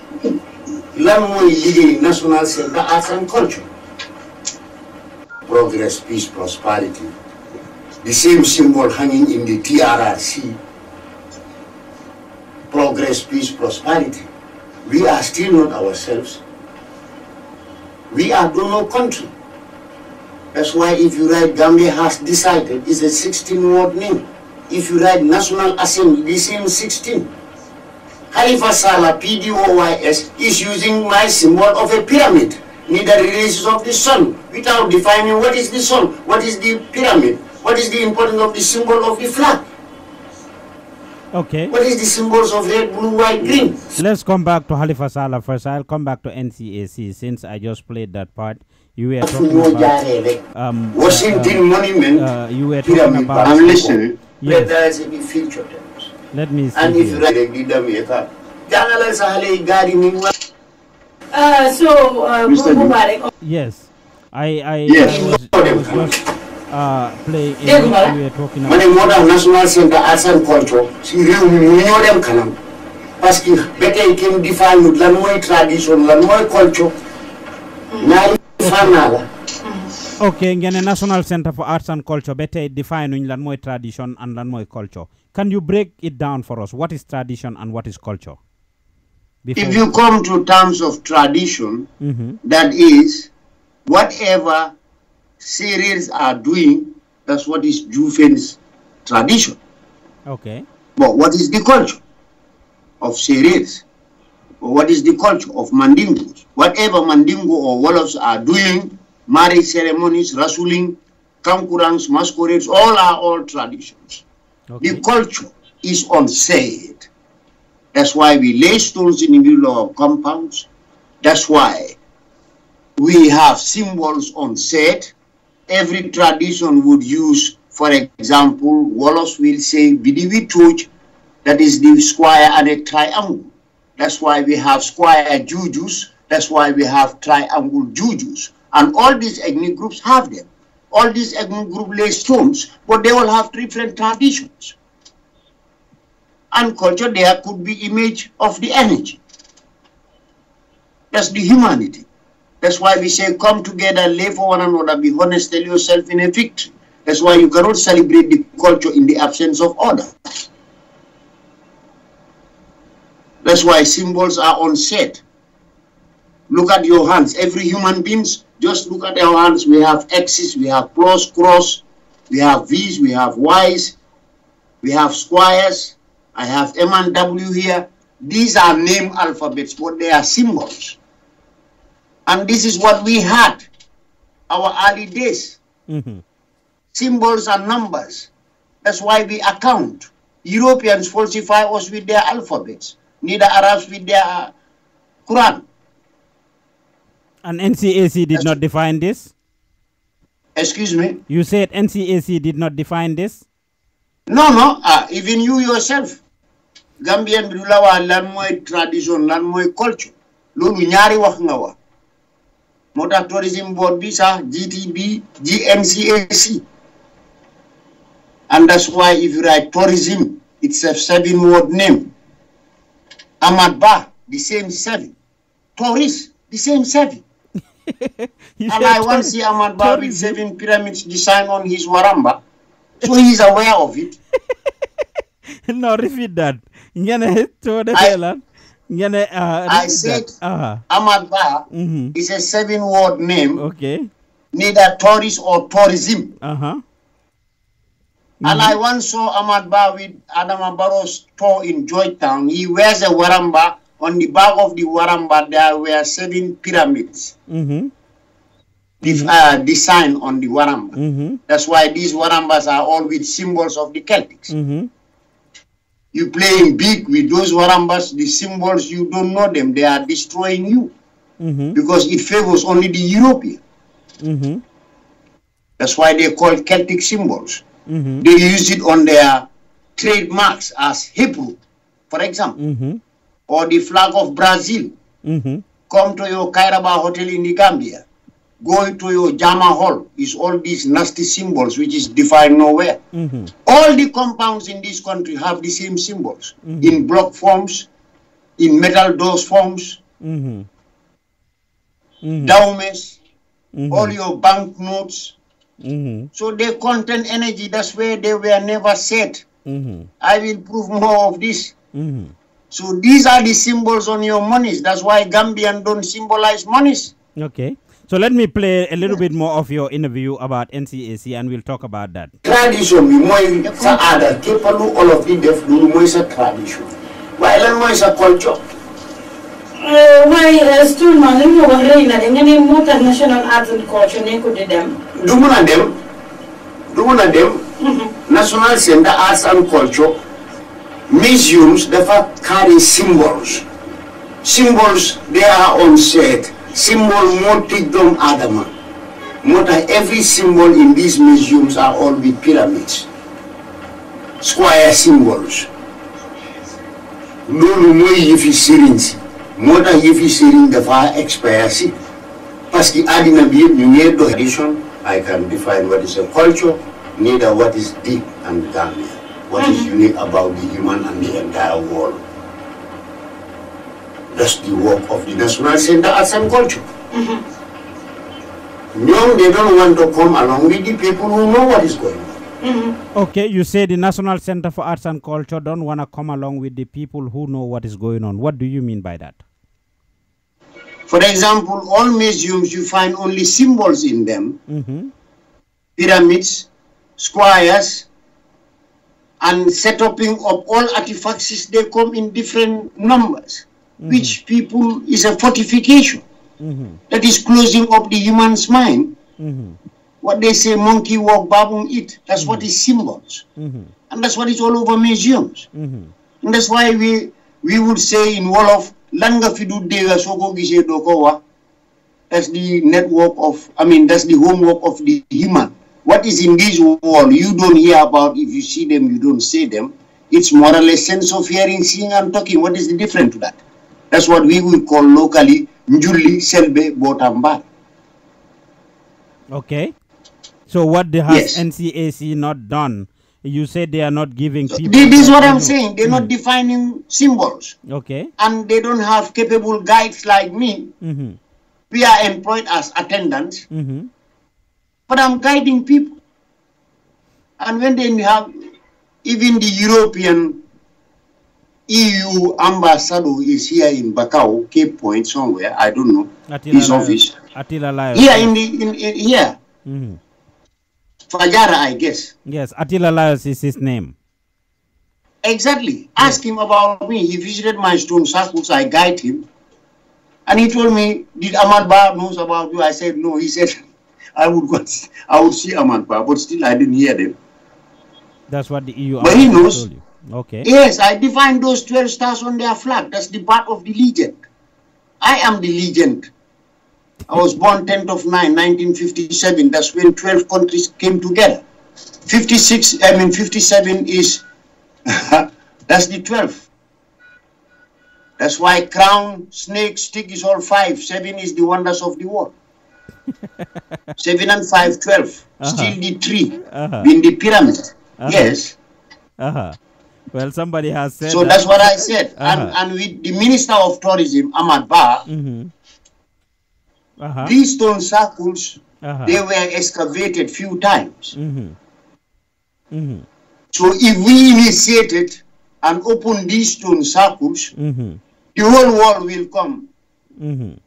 Speaker 4: lan mooy National Centre Arts and Culture. Progress, peace, prosperity. The same symbol hanging in the TRRC. Progress, peace, prosperity. We are still not ourselves. We are donor country. That's why if you write Gambia has decided, it's a 16-word name. If you write National Assembly, the same 16. Khalifa Salah, PDOYS, is using my symbol of a pyramid, near the releases of the sun, without defining what is the sun, what is the pyramid, what is the importance of the symbol of the flag.
Speaker 3: Okay. What is the symbols
Speaker 4: of red, blue, white, green?
Speaker 3: Let's come back to Halifa Salah first. I'll come back to NCAC since I just played that part. You were talking about um, Washington uh, Monument. Uh, you were talking about. I'm listening.
Speaker 4: Yes. There is
Speaker 3: Let me see. And if you read
Speaker 4: uh, so, uh, Mr. Mubarak.
Speaker 3: Yes, I, I, yes. I was, I was just uh, play a role we are talking about? Mane moda national
Speaker 4: center asan konto si rew mi mu ñoo dem kanam parce que betay ken defalut tradition lan culture
Speaker 3: Okay, okay. la ok national center for arts and culture ba define uñ lan tradition and lan culture can you break it down for us what is tradition and what is culture Before if you come to
Speaker 4: terms of tradition mm -hmm. that is whatever Syrians are doing, that's what is Jufen's tradition. Okay. But what is the culture of Syrians? What is the culture of Mandingos? Whatever Mandingo or Wolofs are doing, marriage ceremonies, wrestling, concurrents, masquerades, all are all traditions. Okay. The culture is unsaid. That's why we lay stones in the middle of compounds. That's why we have symbols unsaid every tradition would use. For example, Wallace will say, Bidiwi touch," that is the square and a triangle. That's why we have square jujus. That's why we have triangle jujus. And all these ethnic groups have them. All these ethnic groups lay stones, but they all have different traditions. And culture there could be image of the energy. That's the humanity. That's why we say, come together, live for one another, be honest, tell yourself in a victory. That's why you cannot celebrate the culture in the absence of order. That's why symbols are unsaid. Look at your hands. Every human beings, just look at our hands. We have X's, we have plus, cross, we have V's, we have Y's, we have squares. I have M and W here. These are name alphabets, but they are symbols. And this is what we had our early days. Mm-hmm. Symbols and numbers. That's why we account. Europeans falsify us with their alphabets, neither Arabs with their uh,
Speaker 3: Quran. And NCAC did That's not define this? Excuse me? You said NCAC did not define this? No, no. Uh, even you yourself.
Speaker 4: Gambian bi du tradition lan culture loolu ñaari wax nga wax moo tourism board bi sax GTB GMCAC, and that's why if you write tourism it's a seven word name Ahmad Ba the same seven tourist the same seven and I want to see Ahmad Ba with seven pyramids design on his waramba
Speaker 3: so he's aware of it no repeat that ngene to the I, uh, I said uh-huh. mm-hmm. is
Speaker 4: a seven word name. Okay. Neither tourist or tourism.
Speaker 3: Uh-huh. Mm -hmm. And I mm-hmm.
Speaker 4: once saw Ahmad Ba with Adam Barrow's tour in Joytown. He wears a waramba. On the back of the waramba, there were seven pyramids. Mm -hmm. mm -hmm. uh, design on the waramba. Mm-hmm. That's why these warambas are all with symbols of the Celtics. Mm-hmm. You playing big with those warambas, the symbols, you don't know them. They are destroying you mm -hmm. because it favors only the European. Mm -hmm. That's why they call Celtic symbols. Mm -hmm. They use it on their trademarks as Hebrew, for example, mm-hmm. or the flag of Brazil. Mm-hmm. Come to your Kairaba hotel in the Gambia going to your Jama Hall is all these nasty symbols which is defined nowhere. Mm -hmm. All the compounds in this country have the same symbols mm -hmm. in block forms, in metal doors forms, mm mm-hmm. -hmm. daumes, mm-hmm. all your banknotes. Mm-hmm. So they contain energy. That's where they were never set. I will prove more of this. So these are the symbols on your monies. That's why Gambian don't symbolize monies.
Speaker 3: Okay. So let me play a little bit more of your interview about NCAC and we'll talk about that. Tradition
Speaker 4: bi mooy sa aada képp lu olof di def loolu mooy sa tradition Why lan mooy sa culture.
Speaker 2: Eh, why Stulman li mu wax rëy na de nga ne moo tax national arts and culture nekkul could them.
Speaker 4: du mun a dem du mun a dem. Mm-hmm. national centre arts and culture museums They have carry symbols symbols they are on set symbol moo tëj doomu aadama every symbol in these museums are all with pyramids square symbols loolu mooy yëfi sëriñ si moo tax yëfi sëriñ dafa expert si parce que àddina bi yëpp tradition I can define what is a culture neither what is deep and Gambia what is mm-hmm. unique about the human and the entire world that's the work of the National Center Arts and Culture. Mm -hmm. No, they don't want to come along with the people who know what is going on.
Speaker 3: Mm -hmm. Okay, you say the National Center for Arts and Culture don't want to come along with the people who know what is going on. What do you mean by that?
Speaker 4: For example, all museums you find only symbols in them. Mm -hmm. Pyramids, squares, and setting up of all artifacts they come in different numbers. -hmm. which people is a fortification mm -hmm. that is closing up the human's mind. Mm -hmm. What they say, monkey walk, baboon eat. That's what mm-hmm. is symbols, mm-hmm. and that's what is all over museums. Mm-hmm. And that's why we we would say in Wolof, langa fidu dega soko gise dokowa. That's the network of, I mean, that's the homework of the human. What is in this world, you don't hear about. If you see them, you don't say them. It's more or less sense of hearing, seeing, and talking. What is the difference to that? That's what we will call locally Njuli Selbe Botamba.
Speaker 3: Okay. So what has yes. NCAC not done? You say they are not giving people. This is what I'm saying. They're mm not hmm.
Speaker 4: defining symbols. Okay. And they don't have capable guides like me. Mm -hmm. We are employed as attendants. Mm -hmm. But I'm guiding people. And when they have even the European EU ambassador is here in Bakau, Cape Point, somewhere. I don't know
Speaker 3: Atila his office. Attila Layo. Here in
Speaker 4: the in, in here. Mm Fajara, I guess.
Speaker 3: Yes, Attila Laios is his name.
Speaker 4: Exactly. Ask him about me. He visited my stone circles. I guide him. And he told me, did Ahmad Ba knows about you? I said, no. He said, I would go, I would see Ahmad Ba, but still I didn't hear them.
Speaker 3: That's what the EU But he knows. Okay. Yes,
Speaker 4: I define those 12 stars on their flag. That's the part of the legend. I am the legend. I was born 10th of 9, 1957. That's when 12 countries came together. 56, I mean 57 is, that's the 12. That's why crown, snake, stick is all five. Seven is the wonders of the
Speaker 3: world.
Speaker 4: Seven and five, 12. Uh -huh. Still the 3 uh -huh. in the
Speaker 3: pyramid. Uh -huh. Yes. Uh-huh. Well, somebody has said. So that. that's what I said. Uh -huh. And,
Speaker 4: and with the Minister of Tourism, Ahmad Ba,
Speaker 3: mm -hmm.
Speaker 5: uh -huh. these
Speaker 4: stone circles, uh -huh. they were excavated few times. Mm -hmm. So if we initiated and open these stone circles, mm-hmm. the whole world will come. Mm-hmm.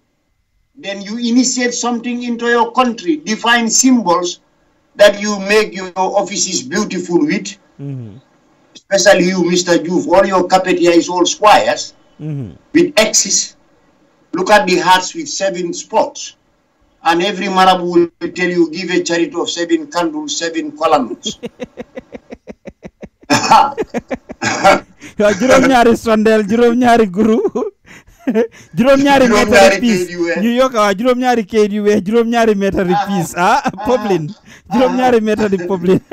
Speaker 4: Then you initiate something into your country, define symbols that you make your offices beautiful with especially you, Mr. Juve, all your carpet here is all squares mm -hmm. with X's. Look at the hearts with seven spots. And every Marabu will tell you, give a charity of seven candles, seven columns.
Speaker 3: juróom nyari sondeel juróom nyari guru juróom nyari meetari piis New yokk waaw juróom ñaari kayit yu weex juróom ñaari meetari ah, ah. ah poblin ah, juróom nyari meetari poblin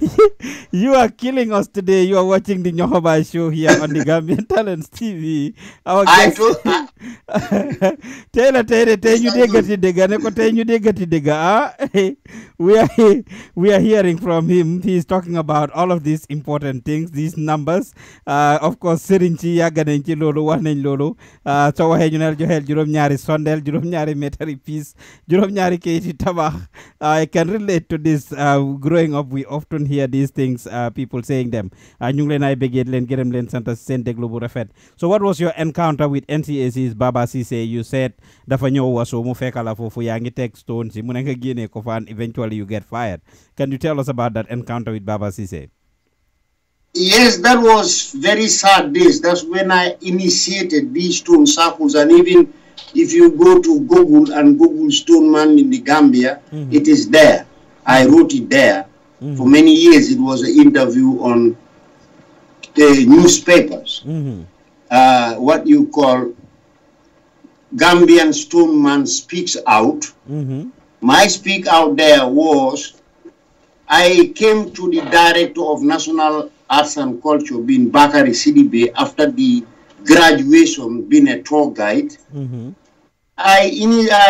Speaker 3: you are killing us today. You are watching the Nyohoba show here on the Gambian Talents TV. Our guest. do. Taylor, Taylor, Taylor, you degati dega. Neko Taylor, you degati dega. Ah? We are we are hearing from him. He is talking about all of these important things, these numbers. Uh, of course, Sirinchi, Yaganenchi, Lolo, Wanen Lolo. Uh, so we have Johel, Jurom Nyari Sondel, Jurom Nyari Metari Peace, Jurom Nyari Keiti Tabach. I can relate to this uh, growing up. We often often hear these things uh, people saying them uh, gërëm so what was your encounter with NCAC's Baba Cissé you said dafa was so mu for la foofu yaa ngi teg stone si and eventually you get fired can you tell us about that encounter with Baba Cissé
Speaker 4: Yes, that was very sad days. That's when I initiated these stone circles. And even if you go to Google and Google stone man in the Gambia, mm -hmm. it is there. I wrote it there. -hmm. For many years, it was an interview on the newspapers. Mm -hmm. uh, what you call Gambian Stoneman Speaks Out. Mm -hmm. My speak out there was I came to the director of National Arts and Culture, being Bakari Sidibe, after the graduation, being a tour guide. Mm-hmm. I,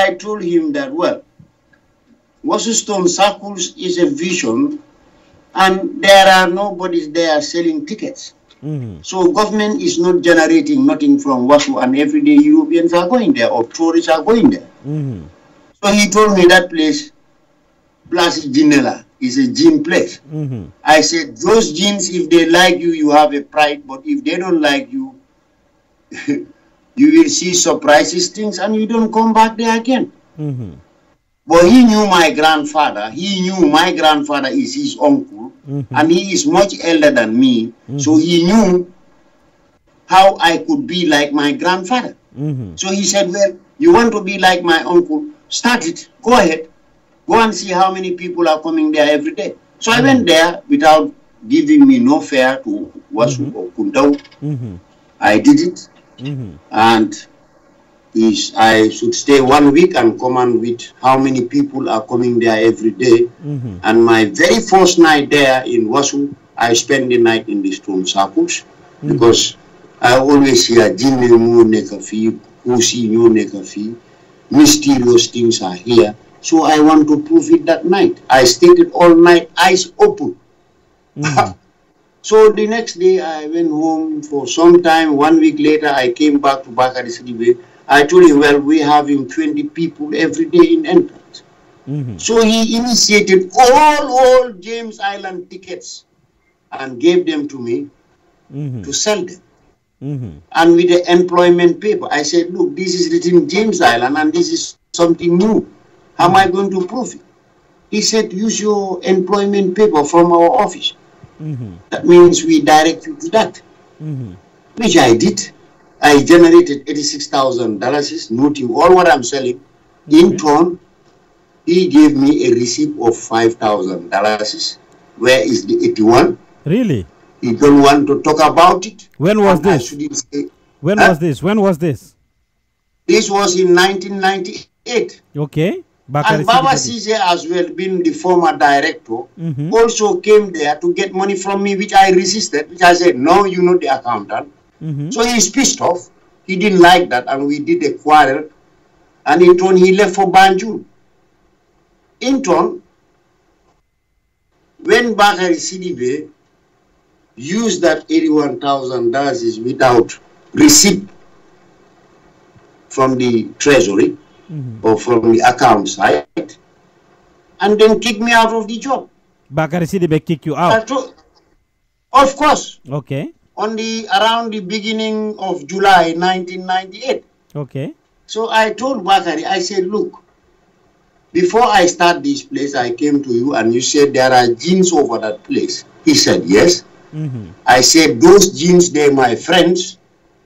Speaker 4: I told him that, well, Stone Circles is a vision, and there are nobody there selling tickets. Mm -hmm. So government is not generating nothing from Wasu, and everyday Europeans are going there, or tourists are going there. Mm -hmm. So he told me that place, plus Ginela, is a gin place. Mm -hmm. I said, those jeans, if they like you, you have a pride, but if they don't like you, you will see surprises, things, and you don't come back there again. Mm-hmm. Well, he knew my grandfather. He knew my grandfather is his uncle, mm -hmm. and he is much elder than me. Mm -hmm. So mm-hmm. he knew how I could be like my grandfather. Mm -hmm. So he said, Well, you want to be like my uncle? Start it. Go ahead. Go and see how many people are coming there every day. So I went mm-hmm. there without giving me no fare to Wasu mm-hmm. or Kundau. I did it. And is I should stay one week and comment with how many people are coming there every day. Mm-hmm. And my very first night there in Wasu, I spent the night in the stone circles mm-hmm. because I always hear Jimmy Nekafi, Kusi Nekafi, mysterious things are here. So I want to prove it that night. I stayed it all night, eyes open. Mm-hmm. So the next day I went home for some time. One week later I came back to Bakari Sidibe I told him, well, we have him 20 people every day in airport. Mm -hmm. So he initiated all all James Island tickets and gave them to me mm -hmm. to sell them. Mm -hmm. And with the employment paper, I said, look, this is written James Island and this is something new. How am I going to prove it? He said, use your employment paper from our office. Mm-hmm. That means we direct you to that, mm-hmm. which I did. I generated $86,000, noting all what I'm selling. Mm-hmm. In turn, he gave me a receipt of $5,000. Where is the 81? Really? He don't want to talk about it?
Speaker 3: When was should this? Say, when was this? When was this? This was
Speaker 4: in 1998.
Speaker 3: Okay. Bakari and Baba
Speaker 4: Sise as well, being the former director, mm -hmm. also came there to get money from me, which I resisted, which I said, no, you know the accountant. Mm-hmm. So he's pissed off. He didn't like that, and we did a quarrel. And in turn, he left for Banjul. In turn, when Bakari Sidibe used that 81,000 dazis without receipt from the treasury mm-hmm. or from the account side,
Speaker 3: and then kicked me out of the job. Bakari Sidibe kicked you out? Of course. Okay
Speaker 4: on the around the beginning of July 1998. Okay. So I told Bakari, I said, look, before I start this place, I came to you and you said there are genes over that place. He said, yes. Mm -hmm. I said, those genes, they're my friends.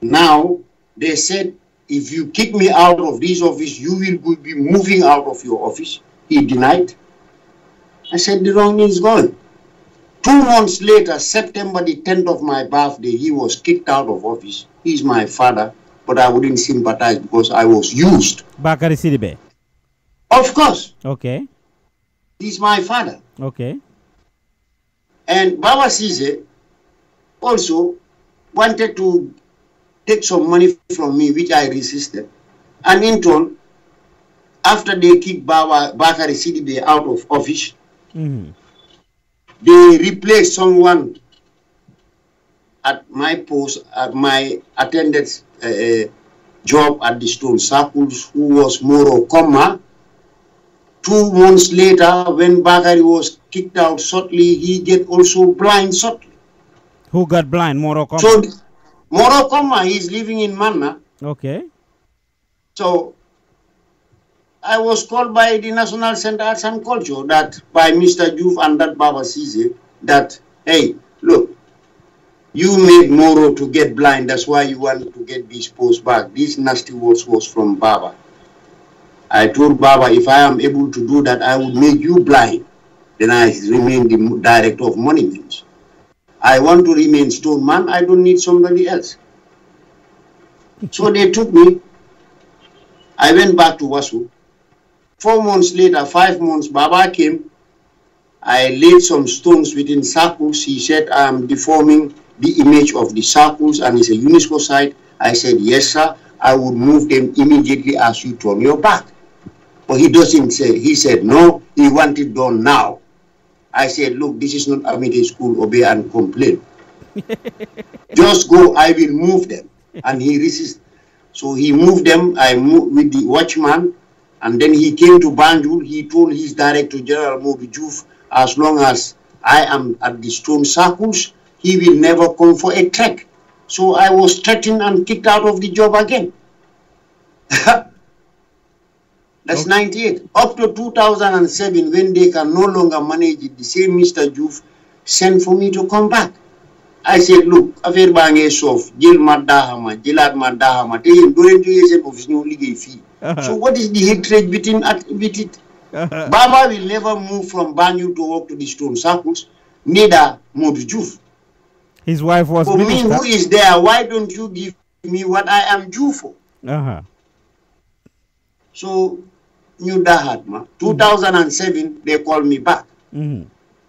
Speaker 4: Now, they said, if you kick me out of this office, you will be moving out of your office. He denied. I said, the wrong is gone. Two months later, September the 10th of my birthday, he was kicked out of office. He's my father, but I wouldn't sympathize because I was
Speaker 3: used. Bakari Sidibe?
Speaker 4: Of course. Okay. He's my father. Okay. And Baba Sise also wanted to take some money from me, which I resisted. And in turn, after they kicked Baba Bakari Sidibe out of office, mm -hmm they replaced someone at my post, at my attended uh, uh job at the Stone Circles, who was Moro Koma. Two months later, when Bagari was kicked out shortly, he get also blind shortly.
Speaker 3: Who got blind? Moro Koma? So,
Speaker 4: Moro Koma, he's living in Manna. Okay. So I was called by the National Center Arts and Culture that by Mr. Juve and that Baba Sise that, hey, look, you made Moro to get blind. That's why you want to get this post back. These nasty words was from Baba. I told Baba, if I am able to do that, I will make you blind. Then I remain the director of monuments. I want to remain stone man. I don't need somebody else. so they took me. I went back to Wasu. Four months later, five months, Baba came. I laid some stones within circles. He said, I am deforming the image of the circles and it's a UNESCO site. I said, yes, sir. I would move them immediately as you turn your back. But he doesn't say, he said, no, he want it done now. I said, look, this is not middle School, obey and complain. Just go, I will move them. And he resisted. So he moved them, I moved with the watchman, and then he came to Banjul. He told his director general Mubijuf, Juf, as long as I am at the stone circles, he will never come for a trek. So I was threatened and kicked out of the job again. That's okay. 98. Up to 2007, when they can no longer manage it, the same Mr. Juf sent for me to come back. I said, look, affair bangé sof, jël ma daxama, jëlaat ma daxama, té yeen do leen joyé seen office ñoo liggéey fii So what is the hatred between with it? Baba will never move from Banyu to walk to the stone circles, neither move Juf.
Speaker 3: His wife was. For minister. me, who is there?
Speaker 4: Why don't you give me what I am due for? Uh huh. So, New Dahadma, mm-hmm. 2007, they called me back mm -hmm.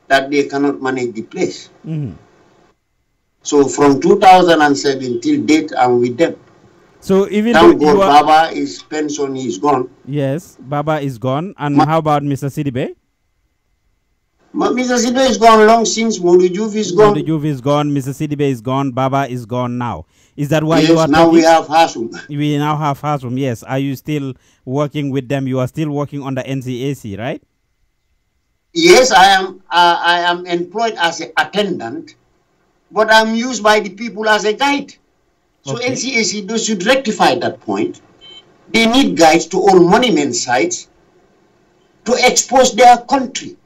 Speaker 4: that they cannot manage the place. Mm -hmm. So, from 2007 till date, I'm with them. So even now, though God, Baba is pension is gone.
Speaker 3: Yes, Baba is gone. And Ma how about Mr. Sidibe? Mr. Sidibe is gone long since. Modujuf is gone. Modujuf is gone. Mr. Sidibe is gone. Baba is gone now. Is that why yes, you are? now we have Hasum. We now have Hasum. Yes. Are you still working with them? You are still working under NCAC, right?
Speaker 4: Yes, I am. Uh, I am employed as an attendant, but I'm used by the people as a guide. So okay. NCAC should rectify that point. They need guides to all monument sites to expose their country.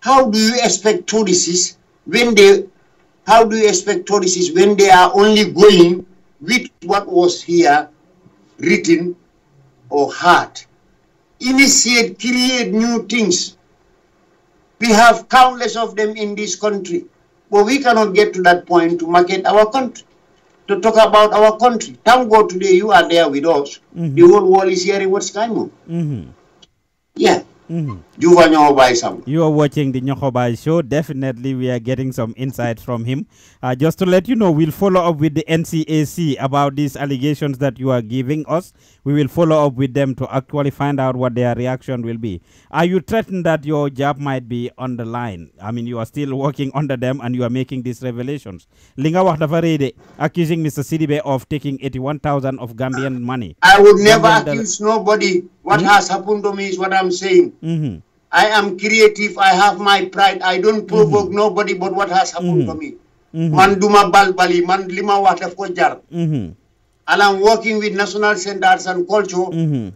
Speaker 4: How do you expect tourists when they, how do you expect tourists when they are only going with what was here written or heard? Initiate, create new things. We have countless of them in this country, but we cannot get to that point to market our country to talk about our country. Thank God today you are there with us. Mm -hmm. The whole world is hearing what's going on. Mm -hmm. Yeah.
Speaker 3: Mm-hmm. You are watching the Nyokobai show. Definitely, we are getting some insights from him. Uh, just to let you know, we'll follow up with the NCAC about these allegations that you are giving us. We will follow up with them to actually find out what their reaction will be. Are you threatened that your job might be on the line? I mean, you are still working under them and you are making these revelations. Linga Wahdafarede accusing Mr. Sidibe of taking 81,000 of Gambian money. I would never accuse
Speaker 4: nobody What mm -hmm. has happened to me is what I'm saying. Mm -hmm. I am creative. I have my pride. I don't mm-hmm. provoke nobody but what has happened to mm-hmm. me.
Speaker 5: Mm-hmm. Man duma
Speaker 4: balbali. Man lima wax daf jar. And I'm working with National Centers and Culture.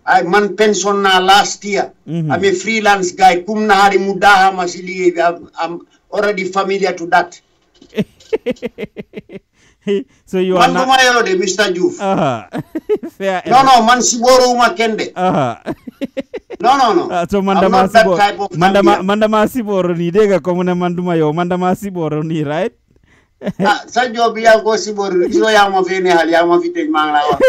Speaker 4: I man pension na last year. I'm a freelance guy. Kum nahari mudaha masili. I'm, I'm already familiar to that.
Speaker 3: so you are not...
Speaker 4: de Mr. Diouf uh -huh. fair no no man siboruma kende
Speaker 3: uh -huh. no no no uh, so mandama siboro mandama mandama siboro ni dega komune manduma yo mandama siboro ni right ah sadio bi ko
Speaker 4: sibori gisoo yaa ma fi neexal yaa ma
Speaker 3: fi tëj maa ngi wax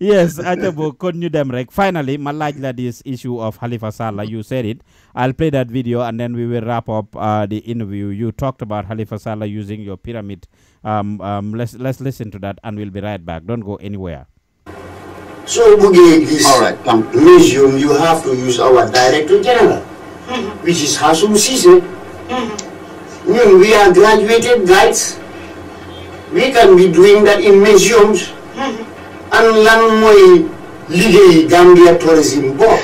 Speaker 3: yes Ajabo kon ñu dem rek finally ma laaj la this issue of Halifa Sallah you said it I'll play that video and then we will wrap up uh, the interview you talked about Halifa Sallah using your pyramid um, um, let's let's listen to that and we'll be right back don't go anywhere
Speaker 4: so Bugi this All right. um, museum you have to use our director general mm -hmm. which is Hasum Sise mm -hmm we are graduated guides we can be doing that in museums
Speaker 5: mm-hmm.
Speaker 4: and lan mooy liggéey Gambia Tourism Board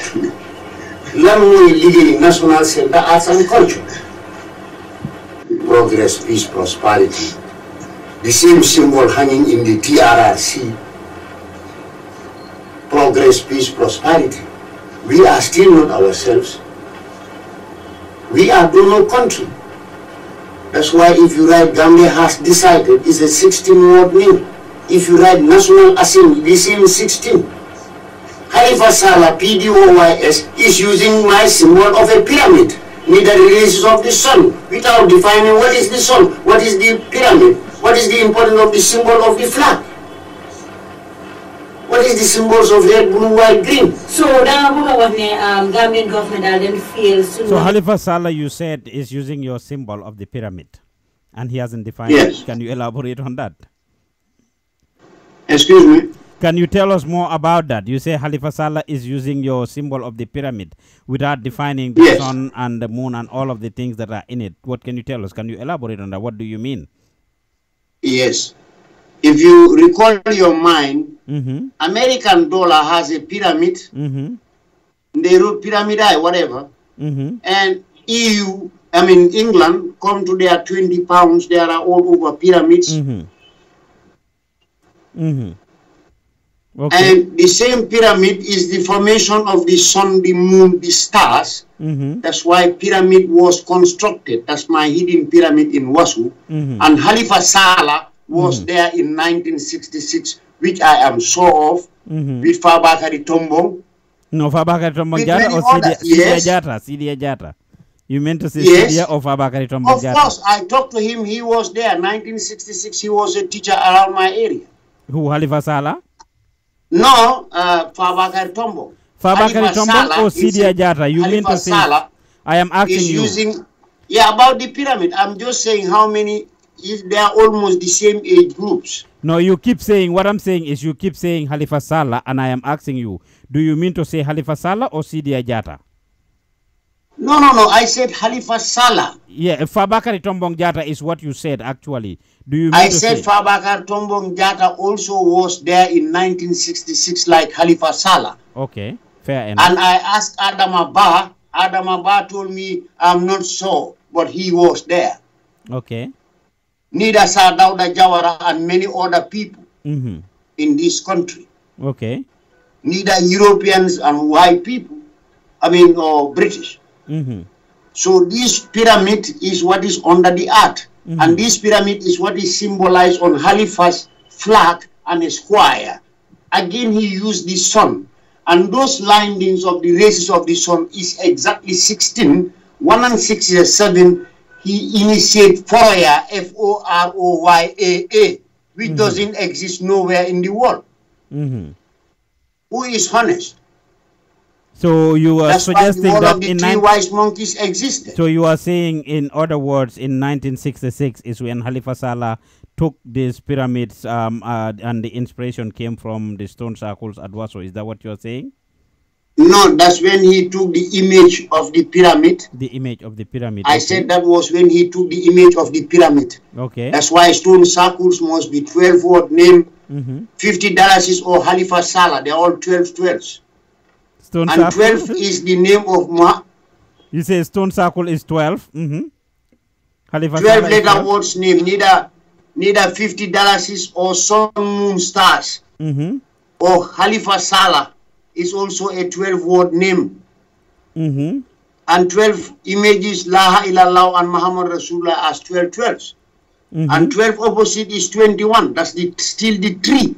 Speaker 4: lan mooy liggéey National Centre Arts and Culture progress peace prosperity the same symbol hanging in the TRRC progress peace prosperity we are still not ourselves we are no country that's why if you write Gambia has decided, it's a 16-word name. If you write National Assembly, the same 16. Haifa Salah, PDOYS, is using my symbol of a pyramid, near the releases of the sun, without defining what is the sun, what is the pyramid, what is the importance of the symbol of the flag. What is the symbols of red, blue, white, green?
Speaker 2: So that um, Gambian government didn't uh, feel. So
Speaker 3: Halifa Salah, you said, is using your symbol of the pyramid, and he hasn't defined yes. it. Can you elaborate on that? Excuse me. Can you tell us more about that? You say Halifa Salah is using your symbol of the pyramid without defining the yes. sun and the moon and all of the things that are in it. What can you tell us? Can you elaborate on that? What do you mean? Yes
Speaker 4: if you recall your mind, mm-hmm. American dollar has a pyramid, mm-hmm. the pyramid whatever, mm-hmm. and EU, I mean England, come to their twenty pounds. They are all over pyramids. Mm-hmm.
Speaker 5: Mm-hmm. Okay. And
Speaker 4: the same pyramid is the formation of the sun, the moon, the stars. Mm-hmm. That's why pyramid was constructed. That's my hidden pyramid in Wasu. Mm-hmm. And Halifa Salah was mm. hmm there in 1966, which I am sure of, mm-hmm. with Fabakari Tombo.
Speaker 3: No, Fabakari Tombo Jata or Sidia, yes. Sidia Jata? Sidia Jata. You meant to say yes. Sidia or Fabakari Tombo Jata? Of course,
Speaker 4: I talked to him. He was there. 1966, he was a teacher around my area.
Speaker 3: Who, Halifa Sala?
Speaker 4: No, uh, Fabakari Tombo. Fabakari Tombo or Sidia Jata? You Halifa meant to say... Sala
Speaker 3: I am asking is you. Using,
Speaker 4: yeah, about the pyramid. I'm just saying how many if they are almost the same age
Speaker 3: groups. No, you keep saying, what I'm saying is you keep saying Halifa Salah, and I am asking you, do you mean to say Halifa Salah or Sidi Ajata?
Speaker 4: No, no, no, I said Halifa Salah.
Speaker 3: Yeah, Fabakari Tombong Jata is what you said, actually. Do you I said
Speaker 4: Fabakari Tombong Jata also was there in 1966 like Halifa Salah.
Speaker 3: Okay, fair enough. And I
Speaker 4: asked Adam Abba, Adam Abba told me, I'm not sure, but he was there. Okay. Nida Sadauda Jawara and many other people mm -hmm. in this country. Okay. Neither Europeans and white people, I mean, or British. Mm -hmm. So this pyramid is what is under the earth. Mm -hmm. And this pyramid is what is symbolized on Halifax flag and a square. Again, he used the sun. And those linings of the races of the sun is exactly 16. 1 and 6 is 7 initiate FORIA, F-O-R-O-Y-A-A, which mm -hmm. doesn't exist nowhere in the world. Mm -hmm. Who is honest?
Speaker 3: So you are That's suggesting why that in three wise monkeys existed. So you are saying, in other words, in 1966 is when Halifa Salah took these pyramids, um, uh, and the inspiration came from the stone circles at Waso. Is that what you are saying? No,
Speaker 4: that's when he took the image
Speaker 3: of the pyramid. The image of the pyramid. I okay.
Speaker 4: said that was when he took the image of the pyramid. Okay. That's why stone circles must be 12 word name. Mm -hmm. 50 Dallas or Halifa Salah. They're all 12 12s.
Speaker 3: Stone and circle? 12
Speaker 4: is the name of Ma.
Speaker 3: You say stone circle is 12. Mm -hmm. Halifa 12 letter
Speaker 4: words name. Neither, neither 50 Dallas or sun moon stars. Mm -hmm. Or Halifa Salah is also a 12 word name. Mm-hmm. And 12 images, Laha ilallah and Muhammad Rasulullah as 12 12s. Mm-hmm. And 12 opposite is 21. That's the, still the tree.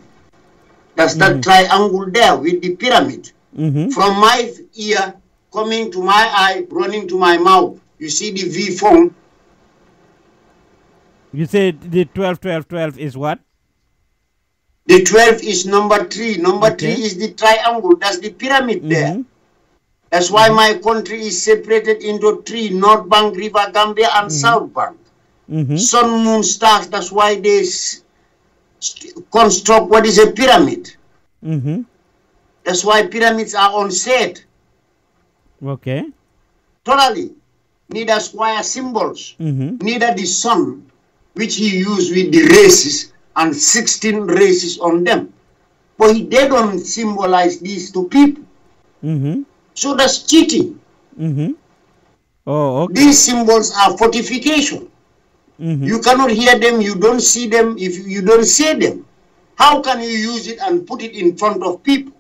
Speaker 4: That's mm-hmm. that triangle there with the pyramid. Mm-hmm. From my ear coming to my eye, running to my mouth, you see the V form.
Speaker 3: You said the 12 12 12 is what? The 12 is number 3. Number okay. 3 is
Speaker 4: the triangle. That's the pyramid mm -hmm. there. Mm-hmm. That's why my country is separated into three, North Bank, River Gambia, and mm-hmm. South Bank. Mm-hmm. Sun, moon, stars, that's why they construct what is a pyramid. Mm -hmm. That's why pyramids are on set. Okay. Totally. Neither square symbols, mm -hmm. neither the sun, which he used with the races, and 16 races on them. But they don't symbolize these to people. Mm -hmm. So that's cheating. Mm -hmm. Oh, okay. These symbols are fortification. Mm -hmm. You cannot hear them, you don't see them, if you don't see them. How can you use it and put it in front of people?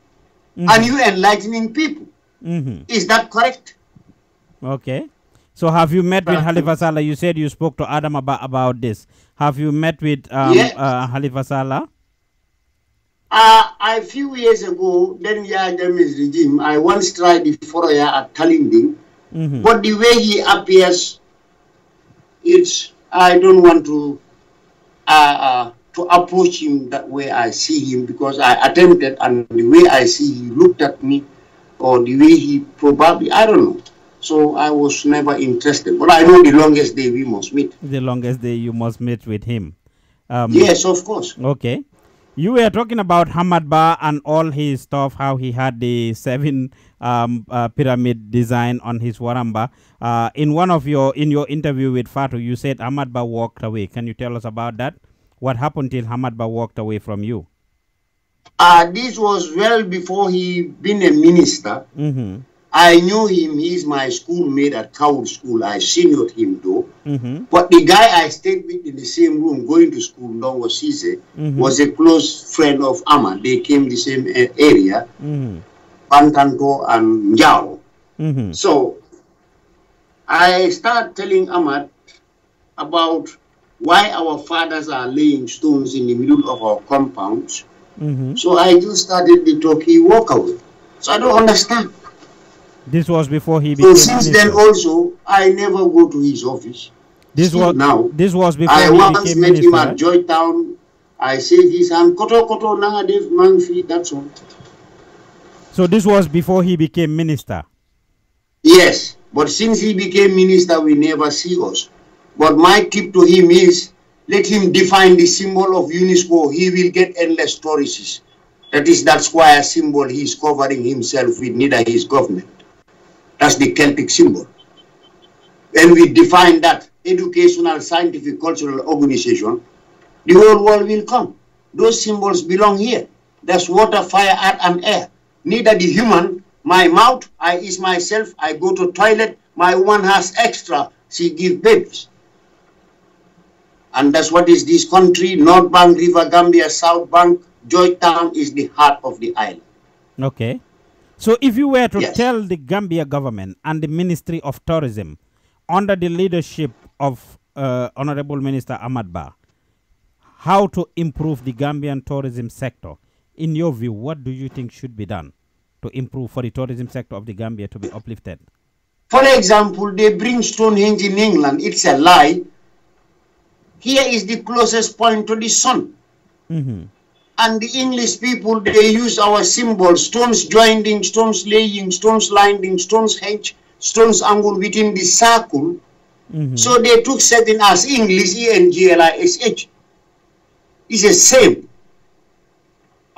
Speaker 4: Mm-hmm. And you enlightening people. Mm-hmm. Is that correct?
Speaker 3: Okay. So have you met with Halifa Salah? You said you spoke to Adam about, about this. Have you met with um, yes. uh, Halifa Salah?
Speaker 4: Uh, a few years ago, then yeah, James regime, I once tried before yeah at Kalindi, mm -hmm. but the way he appears, it's I don't want to uh, uh, to approach him that way I see him because I attempted and the way I see he looked at me or the way he probably I don't know. So I was never interested. But I know the longest day we
Speaker 3: must meet. The longest day you must meet with him. Um, yes, of course. Okay. You were talking about Hamad Ba and all his stuff, how he had the seven um, uh, pyramid design on his waramba. Uh, in one of your in your interview with Fatu, you said Hamad Ba walked away. Can you tell us about that? What happened till Hamad Ba walked away from you?
Speaker 4: Uh, this was well before he been a minister. Mm -hmm. I knew him. He's my schoolmate at Coward School. I seniored him though. Mm -hmm. But the guy I stayed with in the same room going to school, Ndongo was mm -hmm. was a close friend of Ama. They came the same uh, area, mm-hmm. and Njao. Mm -hmm. So I start telling Ahmad about why our fathers are laying stones in the middle of our compounds. Mm-hmm. So I just started the talk he walk away. So I don't
Speaker 3: understand. This was before he became. So since minister. then
Speaker 4: also, I never go to his office. This was now. This was before I once met minister, him at right? Joytown. I saved his hand. Koto koto nangadev mangfi. That's all.
Speaker 3: So this was before he became minister.
Speaker 4: Yes, but since he became minister, we never see us. But my tip to him is let him define the symbol of UNESCO. He will get endless stories. That is that square symbol he is covering himself with, neither his government. That's the Celtic symbol. When we define that educational, scientific, cultural organization, the whole world will come. Those symbols belong here. That's water, fire, earth, and air. Neither the human, my mouth, I is myself, I go to toilet, my woman has extra, she give babes. And that's what is this country, North Bank, River Gambia, South Bank, Town is the heart of the island.
Speaker 3: Okay. So, if you were to yes. tell the Gambia government and the Ministry of Tourism, under the leadership of uh, Honorable Minister Ahmad Ba, how to improve the Gambian tourism sector, in your view, what do you think should be done to improve for the tourism sector of the Gambia to be uplifted?
Speaker 4: For example, they bring Stonehenge in England. It's a lie. Here is the closest point to the sun. Mm -hmm and the English people, they use our symbols, stones joining, stones laying, stones lining, stones hedge, stones angle within the circle. Mm -hmm. So they took certain as English, E-N-G-L-I-S-H. It's the same.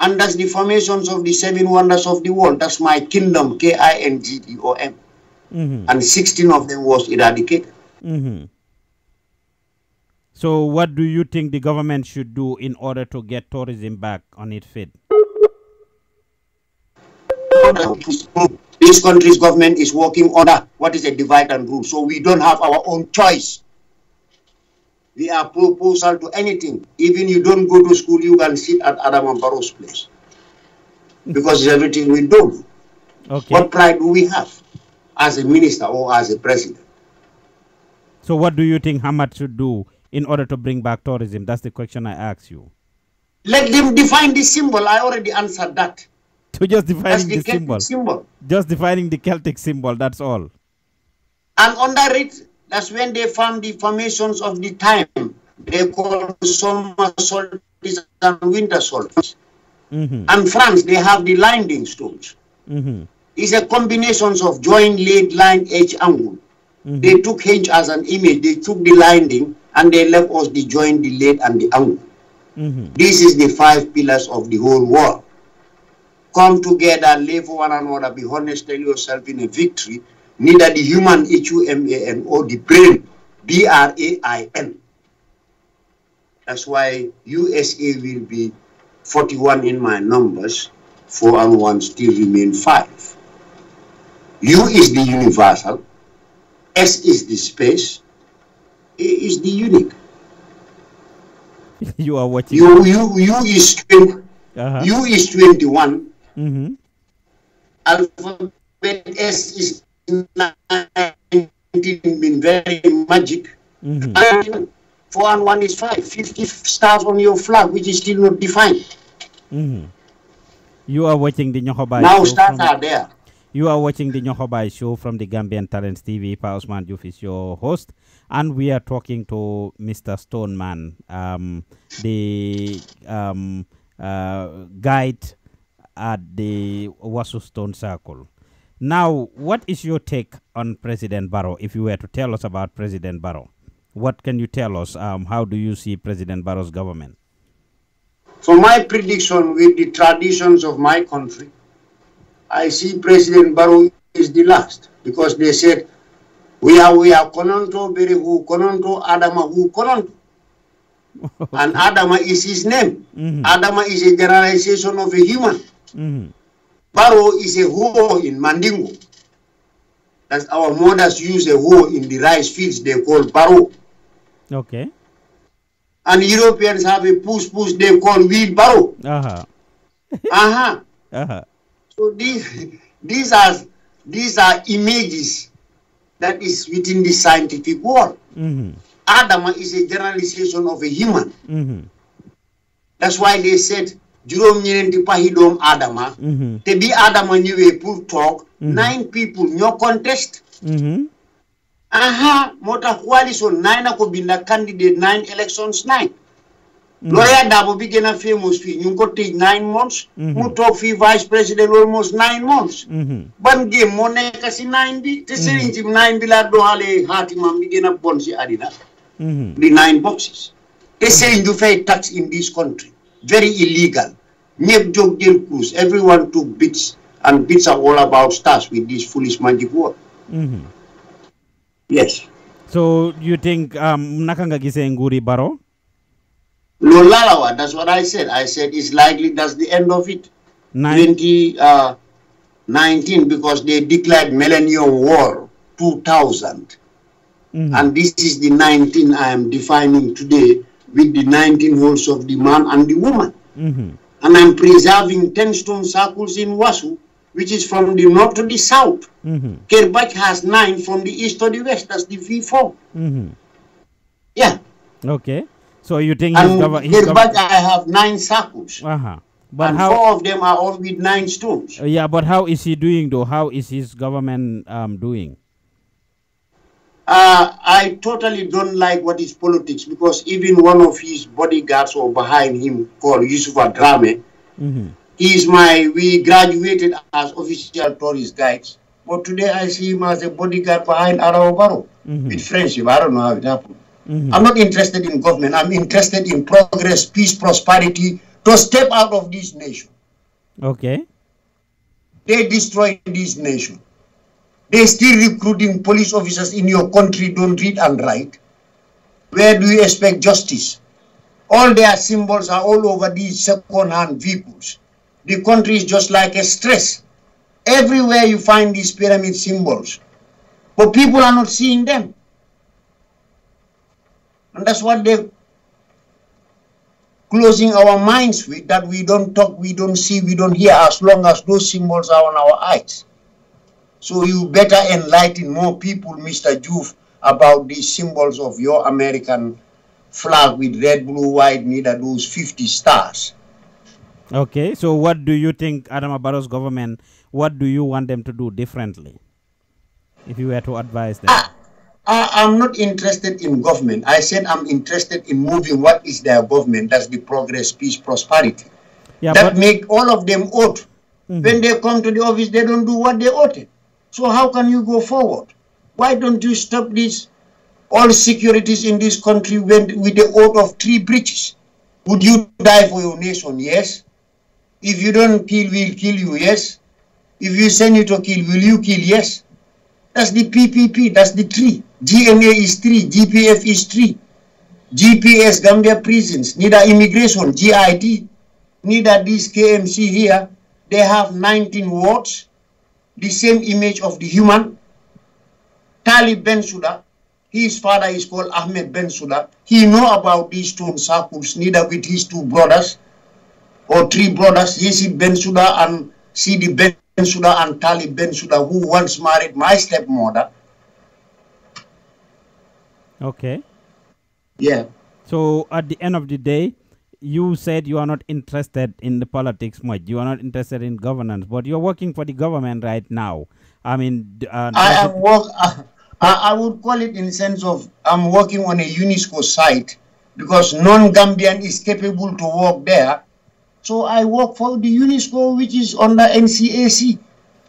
Speaker 4: And that's the formations of the seven wonders of the world. That's my kingdom, K-I-N-G-D-O-M. Mm -hmm. And 16 of them was eradicated.
Speaker 3: Mm -hmm. So, what do you think the government should do in order to get tourism back on its feet?
Speaker 4: This country's government is working under what is a divide and rule. So, we don't have our own choice. We are proposal to anything. Even you don't go to school, you can sit at Adam and Barrow's place. Because it's everything we do. Okay. What pride do we have as a minister or as a president?
Speaker 3: So, what do you think Hamad should do in order to bring back tourism? That's the question I ask you.
Speaker 4: Let them define the symbol. I already answered that.
Speaker 3: To just defining the, the symbol. symbol. Just defining the Celtic symbol, that's all.
Speaker 4: And under it, that's when they found the formations of the time. They call summer solstice and winter solstice. Mm -hmm. And France, they have the landing stones. Mm -hmm. It's a combination of joint, lead, line, edge, angle. Mm -hmm. They took hinge as an image. They took the landing and they left us the joint, the lead, and the angle. Mm -hmm. This is the five pillars of the whole world. Come together, live for one another, be honest, tell yourself in a victory. Neither the human, H-U-M-A-N, or the brain, B-R-A-I-N. That's why USA will be 41 in my numbers, 4 and 1 still remain 5. U is the universal, S is the space, is the unique.
Speaker 3: you are what you you you is
Speaker 4: 20, uh-huh. U is 21. Mm-hmm. Alphabet S is 19 been very magic. Mm-hmm. And four and one is five. 50 stars on your flag, which is
Speaker 3: still not defined. Mm-hmm. You are watching the Nyohobai Now stars from, are there. You are watching the Nyohobai show from the Gambian Talents TV. Pa Osman Juf is your host and we are talking to Mr. Stoneman, um, the um, uh, guide at the Wasu Stone Circle. Now, what is your take on President Barrow? If you were to tell us about President Barrow, what can you tell us? Um, how do you see President Barrow's government?
Speaker 4: For my prediction with the traditions of my country, I see President Barrow is the last because they said wiya wiya kononto biri hu kononto adama hu kononto and adama is his name mm -hmm. adama is a generalization of a human mm -hmm. baro is a huo in mandingo that's our mothers use a huo in the rice fields they call baro okay and europeans have a push push they call aha uh-huh uh-huh uh-huh so these these are these are images that is within the scientific world. Mm -hmm. Adama is a generalization of a human. Mm -hmm. That's why they said juróom ñeneenti paxi doom Adama. be mm-hmm. bi Adama ñëwee pour talk mm-hmm. nine people no contest. Mm-hmm. aha moo tax so nine na ko binda candidate nine elections nine. Mm-hmm. lawyer double bi a famous fii You ngi take nine months. mu toog fii vice président almost nine months. ban géem moo nekk si nine bi. te sëriñ si nine bi laa doxalee xaatimam bi gën a bon si àddina. di nine boxes. te sëriñ mm-hmm. you pay tax in this country. very illegal. ñëpp joke, jël cruise everyone took bits and bits are all about stars with this foolish magic word.
Speaker 3: Mm-hmm. yes. so you think um, naka nga gisee nguuri Barrow.
Speaker 4: Lolalawa, that's what I said. I said it's likely that's the end of it. Nine. 2019 uh, because they declared millennium war 2000. Mm. Mm-hmm. And this is the 19 I am defining today with the 19 holes of the man and the woman. Mm -hmm. And I'm preserving 10 stone circles in Wasu, which is from the north to the south. mm -hmm. has nine from the east to the west. That's the V4.
Speaker 3: Mm -hmm. Yeah. Okay. So you think he's covered? He's I
Speaker 4: have nine
Speaker 3: circles. Uh huh. But and how, four
Speaker 4: of them are all with nine stones.
Speaker 3: Uh, yeah, but how is he doing though? How is his government um, doing?
Speaker 4: Uh, I totally don't like what is politics because even one of his bodyguards or behind him called Yusuf Adrame, mm -hmm. is my, we graduated as official tourist guides. But today I see him as a bodyguard behind Arao Baro mm -hmm. with friendship. I don't know how it happened. Mm-hmm. I'm not interested in government. I'm interested in progress, peace, prosperity, to step out of this nation. Okay. They destroyed this nation. They still recruiting police officers in your country, don't read and write. Where do you expect justice? All their symbols are all over these second-hand vehicles. The country is just like a stress. Everywhere you find these pyramid symbols. But people are not seeing them. And that's what they're closing our minds with, that we don't talk, we don't see, we don't hear, as long as those symbols are on our eyes. So you better enlighten more people, Mr. Juve, about these symbols of your American flag with red, blue, white, neither those 50 stars.
Speaker 3: Okay, so what do you think, Adam Abaro's government, what do you want them to do differently? If you were to advise them? Ah
Speaker 4: I, am not interested in government. I said I'm interested in moving what is their government. That's the progress, peace, prosperity. Yeah, that make all of them oath. Mm. When they come to the office, they don't do what they ought. So how can you go forward? Why don't you stop this? All securities in this country went with the oath of three breaches. Would you die for your nation? Yes. If you don't kill, we'll kill you. Yes. If you send you to kill, will you kill? Yes. That's the PPP. That's the three. GMA is 3, GPF is 3, GPS Gambia prisons, neither immigration, GID, neither this KMC here. They have 19 words, the same image of the human. Talib Ben Suda, his father is called Ahmed Ben Suda. He know about these stone circles, neither with his two brothers or three brothers, Yesib Ben Suda and Sidi Ben Suda and Talib Ben Suda, who once married my stepmother
Speaker 3: Okay. Yeah. So at the end of the day, you said you are not interested in the politics much. You are not interested in governance, but you're working for the government right now. I mean, uh, I am work. Uh, I, I would call it
Speaker 4: in the sense of I'm working on a UNESCO site because non-Gambian is capable to work there. So I work for the UNESCO, which is under NCAC.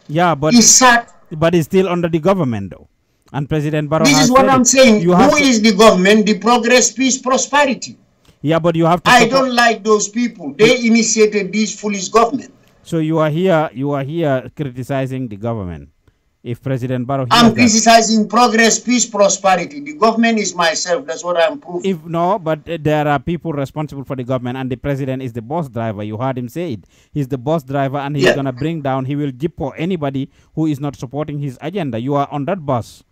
Speaker 3: Yeah, but it's But it's still under the government, though. And President Barrow This is what I'm saying. You Who is the government? The progress, peace, prosperity. Yeah, but you have to. I don't
Speaker 4: like those people. They initiated this foolish government.
Speaker 3: So you are here. You are here criticizing the government. If President Barrow, I'm criticizing
Speaker 4: that. progress, peace, prosperity. The government
Speaker 3: is myself. That's what I'm proving. If no, but there are people responsible for the government, and the president is the bus driver. You heard him say it. He's the bus driver, and he's yeah. gonna bring down. He will jip for anybody who is not supporting his agenda. You are on that bus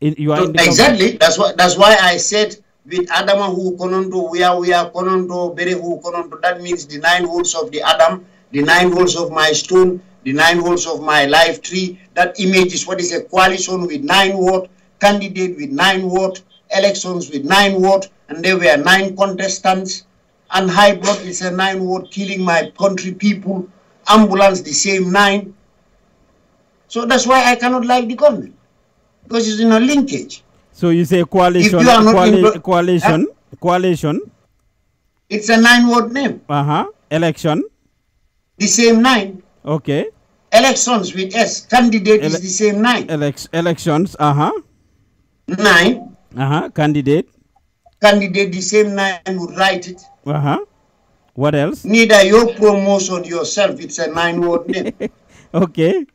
Speaker 3: you are so exactly that's
Speaker 4: why that's why i said with adama who konondo are we are konondo bere who konondo that means the nine holes of the adam the nine holes of my stone the nine holes of my life tree that image is what is a coalition with nine word candidate with nine word elections with nine word and there were nine contestants and high blood is a nine word killing my country people ambulance the same nine so that's why i cannot like the government because it's in a linkage.
Speaker 3: So you say coalition, coali coalition, uh, coalition. It's a nine-word name. Uh-huh. Election. The same nine. Okay. Elections with S. Candidate Ele is the same nine. Elex elections. Uh-huh. Nine. Uh-huh. Candidate.
Speaker 4: Candidate the same nine would write it. Uh-huh. What else? Neither your promotion yourself. It's a nine-word name. okay.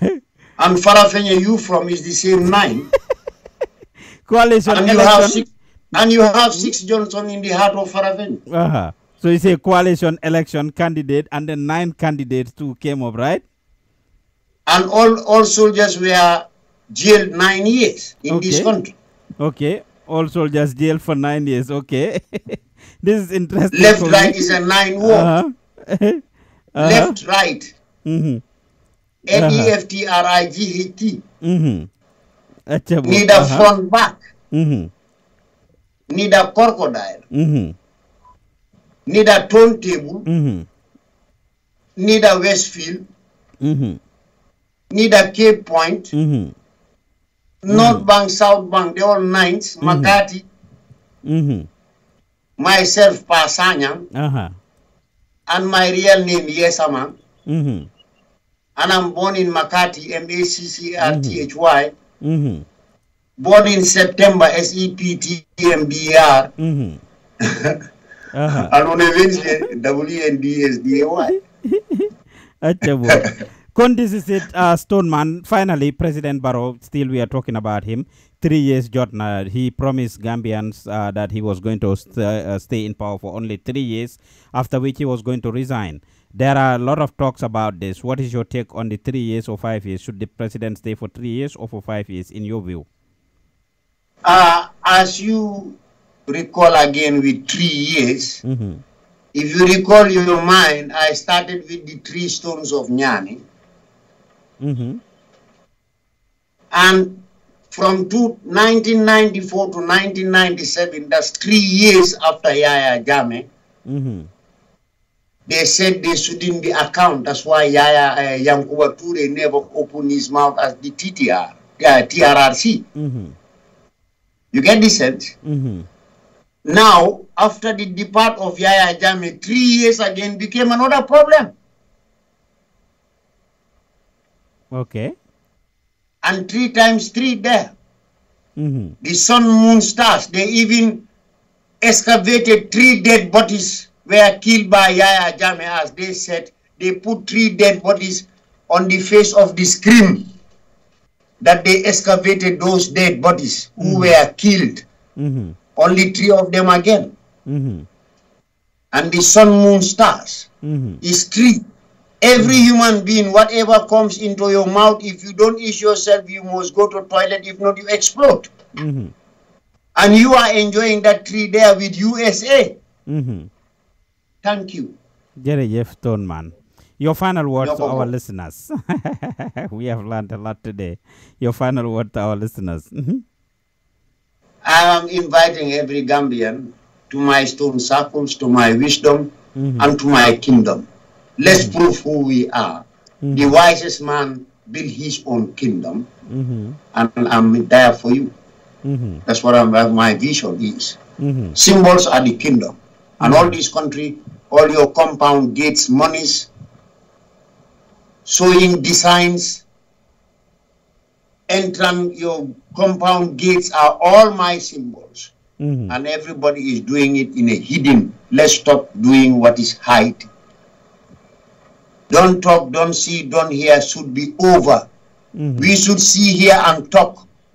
Speaker 4: and Farafenye you from is the same nine. Coalition and election. You have six, and you have six Johnson in the heart of Farafenye.
Speaker 3: Uh -huh. So it's a coalition election candidate, and then nine candidates too came up, right? And
Speaker 4: all all soldiers were jailed
Speaker 3: nine years in okay. this country. Okay, all soldiers jailed for nine years. Okay, this is interesting. Left right is a nine Uh -huh. uh -huh. Left right. Mm -hmm. N E
Speaker 5: F
Speaker 4: T R I G H T.
Speaker 5: अच्छा mm-hmm. need a front back. Mm-hmm.
Speaker 4: Need a crocodile. Mm-hmm. Need a turntable. Need a Westfield. Need a Cape Point. North Bank, South Bank, they all nines. Makati. Myself, Pasanyang. Uh-huh. And my real name, Yesaman. and I'm born in Makati, M A C C R T H Y. Mm-hmm. Born in September, S E P T M B R.
Speaker 3: Mm-hmm.
Speaker 4: uh-huh. and on a Wednesday, W N D S D A Y.
Speaker 3: this is it, uh, Man? Finally, President Barrow, still we are talking about him. Three years, Jotna, uh, he promised Gambians uh, that he was going to st- uh, stay in power for only three years, after which he was going to resign. There are a lot of talks about this. What is your take on the three years or five years? Should the president stay for three years or for five years, in your view?
Speaker 4: Uh, as you recall again with three years, mm -hmm. if you recall your mind, I started with the three stones of Nyani. Mm -hmm. And from two, 1994 to 1997, that's three years after Yaya Jame. Mm -hmm. They said they shouldn't be account. That's why Yaya uh, Yankuba Ture never opened his mouth as the TTR, uh, eh, TRRC. Mm -hmm. You get the eh? sense? Mm -hmm. Now, after the depart of Yaya Jame, three years again became another problem. Okay. And three times three there. Mm -hmm. The sun, moon, stars, they even excavated three dead bodies were killed by Yaya Jame, as they said. They put three dead bodies on the face of the screen that they excavated those dead bodies who mm were killed. Mm -hmm. Only three of them again. Mm -hmm. And the sun, moon, stars mm-hmm. is three. Every mm-hmm. human being, whatever comes into your mouth, if you don't eat yourself, you must go to toilet. If not, you explode. And
Speaker 3: you are enjoying
Speaker 4: that tree there with USA. Thank you.
Speaker 3: Jerry Jeff Stoneman. Your final word no to our listeners. we have learned a lot today. Your final word to our listeners. Mm-hmm.
Speaker 4: I am inviting every Gambian to my stone circles, to my wisdom, mm-hmm. and to my kingdom. Let's mm-hmm. prove who we are. Mm-hmm. The wisest man built his own kingdom, mm-hmm. and I'm there for you. Mm-hmm. That's what I'm, my vision is. Symbols are the kingdom, and all this country all your compound gates monies, sewing designs, entrance, your compound gates are all my symbols. Mm -hmm. And everybody is doing it in a hidden. Let's stop doing what is hide. Don't talk, don't see, don't hear should be over. Mm -hmm. We should see, hear, and talk.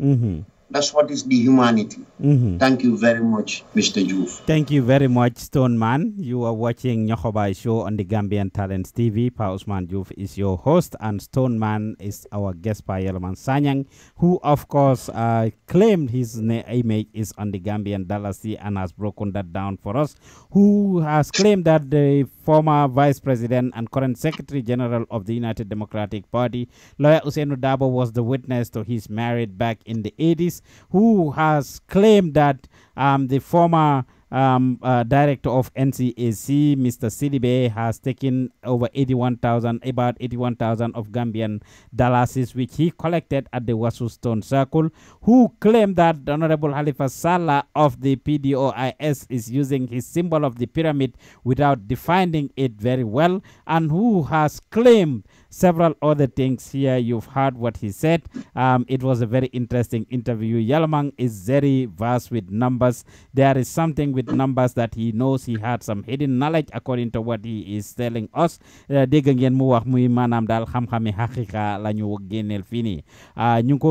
Speaker 4: Mm -hmm. That's what is the humanity. Mm-hmm. Thank you very much, Mr. Juf.
Speaker 3: Thank you very much, Stone Man. You are watching Nyokobai Show on the Gambian Talents TV. Pa Usman Juf is your host, and Stone Man is our guest by Yelman Sanyang, who, of course, uh, claimed his image is on the Gambian C, and has broken that down for us, who has claimed that the former Vice President and current Secretary General of the United Democratic Party, lawyer Usenudabo, Dabo, was the witness to his marriage back in the 80s, who has claimed claim that um, the former um, uh, director of NCAC, Mr. Sidibe, has taken over 81,000, about 81,000 of Gambian dollars, which he collected at the Wasu Stone Circle, who claimed that Honorable Halifa Salah of the PDOIS is using his symbol of the pyramid without defining it very well, and who has claimed several other things here. You've heard what he said. Um, it was a very interesting interview. Yalamang is very vast with numbers. There is something with numbers that he knows. He had some hidden knowledge according to what he is telling us. dégg ngeen mu wax muy maanaam daal xam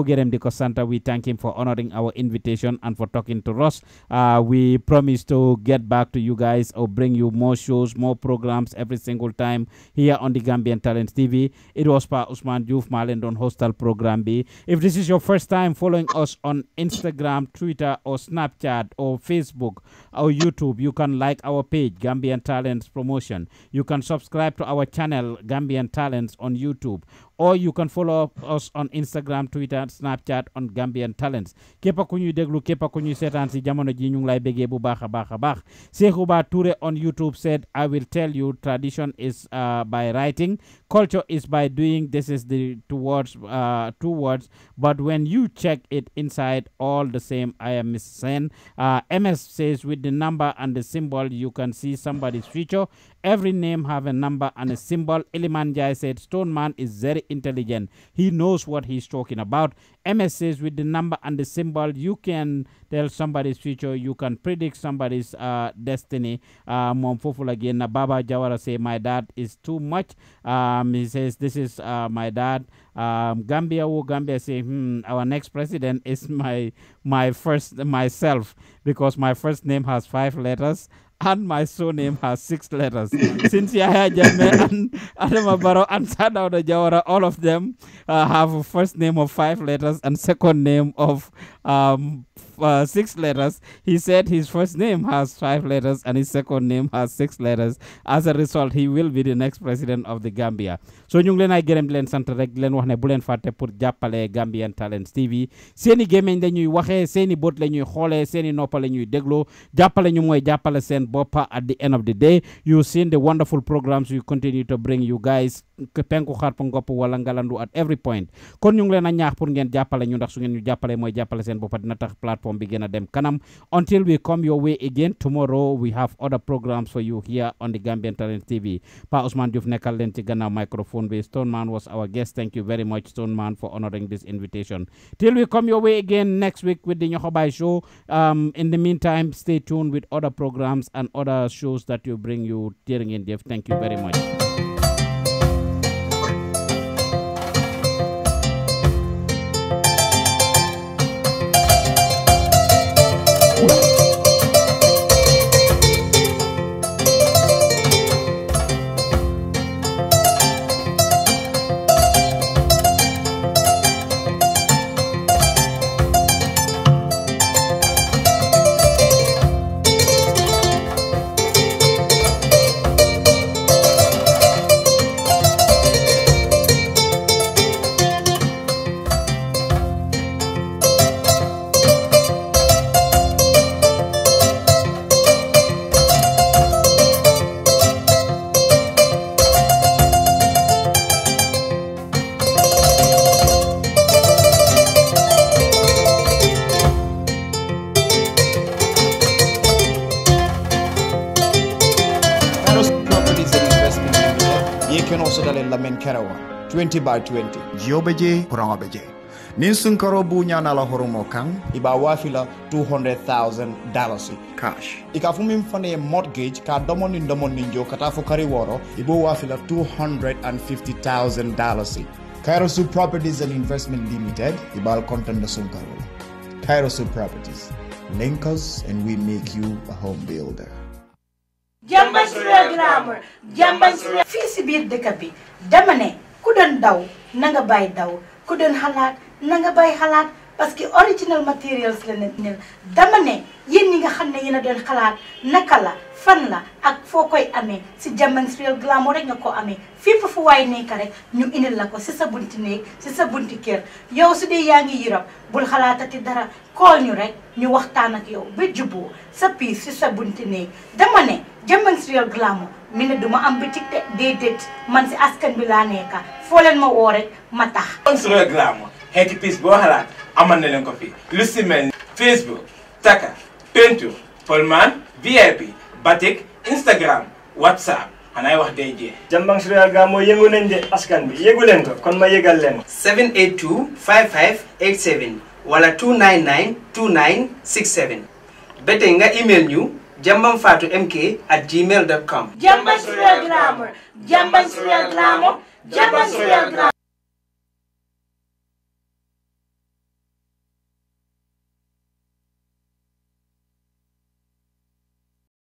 Speaker 3: gërëm di we thank him for honoring our invitation and for talking to us. Uh, we promise to get back to you guys or bring you more shows, more programs every single time here on the Gambian Talent TV it was Pa Usman Youth maa on Hostel programme B. if this is your first time following us on Instagram Twitter or Snapchat or Facebook or YouTube you can like our page Gambian Talents Promotion you can subscribe to our channel Gambian Talents on YouTube or you can follow us on Instagram, Twitter, Snapchat on Gambian Talents képp ku ñuy déglu képp ku ñuy seetaan si jamono ji ñu ngi lay béggee bu baax a baax a baax Ba Touré on YouTube said I will tell you tradition is uh, by writing culture is by doing this is the two words uh, two words but when you check it inside all the same I am Miss Sen uh, MS says with the number and the symbol you can see somebody's future Every name have a number and a symbol. Ilimanjai said, Stone Man is very intelligent. He knows what he's talking about. MS says, with the number and the symbol, you can tell somebody's future. You can predict somebody's uh, destiny. Uh, again. Baba Jawara say, my dad is too much. Um, he says, this is uh, my dad. Um, Gambia Wo oh, Gambia say, hmm, our next president is my my first myself because my first name has five letters and my surname has six letters. Since Yahya Jammeh and Adam Baro and Sada Jawara, all of them uh, have a first name of five letters and second name of um, uh, six letters. He said his first name has five letters and his second name has six letters. As a result, he will be the next president of the Gambia. So ñu ngi leen ay gërëm di leen sant rek di leen wax ne bu leen fàtte pour jàppale Gambian Talents TV seeni gémmiñ la ñuy waxee seeni bët la ñuy xoolee seeni noppa la ñuy dégloo jàppale ñu mooy jàppale seen bopp at the end of the day you seen the wonderful programs we continue to bring you guys penku xaar pa ngopp wala ngalandu at every point kon ñu ngi leen a ñaax pour ngeen jàppale ñu ndax su ngeen ñu jàppale mooy jàppale seen boppa dina tax plateforme bi gën a dem kanam until we come your way again tomorrow we have other programs for you here on the Gambian Talent TV Pa Ousmane Diouf nekkal leen ci gannaaw microphone bi Man was our guest thank you very much Stone Man, for honoring this invitation till we come your way again next week with the Nyokobai show um, in the meantime stay tuned with other programs and other shows that will bring you during in depth thank you very much
Speaker 1: 20 by 20 jewɓe jeeyi kuraŋoɓe jeeyi nin sunkaro buñanala horomo kang iba wafila 200000 dollars cash ika fumi min mortgage ka domoni domoni jo kata wafila 250000 dollars kairosu properties and investment limited Ibal contanda sunkarola kairosu properties link us and we make you a home builder
Speaker 2: jamban grammar jamban sura fii ku doon daw na nga bàyyi daw ku doon xalaat na nga bàyyi xalaat parce que original materials la ne dama ne yéen ñi nga xam ne yéen a doon xalaat naka la fan la ak foo koy amee si Jammansreal Glamour rek nga ko amee fii fu waay nekk rek ñu indil la ko si sa bunti néeg si sa bunti kër yow su dee yaa ngi Europe bul xalaatati dara call ñu rek ñu waxtaan ak yow ba juboo sa piis si sa bunti néeg dama ne jëmbal Real Glamour mi ne du am boutique de déedéet man si askan bi laa nekka foo leen ma woo ma tax. jëmbal Real
Speaker 3: Glamour xeeti piis boo xalaat amal na leen ko fi lu si mel ni Facebook Taka peinture Polman VIP Batik Instagram WhatsApp xanaay wax day jee. jëmbal Real Glamour yëngu nañ de askan bi yëgu leen ko kon ma yëgal leen ko. 782 55 87 wala 299 29 67 ba tey nga email ñu. Jamban Fatu MK at gmail.com.
Speaker 2: Jamban Surya Glamour. Jamban